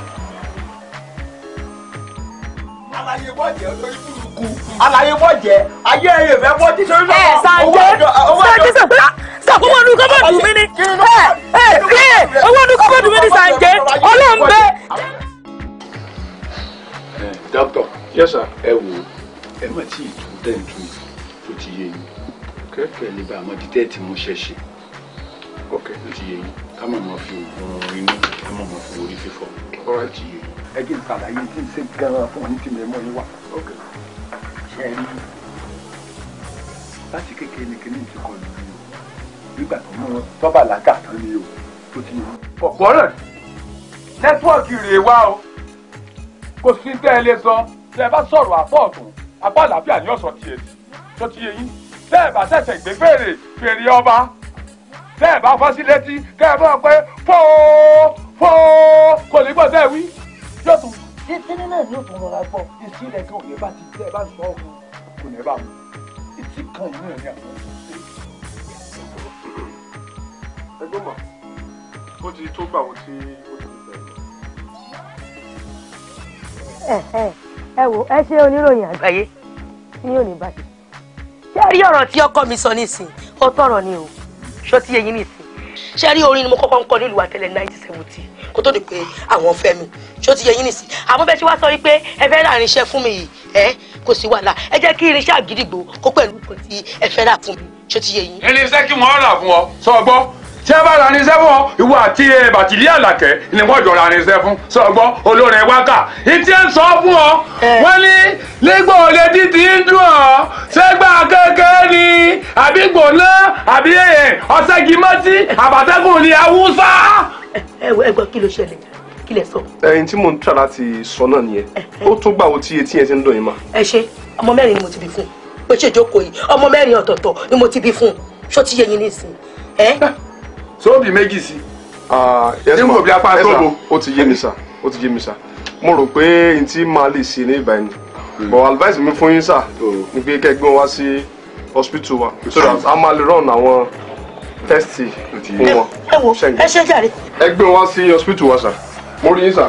alaye bọ́jẹ̀ lórí kúrukù alaye bọ́jẹ̀ ayé ẹyẹ fẹ́ bọ́ tí sori lọ́wọ́ owó ẹ̀dọ̀ owó ẹ̀dọ̀ sàkó wọn nukọ bá dùn mí ni owó nukọ bá dùn mí ni sàǹjẹ ọlọ́run bẹ. dókítà yẹ́sà ẹ wò ẹ má tí ì tún dẹ́ntu tó ti yé yín kẹ́kẹ́ lè bá àmọ́ dídẹ́ tí mo ṣẹ̀ ṣe ọkẹ́ tó ti yé yín ká má má fi oògùn inú ká má má fi orí fífọ́ ọ̀rá ti yé ẹ jẹ́ ìsàlàyé tí ń ṣe gan-an fún yín tí mi mọ́ yín wá. ṣe é rí láti kékeré ni kíní ti kọ lù mí o nígbà tó mú tọ́ba làákà tán ni o tó ti yẹn. ọ̀pọ̀rọ̀ nẹ́tíwọ́ọ̀kì rèé wá o kò sí tẹ́ ẹ lè sọ tẹ́ ẹ bá sọ̀rọ̀ àpọ̀ ọ̀tún apá àlàáfíà ni ọ̀sán tiẹ̀ tó ti yẹ yín tẹ́ ẹ bá ṣẹ̀ṣẹ̀ gbé fèrè fèrè ọba tẹ́ ẹ bá fọ́ sí létí kẹ́ ẹ bá pẹ́ fọ́ọ́ fọ́ọ́ kò ní gbọ́ ẹ wí yóò tún kíní náà yóò tún rọra gbọ́ etí rẹ̀ kan òye bá ti tẹ́ bá ń sọ ọ́ kò ní bá mu etí kan yìí náà ní àwọn ọ̀sẹ̀. ẹgbẹ́ mọ̀ ó ti tó gbàwó tí ó ti bẹ̀rẹ̀. ẹ wo ẹ ṣe oníròyìn àgbáyé tí yóò bàjẹ́ ṣé ẹ rí ọ̀rọ̀ tí ọkọ mi sọ nísìnyí ó tọ̀rọ̀ ni o ṣó ti yẹ yín nìsín ṣé rí orin ni mo kọ́kọ́ ń kọ́ nílùú àtẹlẹ nineteen seventy kó tó di pé àwọn fẹ́ mi ṣó ti yẹ yín nìsí àmọ́ bẹ́ẹ̀ ṣe wá sọ wípé ẹ fẹ́ ra irinṣẹ́ fún mi yìí ẹ kò sí wàhálà ẹ jẹ́ kí irinṣẹ́ àgídìgbò kó pẹ̀lú nǹkan tí ẹ fẹ́ rà fún mi ṣó ti yẹ yín. irinṣẹ́ kí wọ́n rà fún ọ sọ gbọ́ tí a bá ra irinṣẹ́ fún ọ ìwọ àti e, bàtìlí àlàkẹ́ ni wọ́n jọ ra irinṣẹ́ fún sọgbọ́ olórin wákà ìtí ẹ̀ ń sọ fún ọ wọ́n ní nígbà òde títí ń dùn ọ ṣẹ́gbà kékeré ni àbí gbòná àbí ọ̀ṣẹ́gimọ́tì àbàtẹ́gùn ni haúsá. ẹ gbọ́ kí ló ṣẹlẹ̀ kí lẹ sọ. ẹyin tí mò ń tà láti sọ náà nìyẹn ó tó gbà wo tí etí yẹn ti ń dùn yín mà. ẹ ṣe ọmọ mẹ́rin ni mo ti bí fún un pé ṣèjókòó yìí ọmọ mẹ́rin ọ̀tọ̀ọ̀tọ̀ ni mo ti bí fún un ṣó ti yé yín nísìnyí sóbì méjì sí. Ah, níwò bí apá tóbo. ó ti yé mi sà ó ti yé mi sà mo rò pé n tí màá lè ṣe ní ìbànú hmm. but advice mi fún yín sà oh. ni pé kẹgbẹ́ wá sí hospital wa so that a máa lè run àwọn test fún wọn. ẹ wo ẹ ṣe jàre. ẹgbẹ́ wá sí hospital wa sà mo rí yín sà.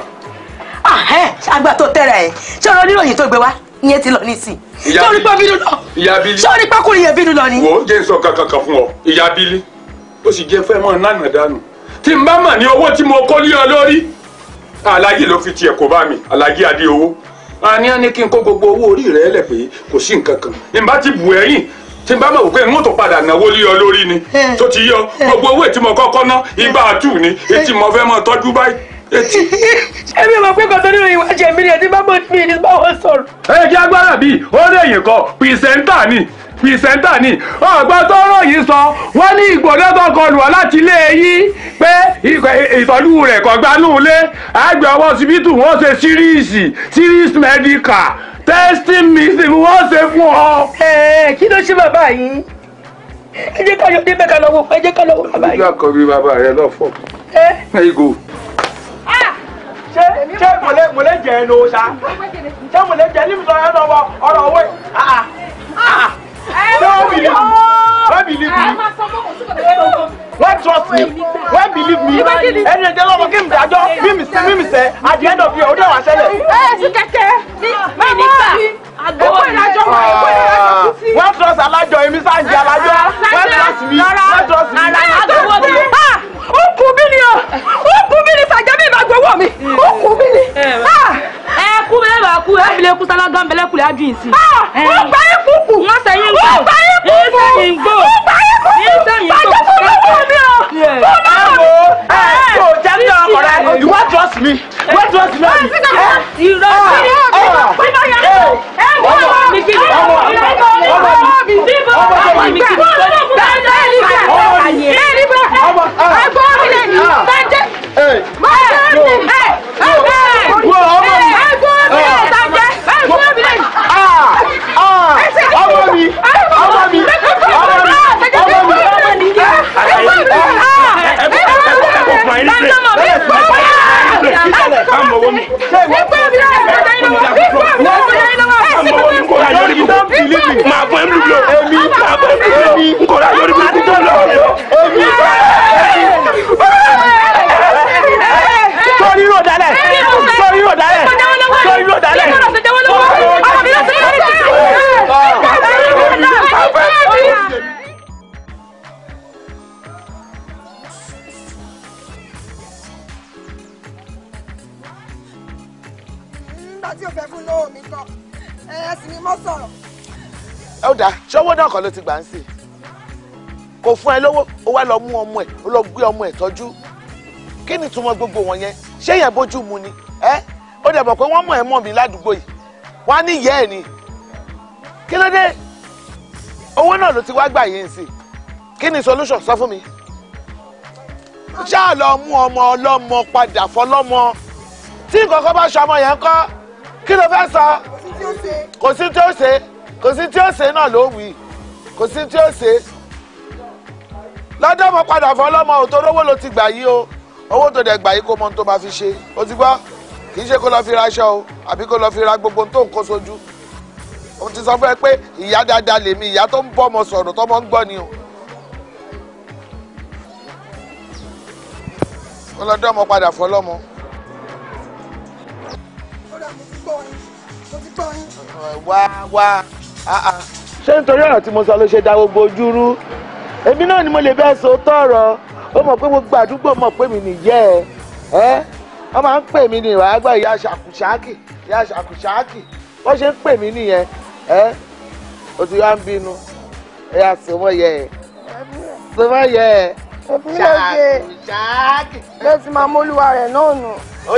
Ah, àgbà tó tẹ̀ra ẹ̀ ṣé ọ̀rọ̀ níròyìn tó gbé wá ìyẹn ti lọ nísìn. ìyá bílí sọ́ọ́rí pé bínú lọ. ìyá bílí sọ́ọ́rí pé kúrò yẹn bínú lọ ni. wò jẹ́ ìsọ̀ kankan fún ọ ìyá bílí ó sì jẹ́ fẹ́ mọ́ nánà dànù tí n bá mà ní owó tí mo kó lé ọ lórí alájí ló fi tiẹ̀ kó bá mi alájí adé owó àní àní kí n kó gbogbo owó orí rẹ̀ lẹ̀ pé kò sí nǹkan kan n bá ti bù ẹ̀yìn tí n bá mọ̀ pé mọ́tò padà náwó lé ọ lórí ni tó ti yọ gbogbo owó ètí mo kọ́kọ́ ná ibà àtù ni ètí mo fẹ́ mọ́ tọ́jú báyìí etí. ẹbí mọ̀ pé kò tó nínú ìwà jẹ̀mí ni ẹ̀dí bá mọ̀ mí ní báwọn sọ̀rọ̀. ẹ jẹ́ agbára bíi ó lè yìn kọ ni pìrìsẹ́ńtà ni ọ̀gbọ́n tọ́rọ̀ yìí sọ wọ́n ní ìgbòdó tó kọlù ọ́ láti ilé yìí pé ìtọ́jú rẹ̀ kọ́ gbanú ilé àgbẹ̀ ọwọ́ síbítù wọ́n ṣe síríìsì síríìsì mẹ́díkà testing meeting wọ́n ṣe fún ọ. ẹ ẹ kí ló ṣe bàbá yìí ẹ jẹ́ ká yọ débẹ̀ ká lọ́wọ́ ẹ jẹ́ ká lọ́wọ́ bàbá yìí. ìjọ àkọ́bí bàbá rẹ lọ fọ. ẹ ẹ igo. ṣé ṣé mọ̀lẹ́ mọ̀lẹ́ jẹ́ ẹ ní o ṣá ṣé mọ̀lẹ́ jẹ́ ẹ ní mi sọ ẹ lọ́wọ́ ọ̀rọ̀ òwe don't believe me don't believe me don't trust me don't believe me ẹni ẹjẹ lọ́wọ́ kí n dájọ́ bí mi sẹ́ bí mi sẹ́ at the end of year ó dẹ̀ wá ṣẹlẹ̀. ẹ ẹ sí kẹ̀kẹ́ mi nígbà ẹkọ ìrajọ wa ẹkọ ìrajọ kùtì. wọ́n trust alájọ èmi sáà ń jẹ alájọ trust me? wọ́n trust me? ó kù mí ni o ó kù mí ni sàjẹ́ mi ìbá gbowó mi ó kù mí ni. ẹ ah! kú bẹ́ẹ̀ bá kú ẹ bìlẹ̀ kú sálágán bẹ́lẹ́kùlẹ̀ á dùn sí. ó gbá ikú kù wọ́n sẹ́yìn gbò ó gbá ikú kù ó gbá ikú kù sàjẹ́ kú gbowó mi o. ẹ kò jẹ́ kí ọkọ̀ rẹ you wan trust me you wan trust me. ìrọ̀ ah! sí ah! ọmọ mi kì í. Come on, woman. Say what? you don't believe me. Màá fún ẹ́mí Emi, Èmi màá fún ẹ́mí Emi, N kò rà lórí burúkú tó Emi, Emi, sọ́ọ́rí rò dálẹ̀. Sọ́ọ́rí rò dálẹ̀. Sọ́ọ́rí rò dálẹ̀. Nígbà tí o fẹ́ fún lọ́wọ́ mi tán ẹ sì ni mo sọ̀rọ̀. ó dáa ṣọwọ́ náà kan ló ti gbà ń sè kò fún ẹ lówó ó wá lọ mú ọmọ ẹ ó lọ gbé ọmọ ẹ tọ́jú kí ni túmọ̀ gbogbo wọn yẹn ṣé yẹn bójú mu ni ẹ ó dẹ̀ mọ̀ pé wọ́n mọ̀ ẹ́ mọ̀ mi ládùúgbò yìí wọ́n á ní ìyá ẹ̀ ni kí ló dé owó náà ló ti wá gbà yín sí kí ni solution sọ fún mi ṣáà lọ mú ọmọ ọlọ́mọ padà fọlọ́mọ tí nǹkan kan bá ṣọmọ yẹn kọ́ kí ló fẹ́ sọ kò sí tí ó ṣe kò sí tí ó ṣe náà ló wí kò sí tí ó ṣe lọ́jọ́ mo padà fọ́ lọ́mọ òtò ló ti gbà yí o owó tó dẹ̀ gbà yí kó mọ ohun tó máa fi ṣe o ti gbọ́ kì í ṣe kó lọ́ọ́ fi ra aṣọ o àbí kó lọ́ọ́ fi ra gbogbo tó ń kó sojú o ti sọ fún ẹ pé ìyá dáadáa lèmi ìyá tó ń bọ́ ọmọ sọ̀rọ̀ tó ń gbọ́ ni o. ọlọ́dọ́ mo padà fọ́ lọ́mọ. gbọ́ yín mo ti tí mo sọ ṣe gbogbo ni mo lè bẹ́ẹ̀ sọ tọ̀rọ̀ ó mọ̀ pé gbogbo àdúgbò mọ̀ pé mi nìyẹ ẹ ẹ wọ́n máa ń pè mí ní ìwà àgbà ìyá ṣàkùṣáàkì ìyá ṣàkùṣáàkì wọ́n ṣe ń pè mí nìyẹn ẹ ń bínú ẹ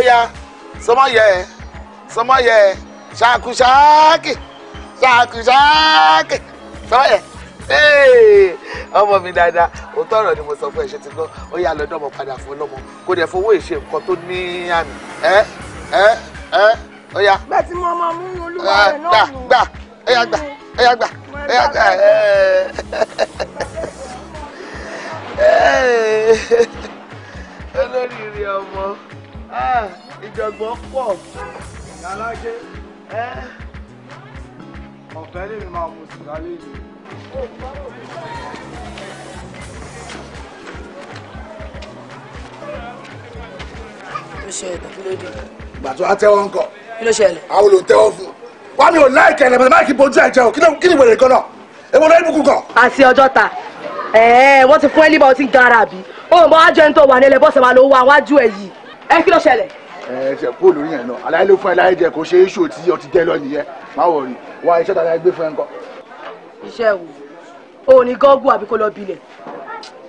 yà ẹ. sọmọyẹ ṣàkùṣàkì ṣàkùṣàkì sọmọyẹ ọmọ mi dáadáa òótọ́ ọ̀rọ̀ ni mo sọ fún ẹ ṣe ti gbọ́ ó yà lọ́dọ̀ ọmọ padà fún ọlọ́mọ kó dẹ̀ fowó ìṣe nǹkan tó ní àmì ẹ ẹ ẹ ó yà. bẹ́ẹ̀ tí mo máa mú olúwa rẹ̀ náà nù. gbà ẹ yà gbà ẹ yà gbà ẹ yà gbà ẹ. olóríire ọmọ ah, ìjọ̀gbọ́n pọ̀. Yàlájé. Ẹ. Ọ̀fẹ́ lèmi máa mú sìgá lẹ́yìn. Ló ṣe ẹ̀dọ̀ kí ló dé? Ìgbà tó a tẹ́wọ́ ń kọ̀. Kí ló ṣẹlẹ̀? Àwọn olùtẹ́wọ́ fún un. Wá mi ò láìkẹ́ ẹ̀rẹ̀ mẹ́ta máìkì bojú ẹ̀jẹ̀ o. Kí ni ìwèrè kan náà? Èwo ló ń bùkún kan? Àti ọjọ́ ta. Ẹ̀ẹ́ wọ́n ti fún ẹ níbà ọtí gara àbí. Ó ń bọ́ wájú ẹni tó wà nílẹ̀ bọ́sẹ̀ wa ló wá wájú ẹ̀ yìí. Ẹ kí ló ṣẹlẹ̀? ẹ eh, ṣe kó lórí yẹn lọ aláyé ló fún ẹ láyé jẹ kó ṣe é ṣò tí ọtí jẹ lọ nìyẹn má wọ rí wá iṣẹ́ tàbí ẹgbẹ́ fún ẹ ńkọ́. iṣẹ́ wo o ní gọ́ọ̀gù àbí kó lọ bilẹ̀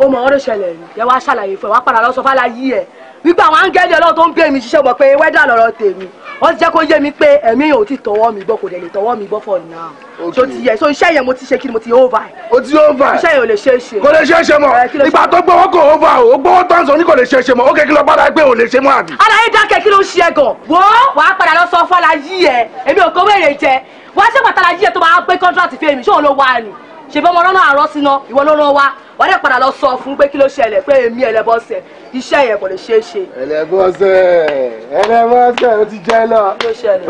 o mọ̀ ọ́n ló ṣẹlẹ̀ rí ẹ wá ṣàlàyé fún ẹ wá padà lọ sọ fálá yí ẹ wípé àwọn áńgẹ́lì ọlọ́run tó ń gbé mi ṣiṣẹ́ bọ̀ pé wẹ́dà lọ́rọ̀ tèmi wọ́n ti jẹ́ kó yé mi pé ẹ̀mí yẹn ò ti tọwọ́ mi gbọ́ kò dẹ̀ lè tọwọ́ mi gbọ́ for now. so ti yẹ so iṣẹ́ yẹn mo ti ṣe kí ni mo ti over ẹ̀. o ti over ẹ̀ iṣẹ́ yẹn ò lè ṣe é ṣe. kò lè ṣe é ṣe mọ́ ìgbà tó gbowó kò over o gbowó tó ń sọ ní kò lè ṣe é ṣe mọ́ ó kékeré padà pé ò lè ṣe mọ́ àbí. aláyé dákẹ́ kí ló ń ṣe é gan wo wàá padà lọ sọ fọlá yí ẹ èmi ò kó wèrè jẹ wàá ṣe pàtàlà yí tó máa gbé contract fún èmi ṣé òun ló wà ní ṣèbí ọmọ náà àrọ́ síná ìwọ ló rán wa wọ́n dẹ̀ padà lọ sọ fún pé kí ló ṣẹlẹ̀ pé èmi ẹlẹ́bọ̀sẹ̀ iṣẹ́ yẹn kò lè ṣeé ṣe. ẹlẹ́bọ̀sẹ̀ ẹlẹ́bọ̀sẹ̀ ó ti jẹ́ lọ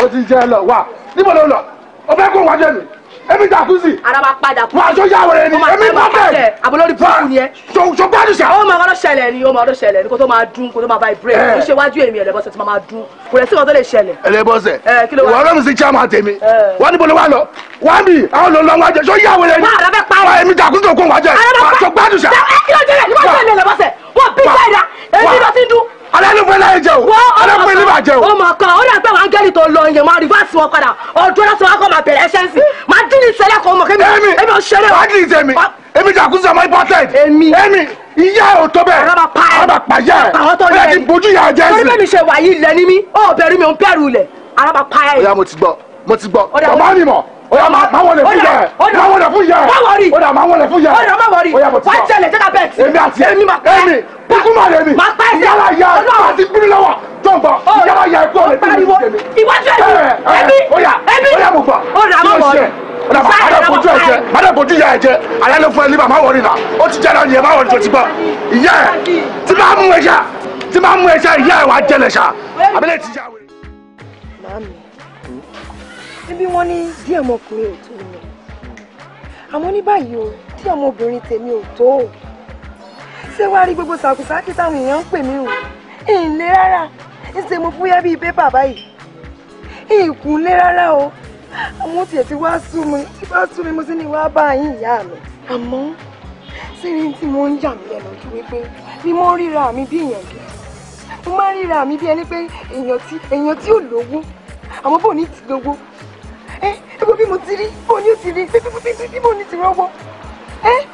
ó ti jẹ́ lọ wà níbo ló lọ ọ fẹ́ kó wájú ẹ̀mí èmi jàkúzì. ara ma pa jàkúzì. wàá tó yà wẹrẹ ni èmi má bẹ. àbúlórí burúkú ni ẹ. so so gbádùn sá. ó máa kọ́ ṣẹlẹ̀ ni ó máa kọ́ ṣẹlẹ̀ ni kó tó máa dún kó tó máa vibrate. Eh. ó ṣe wájú èmi ẹlẹ́bọ̀sẹ̀ tí máa máa dún. kò lè sí wọn tó lè ṣẹlẹ̀. ẹlẹ́bọ̀sẹ̀ eh, wọ́n rẹ́ mi sí chairman tèmi. Eh. wọ́n níbo ló wà lọ. wọ́n mi àwọn ló lọ wá jẹ so wẹrẹ ni. wọ́n èmi jàkúzì tó kún wá jẹ. wàá tó gbádùn sá. ẹ alálùfẹ́ láyé jẹ o alálùfẹ́ ní bàjẹ́ o. ọmọ kan ó dàgbà wọn gẹ́lì tó lọ yẹn máa rìvásì wọn padà ọdún lọ́sọ̀ wọn kọ́ máa bẹ̀rẹ̀ ẹsẹ̀nsì máa dín ní sẹ́lẹ̀ kan ọmọ kẹ́mi èmi ò ṣeré o. wàá dín ní sẹ́mi èmi jàkúsí ọmọ important. èmi èmi ìyá ò tó bẹ́ẹ̀ ọ̀rọ̀ pa ẹ̀ ọ̀rọ̀ bá yá ẹ̀ ọ̀rọ̀ ti bójú ìyá ẹ̀jẹ̀ sí. torí bẹ́ẹ̀ mi ṣe wà yìí mi ó bẹ̀rù mi ò ń bẹ̀rù lẹ̀ ọ̀rọ̀ pa ẹ̀. ọ̀yà oya ma ma wọlé fún yẹ ma wọlé fún yẹ oya ma wọlé fún yẹ oya ma wọlé oya bọ ti sọ wa jẹlẹ jẹka bẹẹ ti èmi àti èmi ma pẹ èmi kúkúmọ rẹ mi yàrá yà ẹ àti bírí lọ́wọ́ tó ń bọ yàrá yà ẹ kú ọlẹ bírí mi ìwájú ẹbí oya oya mo fà oh, yóò ṣe adébójú ẹjẹ adébójú yà ẹjẹ alẹ́ ló fún ẹ níbà má wọrí la ó ti jẹ́ lọ́nìyẹ má wọrí tó ti gbọ́ ìyá ẹ ti máa mú ẹja ti máa mú ẹja ìyá ẹ wàá jẹlẹ ṣá àbílẹ̀ ti yà wẹ̀ ẹbí wọn ní díẹ̀ ọmọkùnrin ò tó mi àmọ́ ní báyìí o díẹ̀ ọmọbìnrin tèmi ò tó o ṣé wàá rí gbogbo sàkúsàkí táwọn èèyàn ń pè mí o ìǹlé rárá ń ṣe mo fúyẹ́ bíi pépà báyìí ìkúnlé rárá o àmọ́ tiẹ̀ ti wá sú mi tí bá sú mi mo sì ní wá bá yín ìyá mi àmọ́ sírí tí mo ń yà mí lẹ́nu ju wípé ni mo ríra mi bí èèyàn gidi mo máa ríra mi bí ẹni pé èèyàn tí èèyàn tí ò lówó àmọ́ bò ní ti lówó ẹ eh, ẹ wo bí mo ti rí bó ní o ti rí bí mo ní ti rọwọ ẹ. Eh?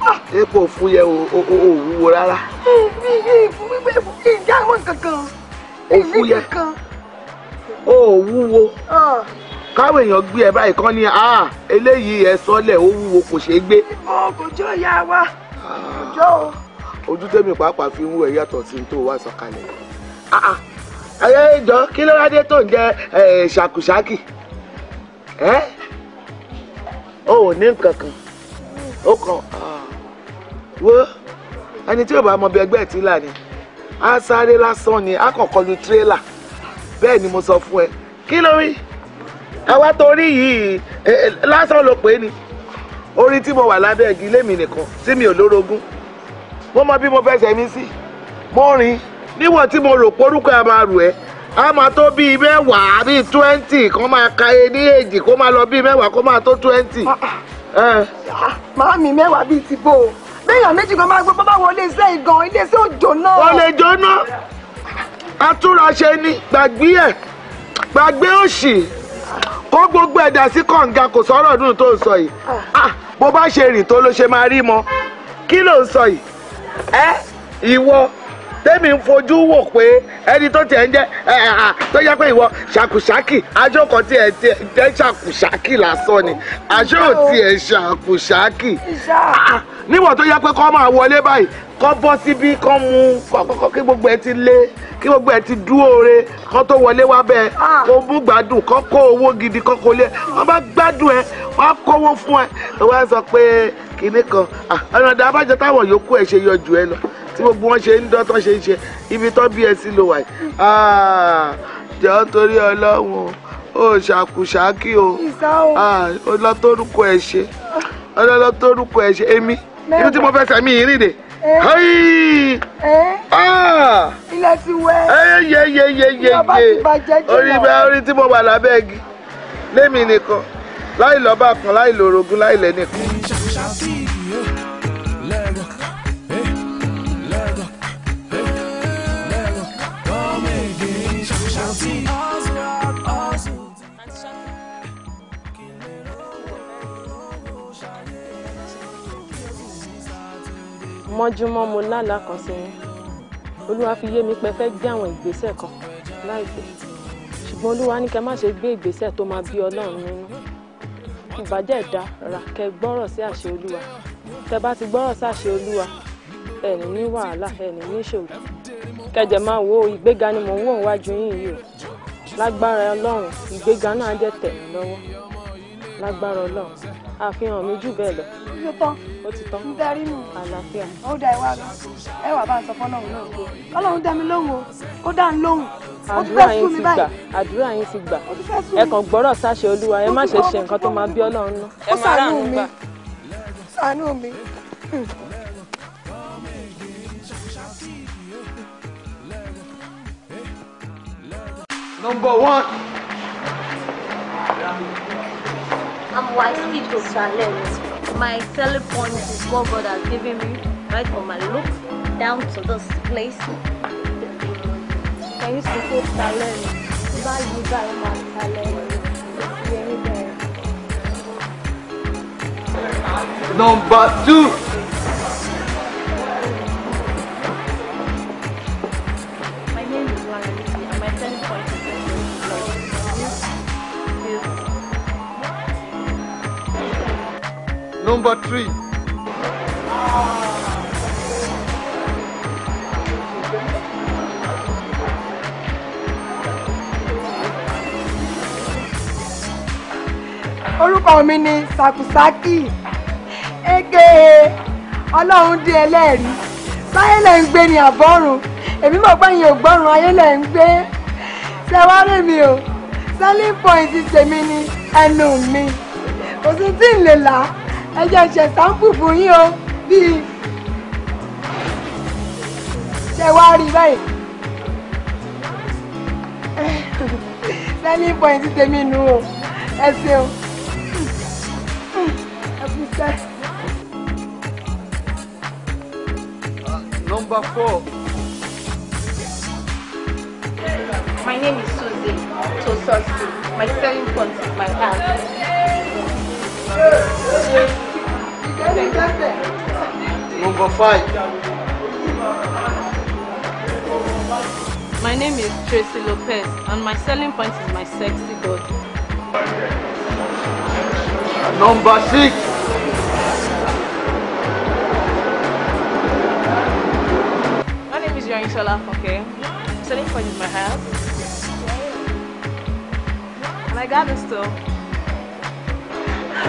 Ah! epo fún yẹ o wúwo rárá. mi ìjà àwọn kankan òfu yẹ o wúwo ah! káwọn èèyàn gbé ẹ báyìí kán ní a ah, eléyìí ẹ sọlẹ̀ ó wúwo kò ṣeé gbé. mo kò jọ ìyá wa kò jọ o. ojú tèmi pàápàá fi ń wọ ẹ yàtọ̀ sí tó wà sọ̀kalẹ̀. ẹ jọ kí ló wá dé tó ń jẹ ṣàkùṣàkì. ẹ́ ó n'i ní nǹkan kan ó wo ẹni tí yóò bá mọ bí ẹgbẹ́ ti là ni á sáré lásán ni á kàn kọlu ni mo sọ fún ẹ kí ló rí àwa torí yìí lásán ló pè é ni orí tí mo wà lábẹ́ igi ilé mi nìkan tí mi ò lórogún mo mọ bí mo fẹsẹ̀ mi sí mo rìn níwọ̀n tí mo rò pé orúkọ ẹ máa a máa tó bíi mẹ́wàá bíi twenty kó máa ka e ní èjì kó máa lọ bíi mẹ́wàá kó máa tó twenty. Ah, ah. Ah, màámi mẹ́wàá bíi ti bò ó béèyàn méjì kan máa gbé bọ́ báwo ilé iṣẹ́ ìgàn ilé iṣẹ́ òjò náà. wọ́n lè jóná atúnraṣe ni gbàgbé ẹ̀ gbàgbé òṣì kó gbogbo ẹ̀dá sí kànga kò sọ̀rọ̀ ọdún tó ń sọ yìí bó bá ṣe rìn tó ló ṣe máa rí mọ kí ló ń sọ yìí ẹ ìwọ tẹ́mi ń fojú wò pé ẹni tó tiẹ̀ ń jẹ́ tó yẹ pé ìwọ ṣàkùṣàkì aṣọ kan tiẹ̀ tiẹ̀ jẹ́ ṣàkùṣàkì lásán ni aṣọ tiẹ̀ ṣàkùṣàkì ah, níwọ̀n tó yẹ pé kọ́ máa wọlé báyìí kọ́ bọ́ síbí kọ́ mu kọ́kọ́kọ́ kí gbogbo ẹ ti lé kí gbogbo ẹ ti dúóore kọ́ tó wọlé wá bẹ́ẹ̀ ah. kó mú gbádùn kọ́ kó owó gidi kọ́ kó lé wọ́n bá gbádùn ẹ wọ́n á kówó fún ẹ wọ́n sọ pé kinní kan ọ̀nà ah, ọ̀dà abájọ táwọn yòókù ẹ̀ ṣe yọjú ẹ lọ tí gbogbo wọn ṣe ń dán tán ṣe ń ṣe ibi tán bí ẹ sí ló wà yìí ah, jọ torí ọlọ́run ó ṣàkùṣàkì o ọlọ́tọ́rùkọ ah, ẹ ṣe ọlọ́tọ́rùkọ ẹ ṣe èmi ibi tí mo fẹ́ sẹ́mi yìí rìn dè. Hey! Ah! Ilé ti wẹ́. Yẹ yẹ yẹ yẹ yẹ. Orí bẹ́ẹ̀ orí tí mo wà lábẹ́ igi. Lémi nìkan. Láì lọ́ba kan, láì lòrògùn, láì lẹ́nìkan. Chelsea, yeah. Lego, eh, Lego, eh, Lego. Come again, Chelsea. mọ́júmọ́ mo lálàá kan sí yín olúwa fi yé mi pé fẹ́ gbé àwọn ìgbésẹ̀ kan láìpẹ́ ṣùgbọ́n olúwa ní kẹ́ má ṣe gbé ìgbésẹ̀ tó máa bí ọlọ́run nínú ìbàjẹ́ ẹ̀dá rà kẹ gbọ́rọ̀ sí àṣẹ olúwa tẹ bá ti gbọ́rọ̀ sí àṣẹ olúwa ẹni ní wàhálà ẹni ní ìṣòro kẹjẹ máa wo ìgbéga ni mò ń wò wájú yín o lágbára ọlọ́run ìgbéga náà jẹ́ tẹ̀mí lọ́wọ́ lágbára Ọlọ́run àfihàn mi jù bẹ́ẹ̀ lọ. yóò tán ó ti tán. ń nù. àlàáfíà. ó da ìwà lọ ẹ wà bá ń sọ fọ́lọ́run náà pé Ọlọ́run dá mi lóhùn o ó dá ń lóhùn. àdúrà yín ti gbà àdúrà yín ti gbà ẹ kàn gbọ́rọ̀ sáṣẹ Olúwa ẹ má ṣe ṣe nǹkan tó máa bí Ọlọ́run ná. ó ṣàánú mi ṣàánú mi. Number one. I'm wise fit to talent. My selling point is what God has given me, right from my look down to this place. I used to feel talent. Buy you buy my talent. Number two. Number three. orúkọ mi ni Sàkúsákì eke ọlọ́run dé ẹlẹ́rìí sáyé lẹ̀ ń gbé ní àbọ̀rùn èmi mọ̀ pé ìyẹn ògbọ́rùn ayé lẹ̀ ń gbé ṣẹwárí mi o selling point tèmi ni ẹnu mi kò sí tí ń lè là á ẹ jẹ́ ṣe sáǹpù fún yín o bíi ṣe wá rí báyìí lẹ́yìn point tèmi nù o ẹ ṣeun Number four. My name is Susie Tososi. My selling point is my art. Number five. My name is Tracy Lopez, and my selling point is my sexy body. Number six. My name is Yanishala Foke. Okay? Selling point is my house. And I got this too.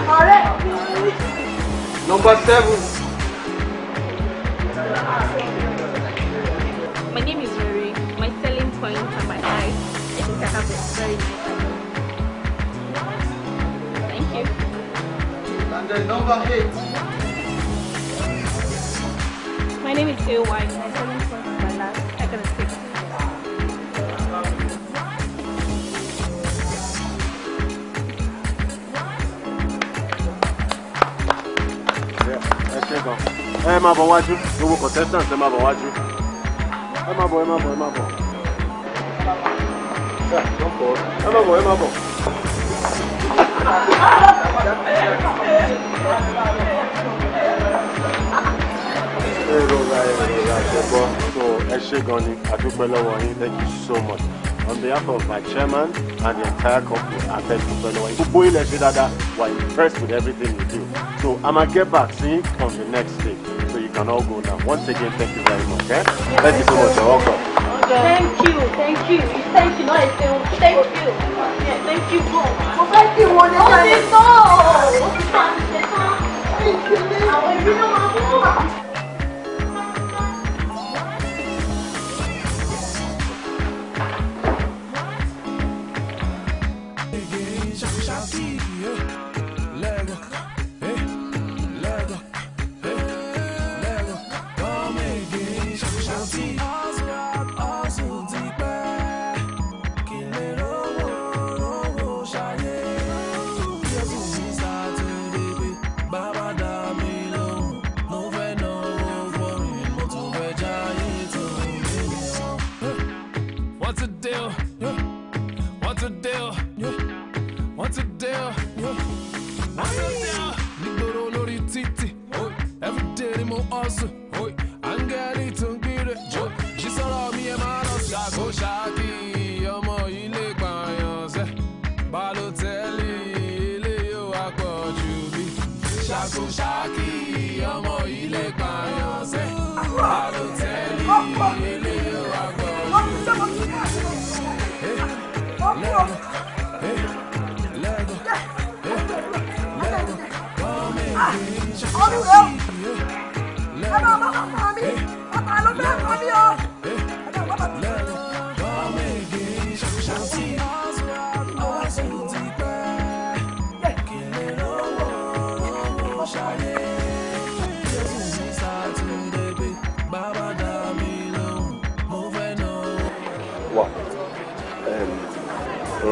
Alright. Number seven. My name is Mary. My selling point are my eyes. I think I have a very nice Thank you. And then number eight. My name is Ewa. My selling ẹ máa bọ̀ wájú gbogbo contestant ẹ máa bọ̀ wájú ẹ máa bọ̀ ẹ máa bọ̀ ẹ máa bọ̀ ẹ máa bọ̀ ẹ máa bọ̀. èròra èròra ṣẹ̀gbọ́ so ẹ ṣé gan ni a dúpẹ́ thank you so much on behalf of my chairman and the entire company i thank you pẹ̀lú wọ̀nyí gbogbo ilẹ̀ ṣe dáadáa we are impressed with everything you do so i ma get back to you on the next day can all Once again, thank you very much. Eh? Thank, you so much. You're welcome. Thank you, thank you, thank you, nice a Thank you. Yeah, thank you. Go. Mo fẹ́ kí wọn ní ọ̀sẹ̀ tó. Thank you. Àwọn ìbílẹ̀ máa ń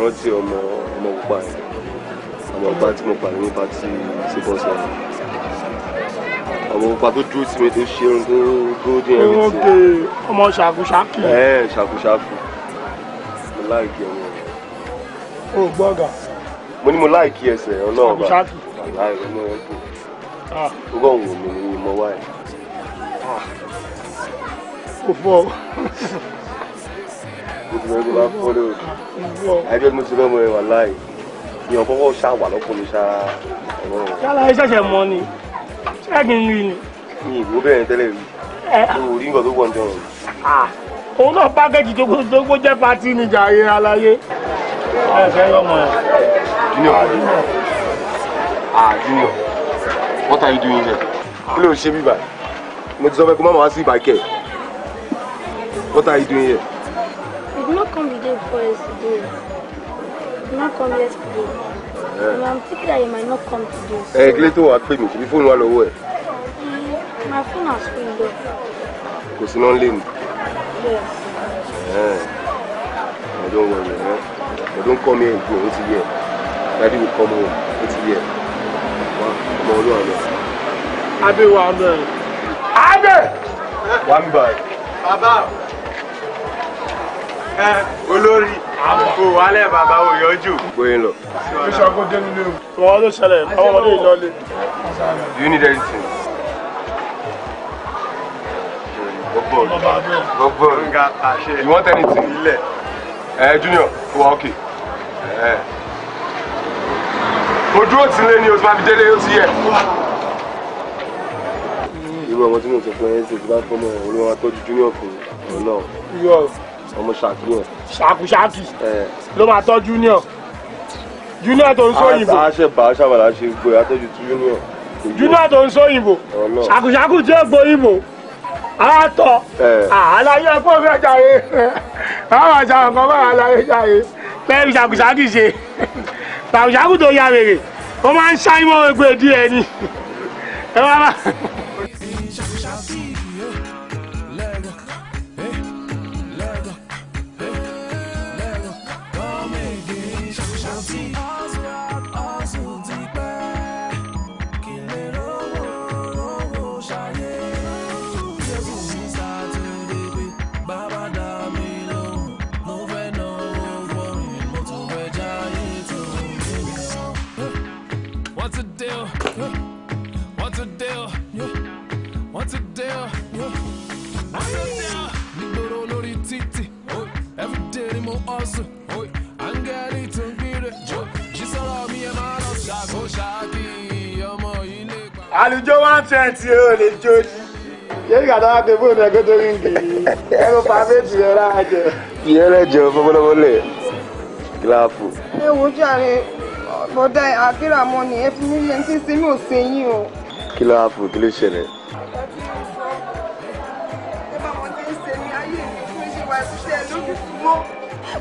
rántí ọmọ ọmọ pupa yẹn ọmọ pupa tí mo pàdé nípa tí tí bọ́ sọ ọmọ pupa tó dúró sí mi tó ṣe ohun tó dúró dín ẹni tí. ọmọ ọmọ ṣàkúṣàkù. ẹ ṣàkúṣàkù mo láìkí ọmọ. o gbọ́dọ̀. mo ní mo láìkí ẹsẹ̀ ọlọ́run bá ṣàkúṣàkù. ọmọ yẹn ah. kù. ó kàn wò ni mo wá ẹ̀. Ah. kò fọ́ ìgbìmọ̀ ẹgbẹ́ bá fọ́lẹ́ òdì àìjọ́ mo ti fẹ́ mọ ẹwà láì ìyàn kọ́kọ́ ṣàwà lọ́kùnrin ṣá yálà ẹ ṣẹ̀ṣẹ̀ mọ ni ṣé kí n rí ni. mi ìwò bẹ́ẹ̀ tẹ́lẹ̀ rí mi rí nǹkan tó pọ̀ níjọ́ rẹ̀. òun náà pákẹ́jì tó kó jẹ́ patí ni jàre aláyé. ẹ yọmọ ẹ. junior ah junior what are you doing here? kí ló ń ṣe bíbà mo ti sọ fẹ́ kó má wá sí ìbàkẹ́ what are you doing here? come the day before yesterday. You not come yesterday. Yeah. And I'm thinking that you might not come today. So. Hey, eh, Clayton, wá pè mí. Ṣebí fóònù wà lọ́wọ́ ẹ? Mm, my phone has ringed off. Kò sí iná nílé ni? Yes. Yeah. I don't worry, man. Eh. But don't come here again. It's here. Daddy will come home. It's here. Ọmọ olúwa lọ. Adé wa lọ. Adé! Wà ń bá ẹ. Bàbá olórí kò wálẹ̀ bàbá òyọ́jù. gbóyin lọ. ó ṣàkó dénú lé o. wọ́n ló ṣẹlẹ̀ àwọn ọmọdé yìí lọ lé. do you need anything? gbogbo nga àṣẹ. you want anything? ilẹ̀. ẹ junior kò wá òkè. ojú ò ti lé ni o ti máa fi délé o ti yẹ irú ọmọ tí mo sọ fún ẹ ṣe ti bá fọmọ ẹ olúwa tọ́jú junior fún ọ̀rọ̀ náà ọmọ ṣàkí yẹn. ṣàkú ṣàkí ló máa tọ́ junior junior tó ń sóyìnbó. àṣẹ bá aṣọ àbàlà ṣe gbé atọ́jú tú junior. junior tó ń sóyìnbó ṣàkú ṣàkú tí ó gbóyìnbó àtọ̀ àlàyé ẹ̀kọ́ fẹ́ jàre àwọn àṣà nǹkan bá àlàyé jàre lẹ́yìn ṣàkùṣàkì ṣe ṣàkùṣàkù tó ya rèrè ó máa ń ṣáímọ́ egbò ìdí ẹni ẹ bá bá. osu hoy an gari tun kiri jo jisọrọ mi ẹ máa lọ ṣàkó ṣáàkì ọmọ ilé. àlùjọ one twenty o lè jó ni yéé kàdá wá pé fóònù ẹgbẹ́ tó rí nǹkan yìí ẹnu pa méjì rẹ rà jẹ. ìyẹn lè jẹ fọwọ́lọ́wọ́ lè kíláàpù. ẹ wo jàre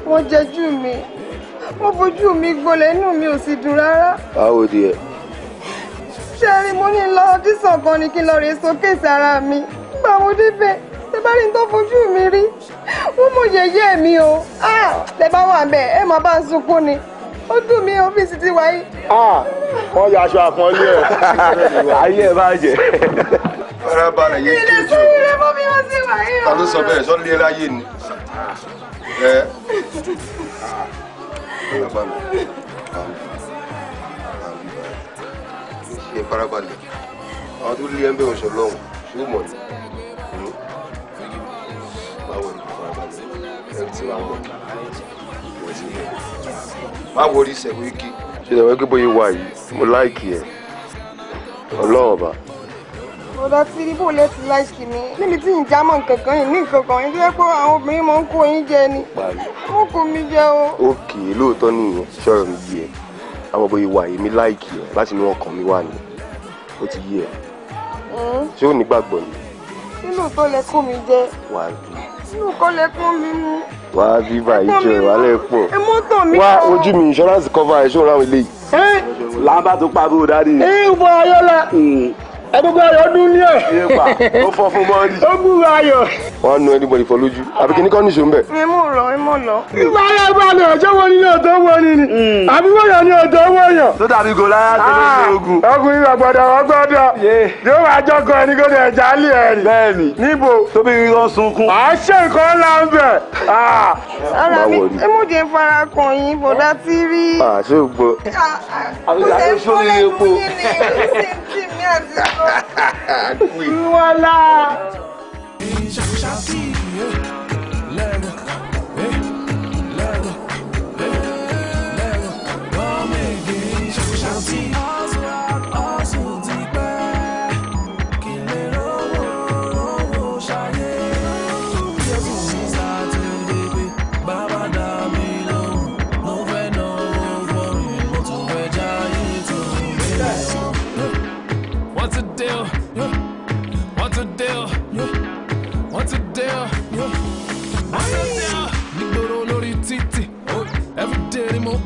wọ́n jẹjú mi wọ́n fojú mi gbolẹ̀ inú mi ò sì dùn rárá. báwo di ẹ. ṣe rí mo ní lọ dísàn kan ni kí n lọ rè sókèsì ara mi gbà mo débẹ̀ ṣe bá rí n tó fojú mi rí wọ́n mọ yẹ̀yẹ́ mi o tẹ bá wà bẹ́ẹ̀ ẹ máa bá ń sunkún ni ó dùn mí ọ́fíìsì ti wáyé. wọ́n ya aṣọ àpọ́nlé ẹ̀ ayé ẹ̀ bàjẹ́. farabalẹ̀ yé kí n jù. ilé sí ilé mọ́ mi wọ́n sì wáyé o. ta ló sọ bẹ́ẹ̀ sọ lé láyé ni ẹ farabalẹ̀ ṣe farabalẹ̀ àwọn tó lé ẹgbẹ́ oṣù lọ́hùn ṣó mọ̀ ní báwo ni farabalẹ̀ ẹ ti wá mọ̀ má wọrí sẹ̀wéèkì. ṣe ìdàgbàsókè bóyá wà yìí mo láìkì ẹ̀ ọlọ́ọ̀ba ọ̀dọ̀ tí ibo lè ti láì sí mi níbi tí ìjà mọ̀ kankan yìí ní kankan yìí tó yẹ pé àwọn obìnrin máa ń kó yín jẹ ni ó kó mi jẹ o. òkè lóòótọ́ nìyẹn sọ̀rọ̀ mi yẹ àwọn bóyá ìwà èmi láìkì ẹ̀ láti inú ọkàn mi wà ní ó ti yé ẹ̀ hmm. ṣé ò nígbàgbọ́ ni. nínú tó lè kó mi jẹ. wà á bí. nínú kọ́ lè kó mi mú. wà á bí báyìí jẹ wà á lè pọ̀. ẹ mọ́tò mi kọ́. wá ojú mi insurance cover ẹ̀ ṣó ra àwọn eléyìí. ẹ làbàtú pariwo dáadé. ẹ wọ ayọ́lá. Hmm agogo ayọ̀ ọdún ní ẹ̀. iye pa ó fọ́ fún bọ́ọ̀lì. ó búra ayọ̀. wọn á nu anybody fọ lójú àbí kí ni kọ́ níṣó ń bẹ̀. ẹ mú lọ ẹ mú lọ. ìgbà yẹn gba ni ọjọ́ wo ni ọ̀dọ́ wo ni ni hmm. àbí wọ́n yàn ni ọ̀dọ́ wo yàn. tó dàbí gòláyà tó ló ṣe ah, ogun. ọkùnrin ọgbọdọ ọgbọdọ yóò wá jọkọ ẹni kó ní ẹja lé ẹni. bẹ́ẹ̀ni níbo tóbi lọ sunkún. à á ṣe nǹkan ńlá ń bẹ̀. ara ah. mi ẹ mú jẹ fara kan yín bọ̀dá tí rí. àṣé ògbó. àbíkà tó ṣe fọ́lẹ́ mú yín ni ó ṣe ń kí mi àti ọ Voilà.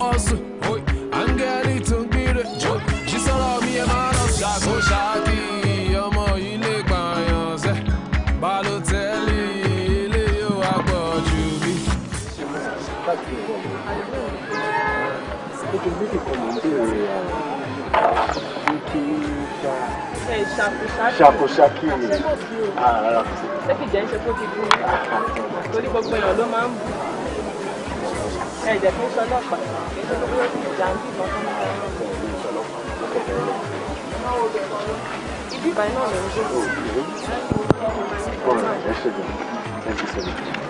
osu oy angeli tún gbére jọ ṣíṣọ́rọ̀ mi ẹ máa rọ ṣàkó ṣáàkì ọmọ yìí lè pààyàn ṣẹ balotẹ́lì ilé yóò wá pọ̀ jù bí. ṣàkóṣàkì ah, rẹ̀ ṣé kìjẹ́ ń ṣe kó ti dúró torí gbogbo èèyàn ló máa ń bù ẹ jẹ́ fún sọ ọlọ́pàá nígbà tó yóò ti jàǹdí kan tó ń bá ẹ lọ. ibi ìbáyìí náà lè ń gbé.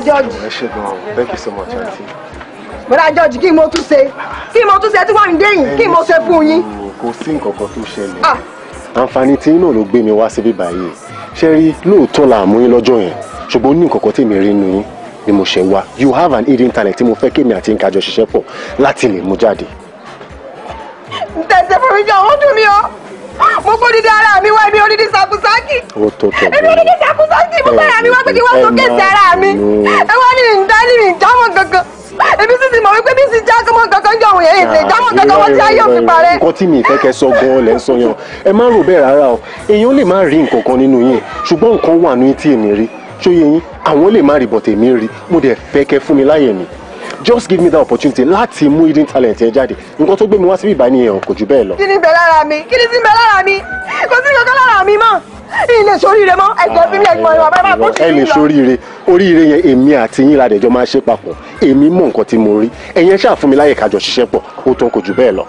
George. ẹ ṣe gan-an thank you so much aunty. bọ́dà George kí mo tún ṣe kí mo tún ṣe tí wọ́n ń dé yìí kí mo ṣe fún yín. kò sí nǹkan kan tó ṣẹlẹ̀ ah. àǹfààní tí náà ló gbé mi wá síbí báyìí ṣe rí lóòótọ́ là mú yín lọ́jọ́ yẹn ṣùgbọ́n ní nǹkan kan tí mi rí nu yín ni mo ṣe wá you have an hidden talent tí mo fẹ́ kémi àti nǹkan àjọṣiṣẹ́ pọ̀ láti lè mú jáde. tẹ̀sẹ̀ fún mi jẹ́ owó dùn mí o mo fún dídí ara mi wá èmi onídìí sàkúsákì èmi onídìí sàkúsákì mo gbára mi wá pé kí wọ́n sọ kéèsì ara mi ẹ wá ní ìdání mi ìjámọ̀ gangan èmi sì ti mọ̀ wípé bí sì já kọ́mọ kankan jọ òun yẹn ètè ìjámọ̀ kankan ah, wọ́n ti ayé òfin parẹ́. nǹkan tí mi ìfẹ́kẹ́ sọ gan-an lẹ́ ń sọ yan ẹ má rò bẹ́ẹ̀ rárá o èèyàn lè má rí nǹkan kan nínú yín ṣùgbọ́n nǹkan wà ní tí èmi rí ṣóyè yín àwọn lè má rí bọ̀tẹ̀ mi rí mo dẹ̀ fẹ́ fún mi láyè mi just give me that opportunity láti mú hidden talent yẹn jáde nǹkan tó gbé mi wá síbí ìbá nìyẹn kò jù bẹ́ẹ̀ lọ. kí ni bẹ lára mi kí ni ti bẹ lára mi kò sí kankan lára mi mọ́ ilé sóríire mọ́ ẹgbẹ́ bíbí ẹgbẹ́ ìwà bàbá kò sí ilé sóríire oríire yẹn èmi àti yín la dẹjọ máa ṣe papọ̀ èmi mọ nǹkan tí mo rí ẹ̀yin ṣáà fún mi láyè kájọ ṣiṣẹ́ pọ̀ ó tán kò jù bẹ́ẹ̀ lọ.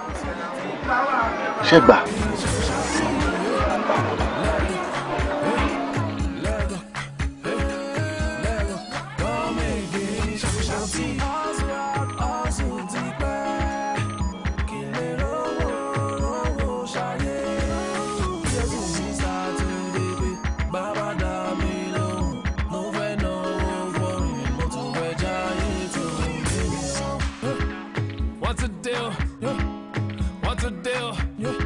ṣẹ́gbàá the deal. Yeah.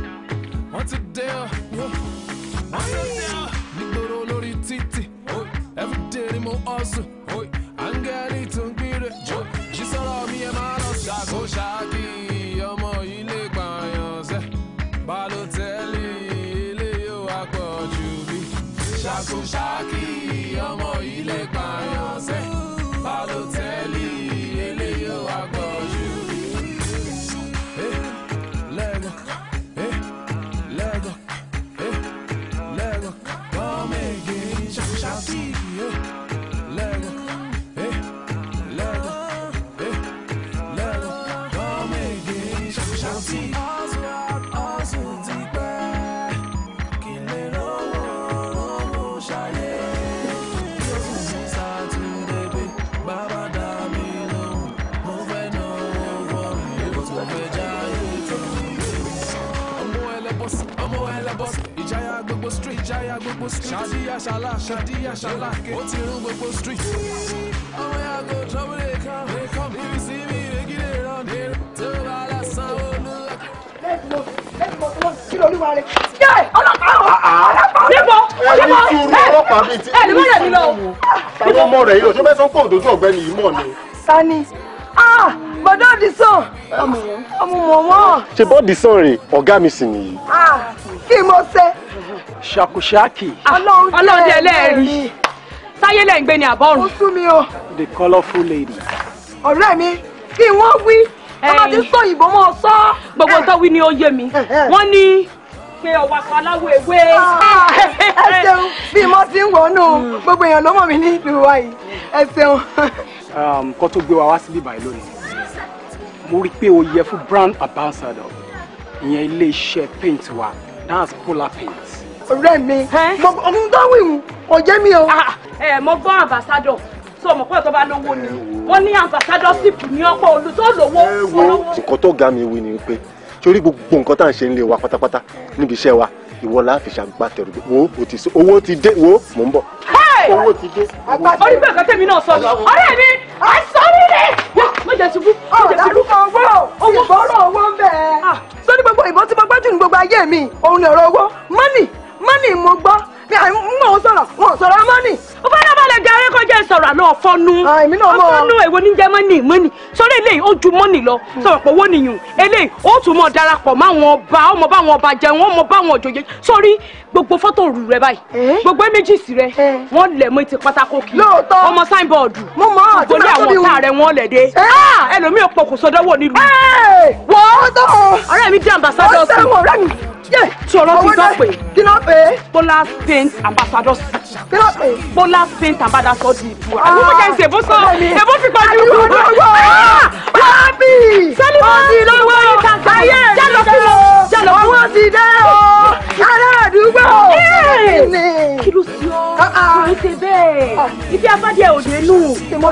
gbogbo street. ṣáàdì àṣàlà ṣáàdì àṣàlà ké. ó ti rún gbogbo street. ọmọ yà go trouble dey come. dey come. if you see me make you dey run. tí o bá lásán ó lù. kí ló lúwa rẹ̀. yẹ ọlọ́pàá o ọlọ́pàá o. níbo níbo ẹ ẹ ní mọ̀rẹ̀ mi lọ. táwọn ọmọ rẹ̀ yìí lọ ṣé bẹ́ẹ̀ sọ fún òdòdó ọ̀gbẹ́ni yìí mọ̀ ni. sani ah bọ́dọ̀ dìsán ọmọ mọ̀ wọ́n. ṣe bọ́ọ̀dì sàn rè ọ̀gá mi sì nìyí. Ah, kí mo ṣe ṣàkùṣàkì. ọlọ́run jẹ́ ẹlẹ́ẹ̀rí sáyé lẹ́ ń gbé ní àbọ̀rùn. ó sún mi o. the colourful lady. ọ̀rẹ́ mi kí wọ́n wí ọmọdé sọ òyìnbó mọ́ ọ sọ. gbogbo tó wí ni ó yé mi wọ́n ní pé ọwọ́ akọ aláwọ̀ ewé. Ah, ẹ ṣeun bí mo ti ń wọnú hmm. gbogbo èèyàn ló mọ̀ mí ní ìlú wa yìí ẹ ṣeun. Um, kó tó gbé wa wá síbí báyìí lónìí mo rí i pé o yẹ fún brand ambassador ìyẹn ilé iṣẹ́ paint wa that's polar paint ọ̀rẹ́ mi ọmọ dáwìn ọ̀jẹ́ mi o. Ah, ẹ mo gbọ́ ambassador tó ọmọ pẹ́ tó bá lówó ni wọ́n ní ambassadorship ní ọ̀pọ̀ olú tó lówó. ẹ wo nǹkan tó ga mi wí ni pé torí gbogbo nǹkan tá à ń ṣe nílé wa pátápátá níbi iṣẹ́ wa ìwọ la fi ṣàgbàtẹ̀rù wo owó ti dé wo mò ń bọ̀ owó ti dé. orí bẹ́ẹ̀ kan tèmi náà sọ ni ọ̀rẹ́ mi à ń sọ mí ni. mo jẹ ṣubú mo jẹ ṣubú. ọ̀dà owó ìbọ̀rọ̀ owó ń bẹ̀. Ah. sọ ní gbogbo ìbọn tí mo gbájú ní gbogbo ayé mi òun ni ọ̀rọ̀ owó mọ́nì mọ́nì mo gbọ́ mi à ń mọ̀ sọ̀rọ̀ wọn sọ̀rọ̀ mọ́nì. ó bá dábàá lè jẹ́ arékọjá ìsọ̀rọ̀ àná ọ̀fọ́nú. Ah, èmi náà mọ̀ ọ̀fọ́nú èwo ní jẹ́ mọ́nì mọ́nì sọ́rọ́ eléyìí ó ju mọ́nì lọ hmm. sọ̀rọ̀ pé owó nìyùn eléyìí ó tún mọ̀ darapọ̀ máwọn ọba ọmọ báwọn ọba jẹun ọmọ báwọn òjòyè sórí gbogbo fọ́tò òru rẹ báyìí eh? gbogbo eméjìsì rẹ eh? wọ́n lẹ̀ mọ́ ti pátákó kì í ọmọ sáìnbọ̀ọ̀dù gbogbo ní àwọn ọ̀tá rẹ wọ́n lẹ̀ dé eh? ah! ẹlòmíì pokùnso dánwò nílùú. wọ́n ọ̀rẹ́ mi dé ambassadọ̀ sí i sọ̀rọ̀ ti sọ pé kí ló pé bola saint ambassador sí kí ló pé bola saint ambassador di ah, ìfú ah! àwọn ọmọ jẹun ṣèbó sọ ṣèbó fi pàdé ìwú lọ́wọ́ rábì sẹ́límọ́tì lọ́wọ́ ayé jẹ́lọ kí lọ jẹ́lọ kí wọ́n ti dẹ́ o ará àdúgbò kí ló sí ọ́ ah, kí ló ṣe bẹ́ẹ̀ ibi abájẹ́ òde nù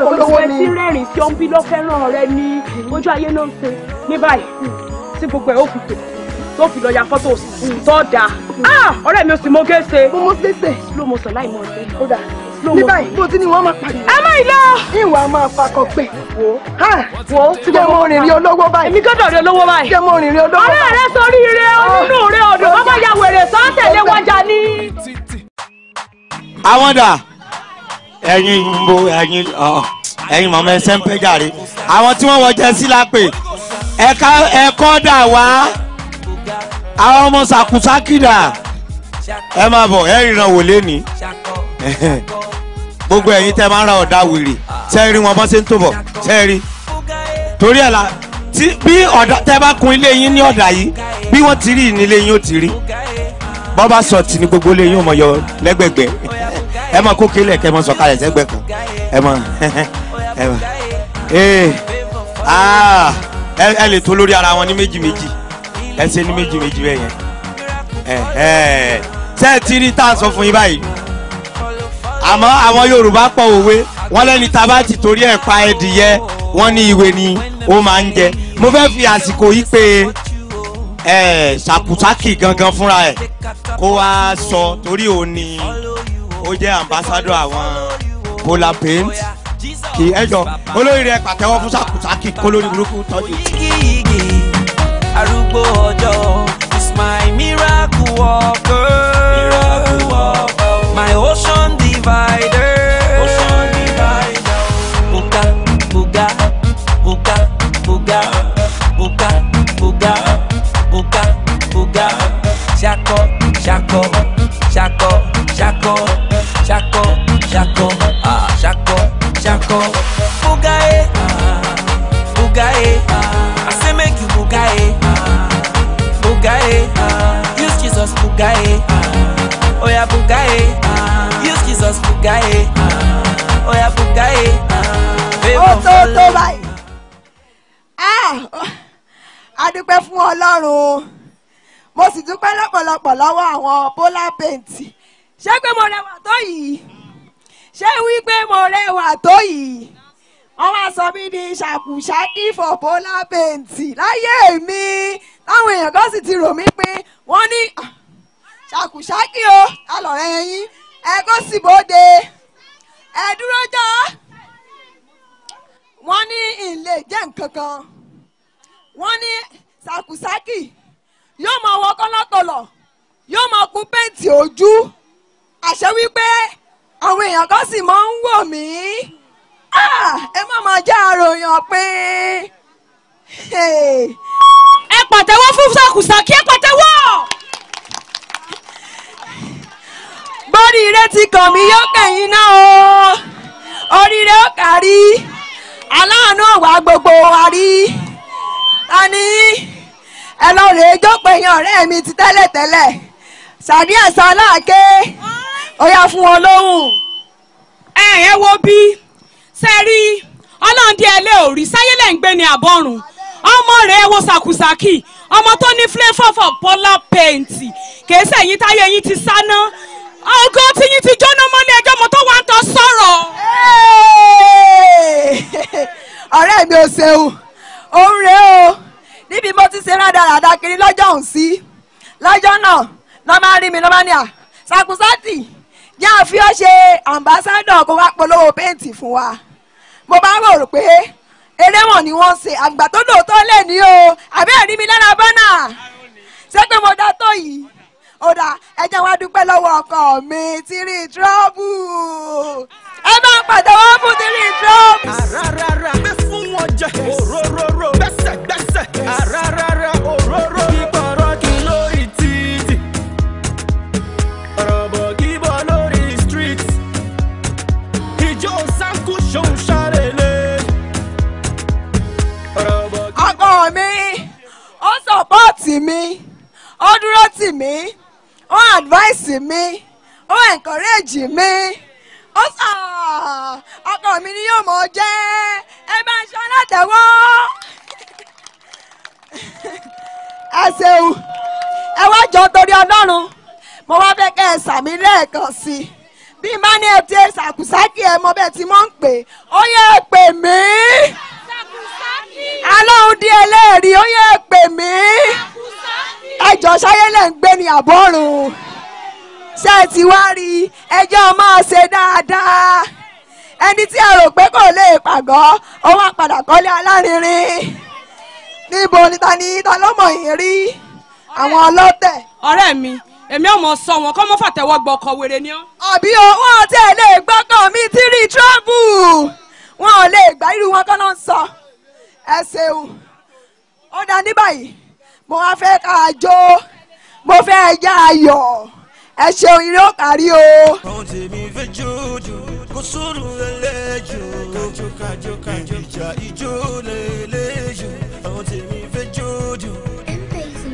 olówó ẹ ti rẹ́rìn sí ọ́nbí lọ́fẹ́ràn rẹ ní mm. ojú ayé náà ń ṣe ní báyìí tí gbogbo ẹ̀ ó fi pè é tó fi lọ ya fọ́tò tó da ah! ọ̀rẹ́ mi ò sì mọ gẹ́sẹ̀. mo mọ gẹ́sẹ̀. ló mo sọ láì mọ ọ̀sẹ̀. ó dà ní báyìí bó ti ní wọn máa pariwo. ẹ má ilé o. ìwà máa fakọ pé. wo wo ti jẹ́ mọ rìnrìn olówó báyìí. èmi gbọ́dọ̀ rí olówó báyìí. jẹ́ mọ rìnrìn olówó báyìí. ọ̀rẹ́ rẹ sórí ire ah! onínú rẹ ọ̀dọ̀ bàbá ya wèrè sọ́ tẹ̀lé wájà ni. àwọn dà ẹ̀yin ń bo ẹ̀yin ẹ̀yin mọ̀mọ́ ẹsẹ̀ ń pẹ́ jàre àwọn tí wọ́n wọ jẹ́ sí lápè ẹ̀ka ẹ̀kọ́ dà wá àwọn ọmọ sàkúsákìdà ẹ máa bọ̀ ẹ ríran wò lẹ́ni gbogbo ẹ̀yin tẹ́ máa ń ra ọ̀dà wèrè tẹ́ rí wọn bọ́ sí ń tó bọ̀ tẹ́ rí torí ẹ̀ la bí ọ̀dà tẹ́ bá kun ilé yín ní ọ̀dà yìí bí wọ́n ti rí ní ilé yín ó ti rí bọ́ bá sọ tì ní gbogbo ilé yín ó mọ̀ yọ lẹ́gbẹ̀gbẹ́ ẹ máa kó kélé kẹ́ ẹ máa sọ̀kalẹ̀ sẹ́gbẹ̀ kan ẹ máa eh, ah, ẹ ẹ lè tó lórí ara wọn ní méjì méjì ẹsẹ̀ ní méjì méjì bẹ́ẹ̀ yẹn ṣé ti rí tá a sọ fún yín báyìí àmọ́ àwọn Yorùbá pọ̀ òwe wọ́n lẹ́ni tá a bá ti torí ẹ̀ pa ẹ̀dìyẹ wọ́n ní ìwé ni ó máa ń jẹ mo fẹ́ fi àsìkò yìí pé Sàpùtákì gangan fúnra ẹ̀ kó wá sọ torí òun ni ó jẹ́ ambassador àwọn Kola Paint kì í ẹjọ́ olórí rẹ̀ pàtẹ́wọ́ fún Sàpùtákì kó lórí burúkú tọ́jú arúgbó ọjọ́ is my miracle worker. miracle worker. my ocean divider. Bugaye. Ó oh, yá ah Ó tó tó báyìí. A dúpẹ́ fún Ọlọ́run. Mo sì dúpẹ́ lọ́pọ̀lọpọ̀ lọ́wọ́ àwọn Bólá Bẹ́ǹtì. Ṣé pé mo rẹwà tó yìí? Ṣé wípé mo rẹwà tó yìí? Wọ́n wá sọ mí di ṣàkùṣákì for Bólá Bẹ́ǹtì láyé mi. Táwọn èèyàn kan sì ti rò mí pé wọ́n ní ah, ṣàkùṣákì o, ta lọ̀rẹ́ yín ẹ kó sì bóde ẹ dúró jọ wọ́n ní ìlè jẹ́ nǹkan kan wọ́n ní sàkùsákì yóò máa wọ kọ́lọ́kọ́lọ́ yóò máa kùn péǹtì ojú àṣẹ wípé àwọn èèyàn kan sì máa ń wò mí ah! ẹ má máa jẹ́ àròyàn pé ẹ pàtẹ́wọ́ fún sàkùsákì ẹ pàtẹ́wọ́. oríire ti kàn mí yóò kẹ̀yìn náà o oríire ó kárí aláàánú ọ̀wà gbogbo wa rí ta ni ẹ lọ rèé jókòó èèyàn ọ̀rẹ́ mi ti tẹ́lẹ̀tẹ́lẹ̀ sàdí ẹ̀sán aláàké ó yá fún wọn lóhùn. ẹ ẹ wo bí ṣe rí ọlọ́run díẹ̀ lé òrí sáyé lẹ́ ń gbé ní àbọ̀rùn ọmọ rẹ̀ wo sàkúsàkì ọmọ tó ní flavour for polar paint kèé sẹ́yìn táyé yín ti sáná ògo tí yín ti jóná mọ́lẹ̀ ẹjọ́ mo tó wà ń tọ́ sọ̀rọ̀. ọ̀rẹ́ mi ò ṣeun òun rèé o níbi mo ti ṣe rádaràda kiri lọ́jọ́ ọ̀hún sí lọ́jọ́ náà lọ́ máa rí mi lọ́ máa ní à ṣàkúsátì jẹ́ àfi ó ṣe àmbásádọ̀ kó wá polówó péǹtì fún wa mo bá rò rò pé eré wọn ni wọ́n ṣe àgbà tó lòótọ́ lè ní o àbẹ́ẹ̀rí mi lára bánà ṣé pé mo dá tó yìí ó dáa ẹ jẹ́ wá dúpẹ́ lọ́wọ́ ọkọ mi tìrì trọ́bù ẹ bá ń pàdé wọn fún tìrì trọ́bù. àràràrà gbé fún wọn jẹ òróróró gbẹ́sẹ̀gbẹ́sẹ̀ àràràrà òróró kíkọ̀rọ̀ kí lórí títì ọ̀rọ̀bọ̀ kíbọ̀ lórí street ìjọ sanku ṣòun ṣàrẹ̀lẹ̀ ọ̀rọ̀bọ̀. ọkọ mi ó sọpọ́ọ̀tì mi ó dúró tì mí ó advice mi ó encourage mi ó sọ ọkọ mi ni yóò mọ jẹ ẹ bá ń ṣe alátẹwọ. ẹ ṣeun ẹ wá jọ torí ọlọ́run mo wá fẹ́ kẹ́ ẹ sàmì lẹ́ẹ̀kan sí i bí má ní ẹ ṣàkùsákì ẹ mọ bẹ́ẹ̀ tí mo ń pè ó yẹ ẹ pè mí. ṣàkùsákì. alóhùn di ẹlẹ́rìí ó yẹ ẹ pè mí ẹjọ́ sáyé lẹ̀ ń gbé ní àbọ̀rùn ṣé ẹ ti wá rí ẹjọ́ máa ṣe dáadáa ẹni tí a rò pé kò lè pàgọ́ òun àpàdà kọ́lé alárinrin níbo ni ta ni ta lọ́mọ yìí rí àwọn ọlọ́tẹ̀. ọ̀rẹ́ mi èmi ò mọ̀ sọ wọn kọ́ mọ́ fàtẹ́wọ́ gbọ́ ọkọ̀ wèrè ni ọ́. àbí owó ọtẹ lè gbọ́kàn mi ti rí trọ́bù wọn ò lè gbá irú wọn kọ́ ló sọ ẹ ṣeun ó dá ní báyìí mo wá fẹ́ ká a jó mo fẹ́ já a yọ̀ ẹ ṣeun ilé ó kárí o. ọ̀hún tèmi fẹ́ jòjò kó sóòrù ẹlẹ́jọ́ kájókájókájó ìjà ìjó lẹ́lẹ́jọ́ ọ̀hún tèmi fẹ́ jòjò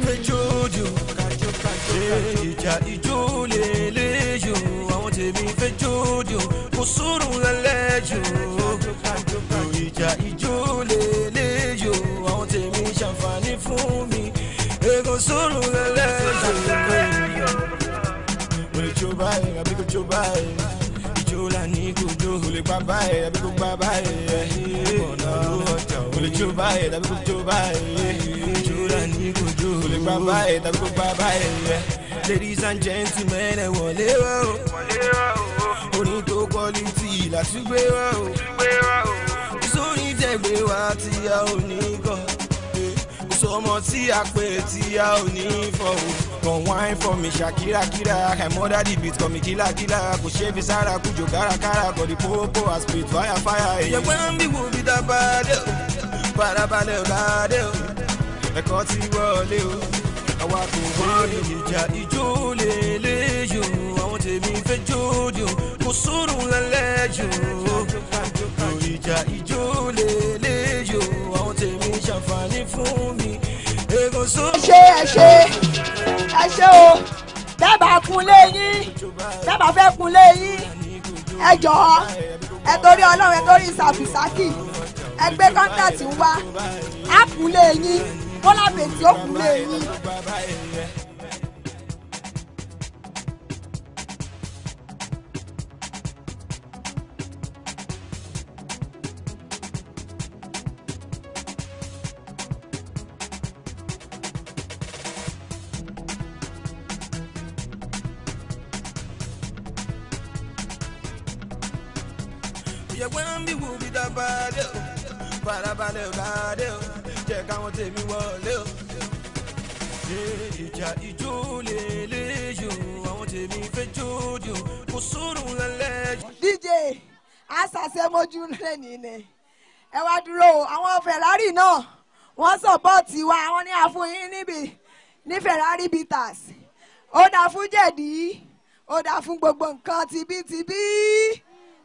fẹ́ jòjò kájókájókájó ìjà ìjó lẹ́lẹ́jọ́ àwọn tèmi fẹ́ jòjò kó sóòrù ẹlẹ́jọ́ kájókájókájó ìjà ìjó lẹ́lẹ́jọ́ àwọn tèmi ṣàǹfààní fún mi sùúrù lẹ́lẹ́ ìjọba ẹ̀ àbí kò jọba ẹ̀ ìjọba ní kò jó olè bàbá ẹ̀ àbí kò bàbá ẹ̀ ọ̀nà ló ọjà olè jọba ẹ̀ àbí kò jọba ẹ̀ ìjọba ní kò jó olè bàbá ẹ̀ àbí kò bàbá ladies and gentlemen ẹ wọlé wá o orin tó quality làtúgbé wá o sórí tẹ̀gbé wá tí a ò ní gan sọmọ tí a pè tí a ò ní fọwọ́ kàn wáìn fọ mi ṣàkírakíra àìmọ́dá dìbìtì kàn mí kílàkílà kò ṣe fi sára kújò kárakára kò di pópó àspirìt fire fire èyí. ìyẹ̀pẹ̀ ń bí wòbí dábàdé o farabalẹ̀ ọ̀làdé o ẹ̀kọ́ ti wọlé o àwa kò wọ́n ìjà ìjó lè jù àwọn tèmi fẹ́ jó jù kò sórùn lálẹ́ jù ìjà ìjó lélẹ̀ jù àwọn tèmi ṣàǹfààní fún mi. ẹ ṣe ẹ ṣe ẹ ṣe o dábàá kunlé yín dábàá fẹ́ kunlé yín ẹ jọ̀ọ́ ẹ torí ọlọ́run ẹ torí ìsàfìsákì ẹ gbé kọ́ńtàtì wá á kunlé yín bọ́lá bèntì ó kunlé yín. farabalẹ̀ o farabalẹ̀ balẹ̀ o jẹ́ káwọn tèmi wọlé o. ṣe ìjà ìjó lélẹ́yò àwọn tèmi fẹ́ jójó kò sórùn lálẹ́. DJ asàsẹ́mójú rẹ̀ nìyẹn ẹ wá dúró àwọn Ferrari náà wọ́n sọ̀pọ̀tì wa àwọn ní àfúyín níbi ní Ferrari bitters ó dà fún jẹ̀dí ó dà fún gbogbo nǹkan tibítibí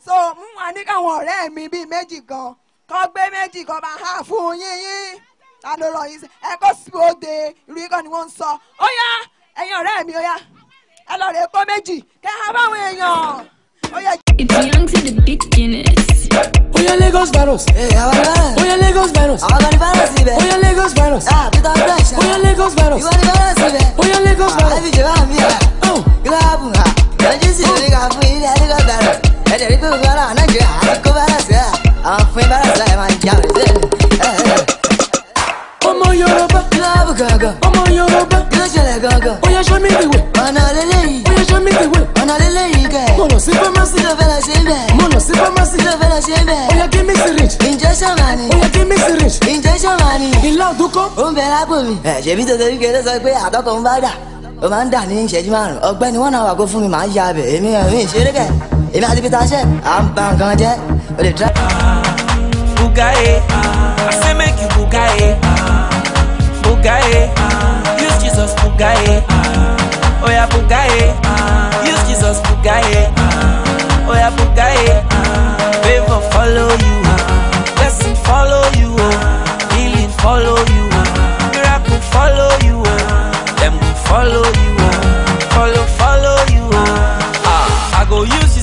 so n wà ní káwọn ọ̀rẹ́ mi bíi méjì gan kọ́ gbé méjì kan máa há fún yín yín ta ló rọ yín sí ẹ kó sì ó de irú yín kan ni wọ́n ń sọ ó yá ẹ̀yin ọ̀rẹ́ mi ó yá ẹ lọ rè kó méjì kẹ́ ha báwọn èèyàn ó yẹ. It's young to the big Guinness. Oya Lagos virus. Oya Lagos virus. Oya Lagos virus. Oya ah, Lagos virus. Oya Lagos virus. Gíláàbù ha. Yọjú sí lórí ká fún yín ní Lagos virus ẹ̀dẹ̀ rí pé gbogbo ara wọn náà jẹ́ àkókò bára sí à àwọn fún ibà rà láì máa jà rẹ̀ sílẹ̀. ọmọ Yorùbá kílọ̀bù gàngàn ọmọ Yorùbá kí ló ṣẹlẹ̀ gàngàn ó yẹ sọ́mi ìwé ọ̀nà lélẹ́yìí ó yẹ sọ́mi ìwé ọ̀nà lélẹ́yìí kẹ̀. mo lọ sí pharmacy tó fẹ́ lọ ṣe injection ma ni. ó yẹ kí mi sì injection ma ni. ìlà òdúkọ. ó ń bẹ lápò mi. ẹ ṣèbí tó torí kẹlẹ sọ pé àtọkọ ń bá dà ó máa ń dà ní ìṣẹ́jú márùn-ún ọgbẹ́ni wọ́n náà wà kó fún mi màá ya abẹ èmi ẹ̀ mi ìṣeré kẹ̀. èmi àti peter ṣe à ń ba nǹkan jẹ́ o lè try. bugaye i say make you bugaye bugaye use jesus oh bugaye oya bugaye use jesus oh bugaye oya bugaye favour follow you blessing follow you oh. healing follow you miracle follow you oh. them will follow you.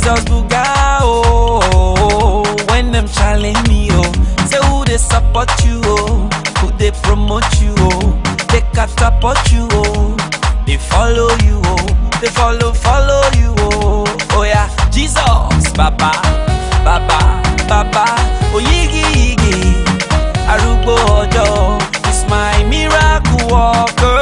just booga oh, oh, oh. When them challenge me oh, say who they support you oh, who they promote you oh, they catapult you oh, they follow you oh, they follow follow you oh, oh yeah Jesus Baba Baba Baba oh yigi yigi arúgbó ọjọ́ is my miracle worker.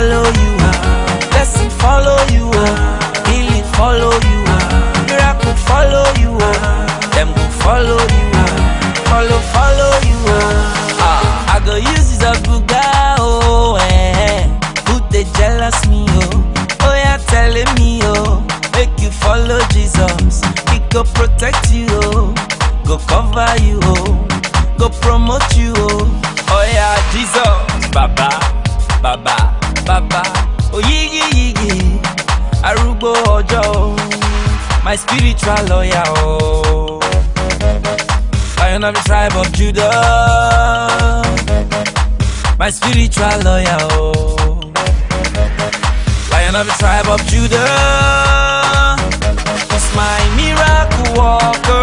follow you up. Ah. Blessing follow you up. Ah. Healing follow you up. Ah. Miracle follow you up. Them go follow you up. Follow, follow you up. Ah, I go use this as Buga, oh, eh. Who they jealous me, oh. Oh, yeah, telling me, oh. Make you follow Jesus. He go protect you, oh. Go cover you, oh. Go promote you, oh. Joe, my spiritual lawyer. Oh. Lion of the tribe of Judah, my spiritual lawyer. Oh. Lion of the tribe of Judah, it's my miracle walker.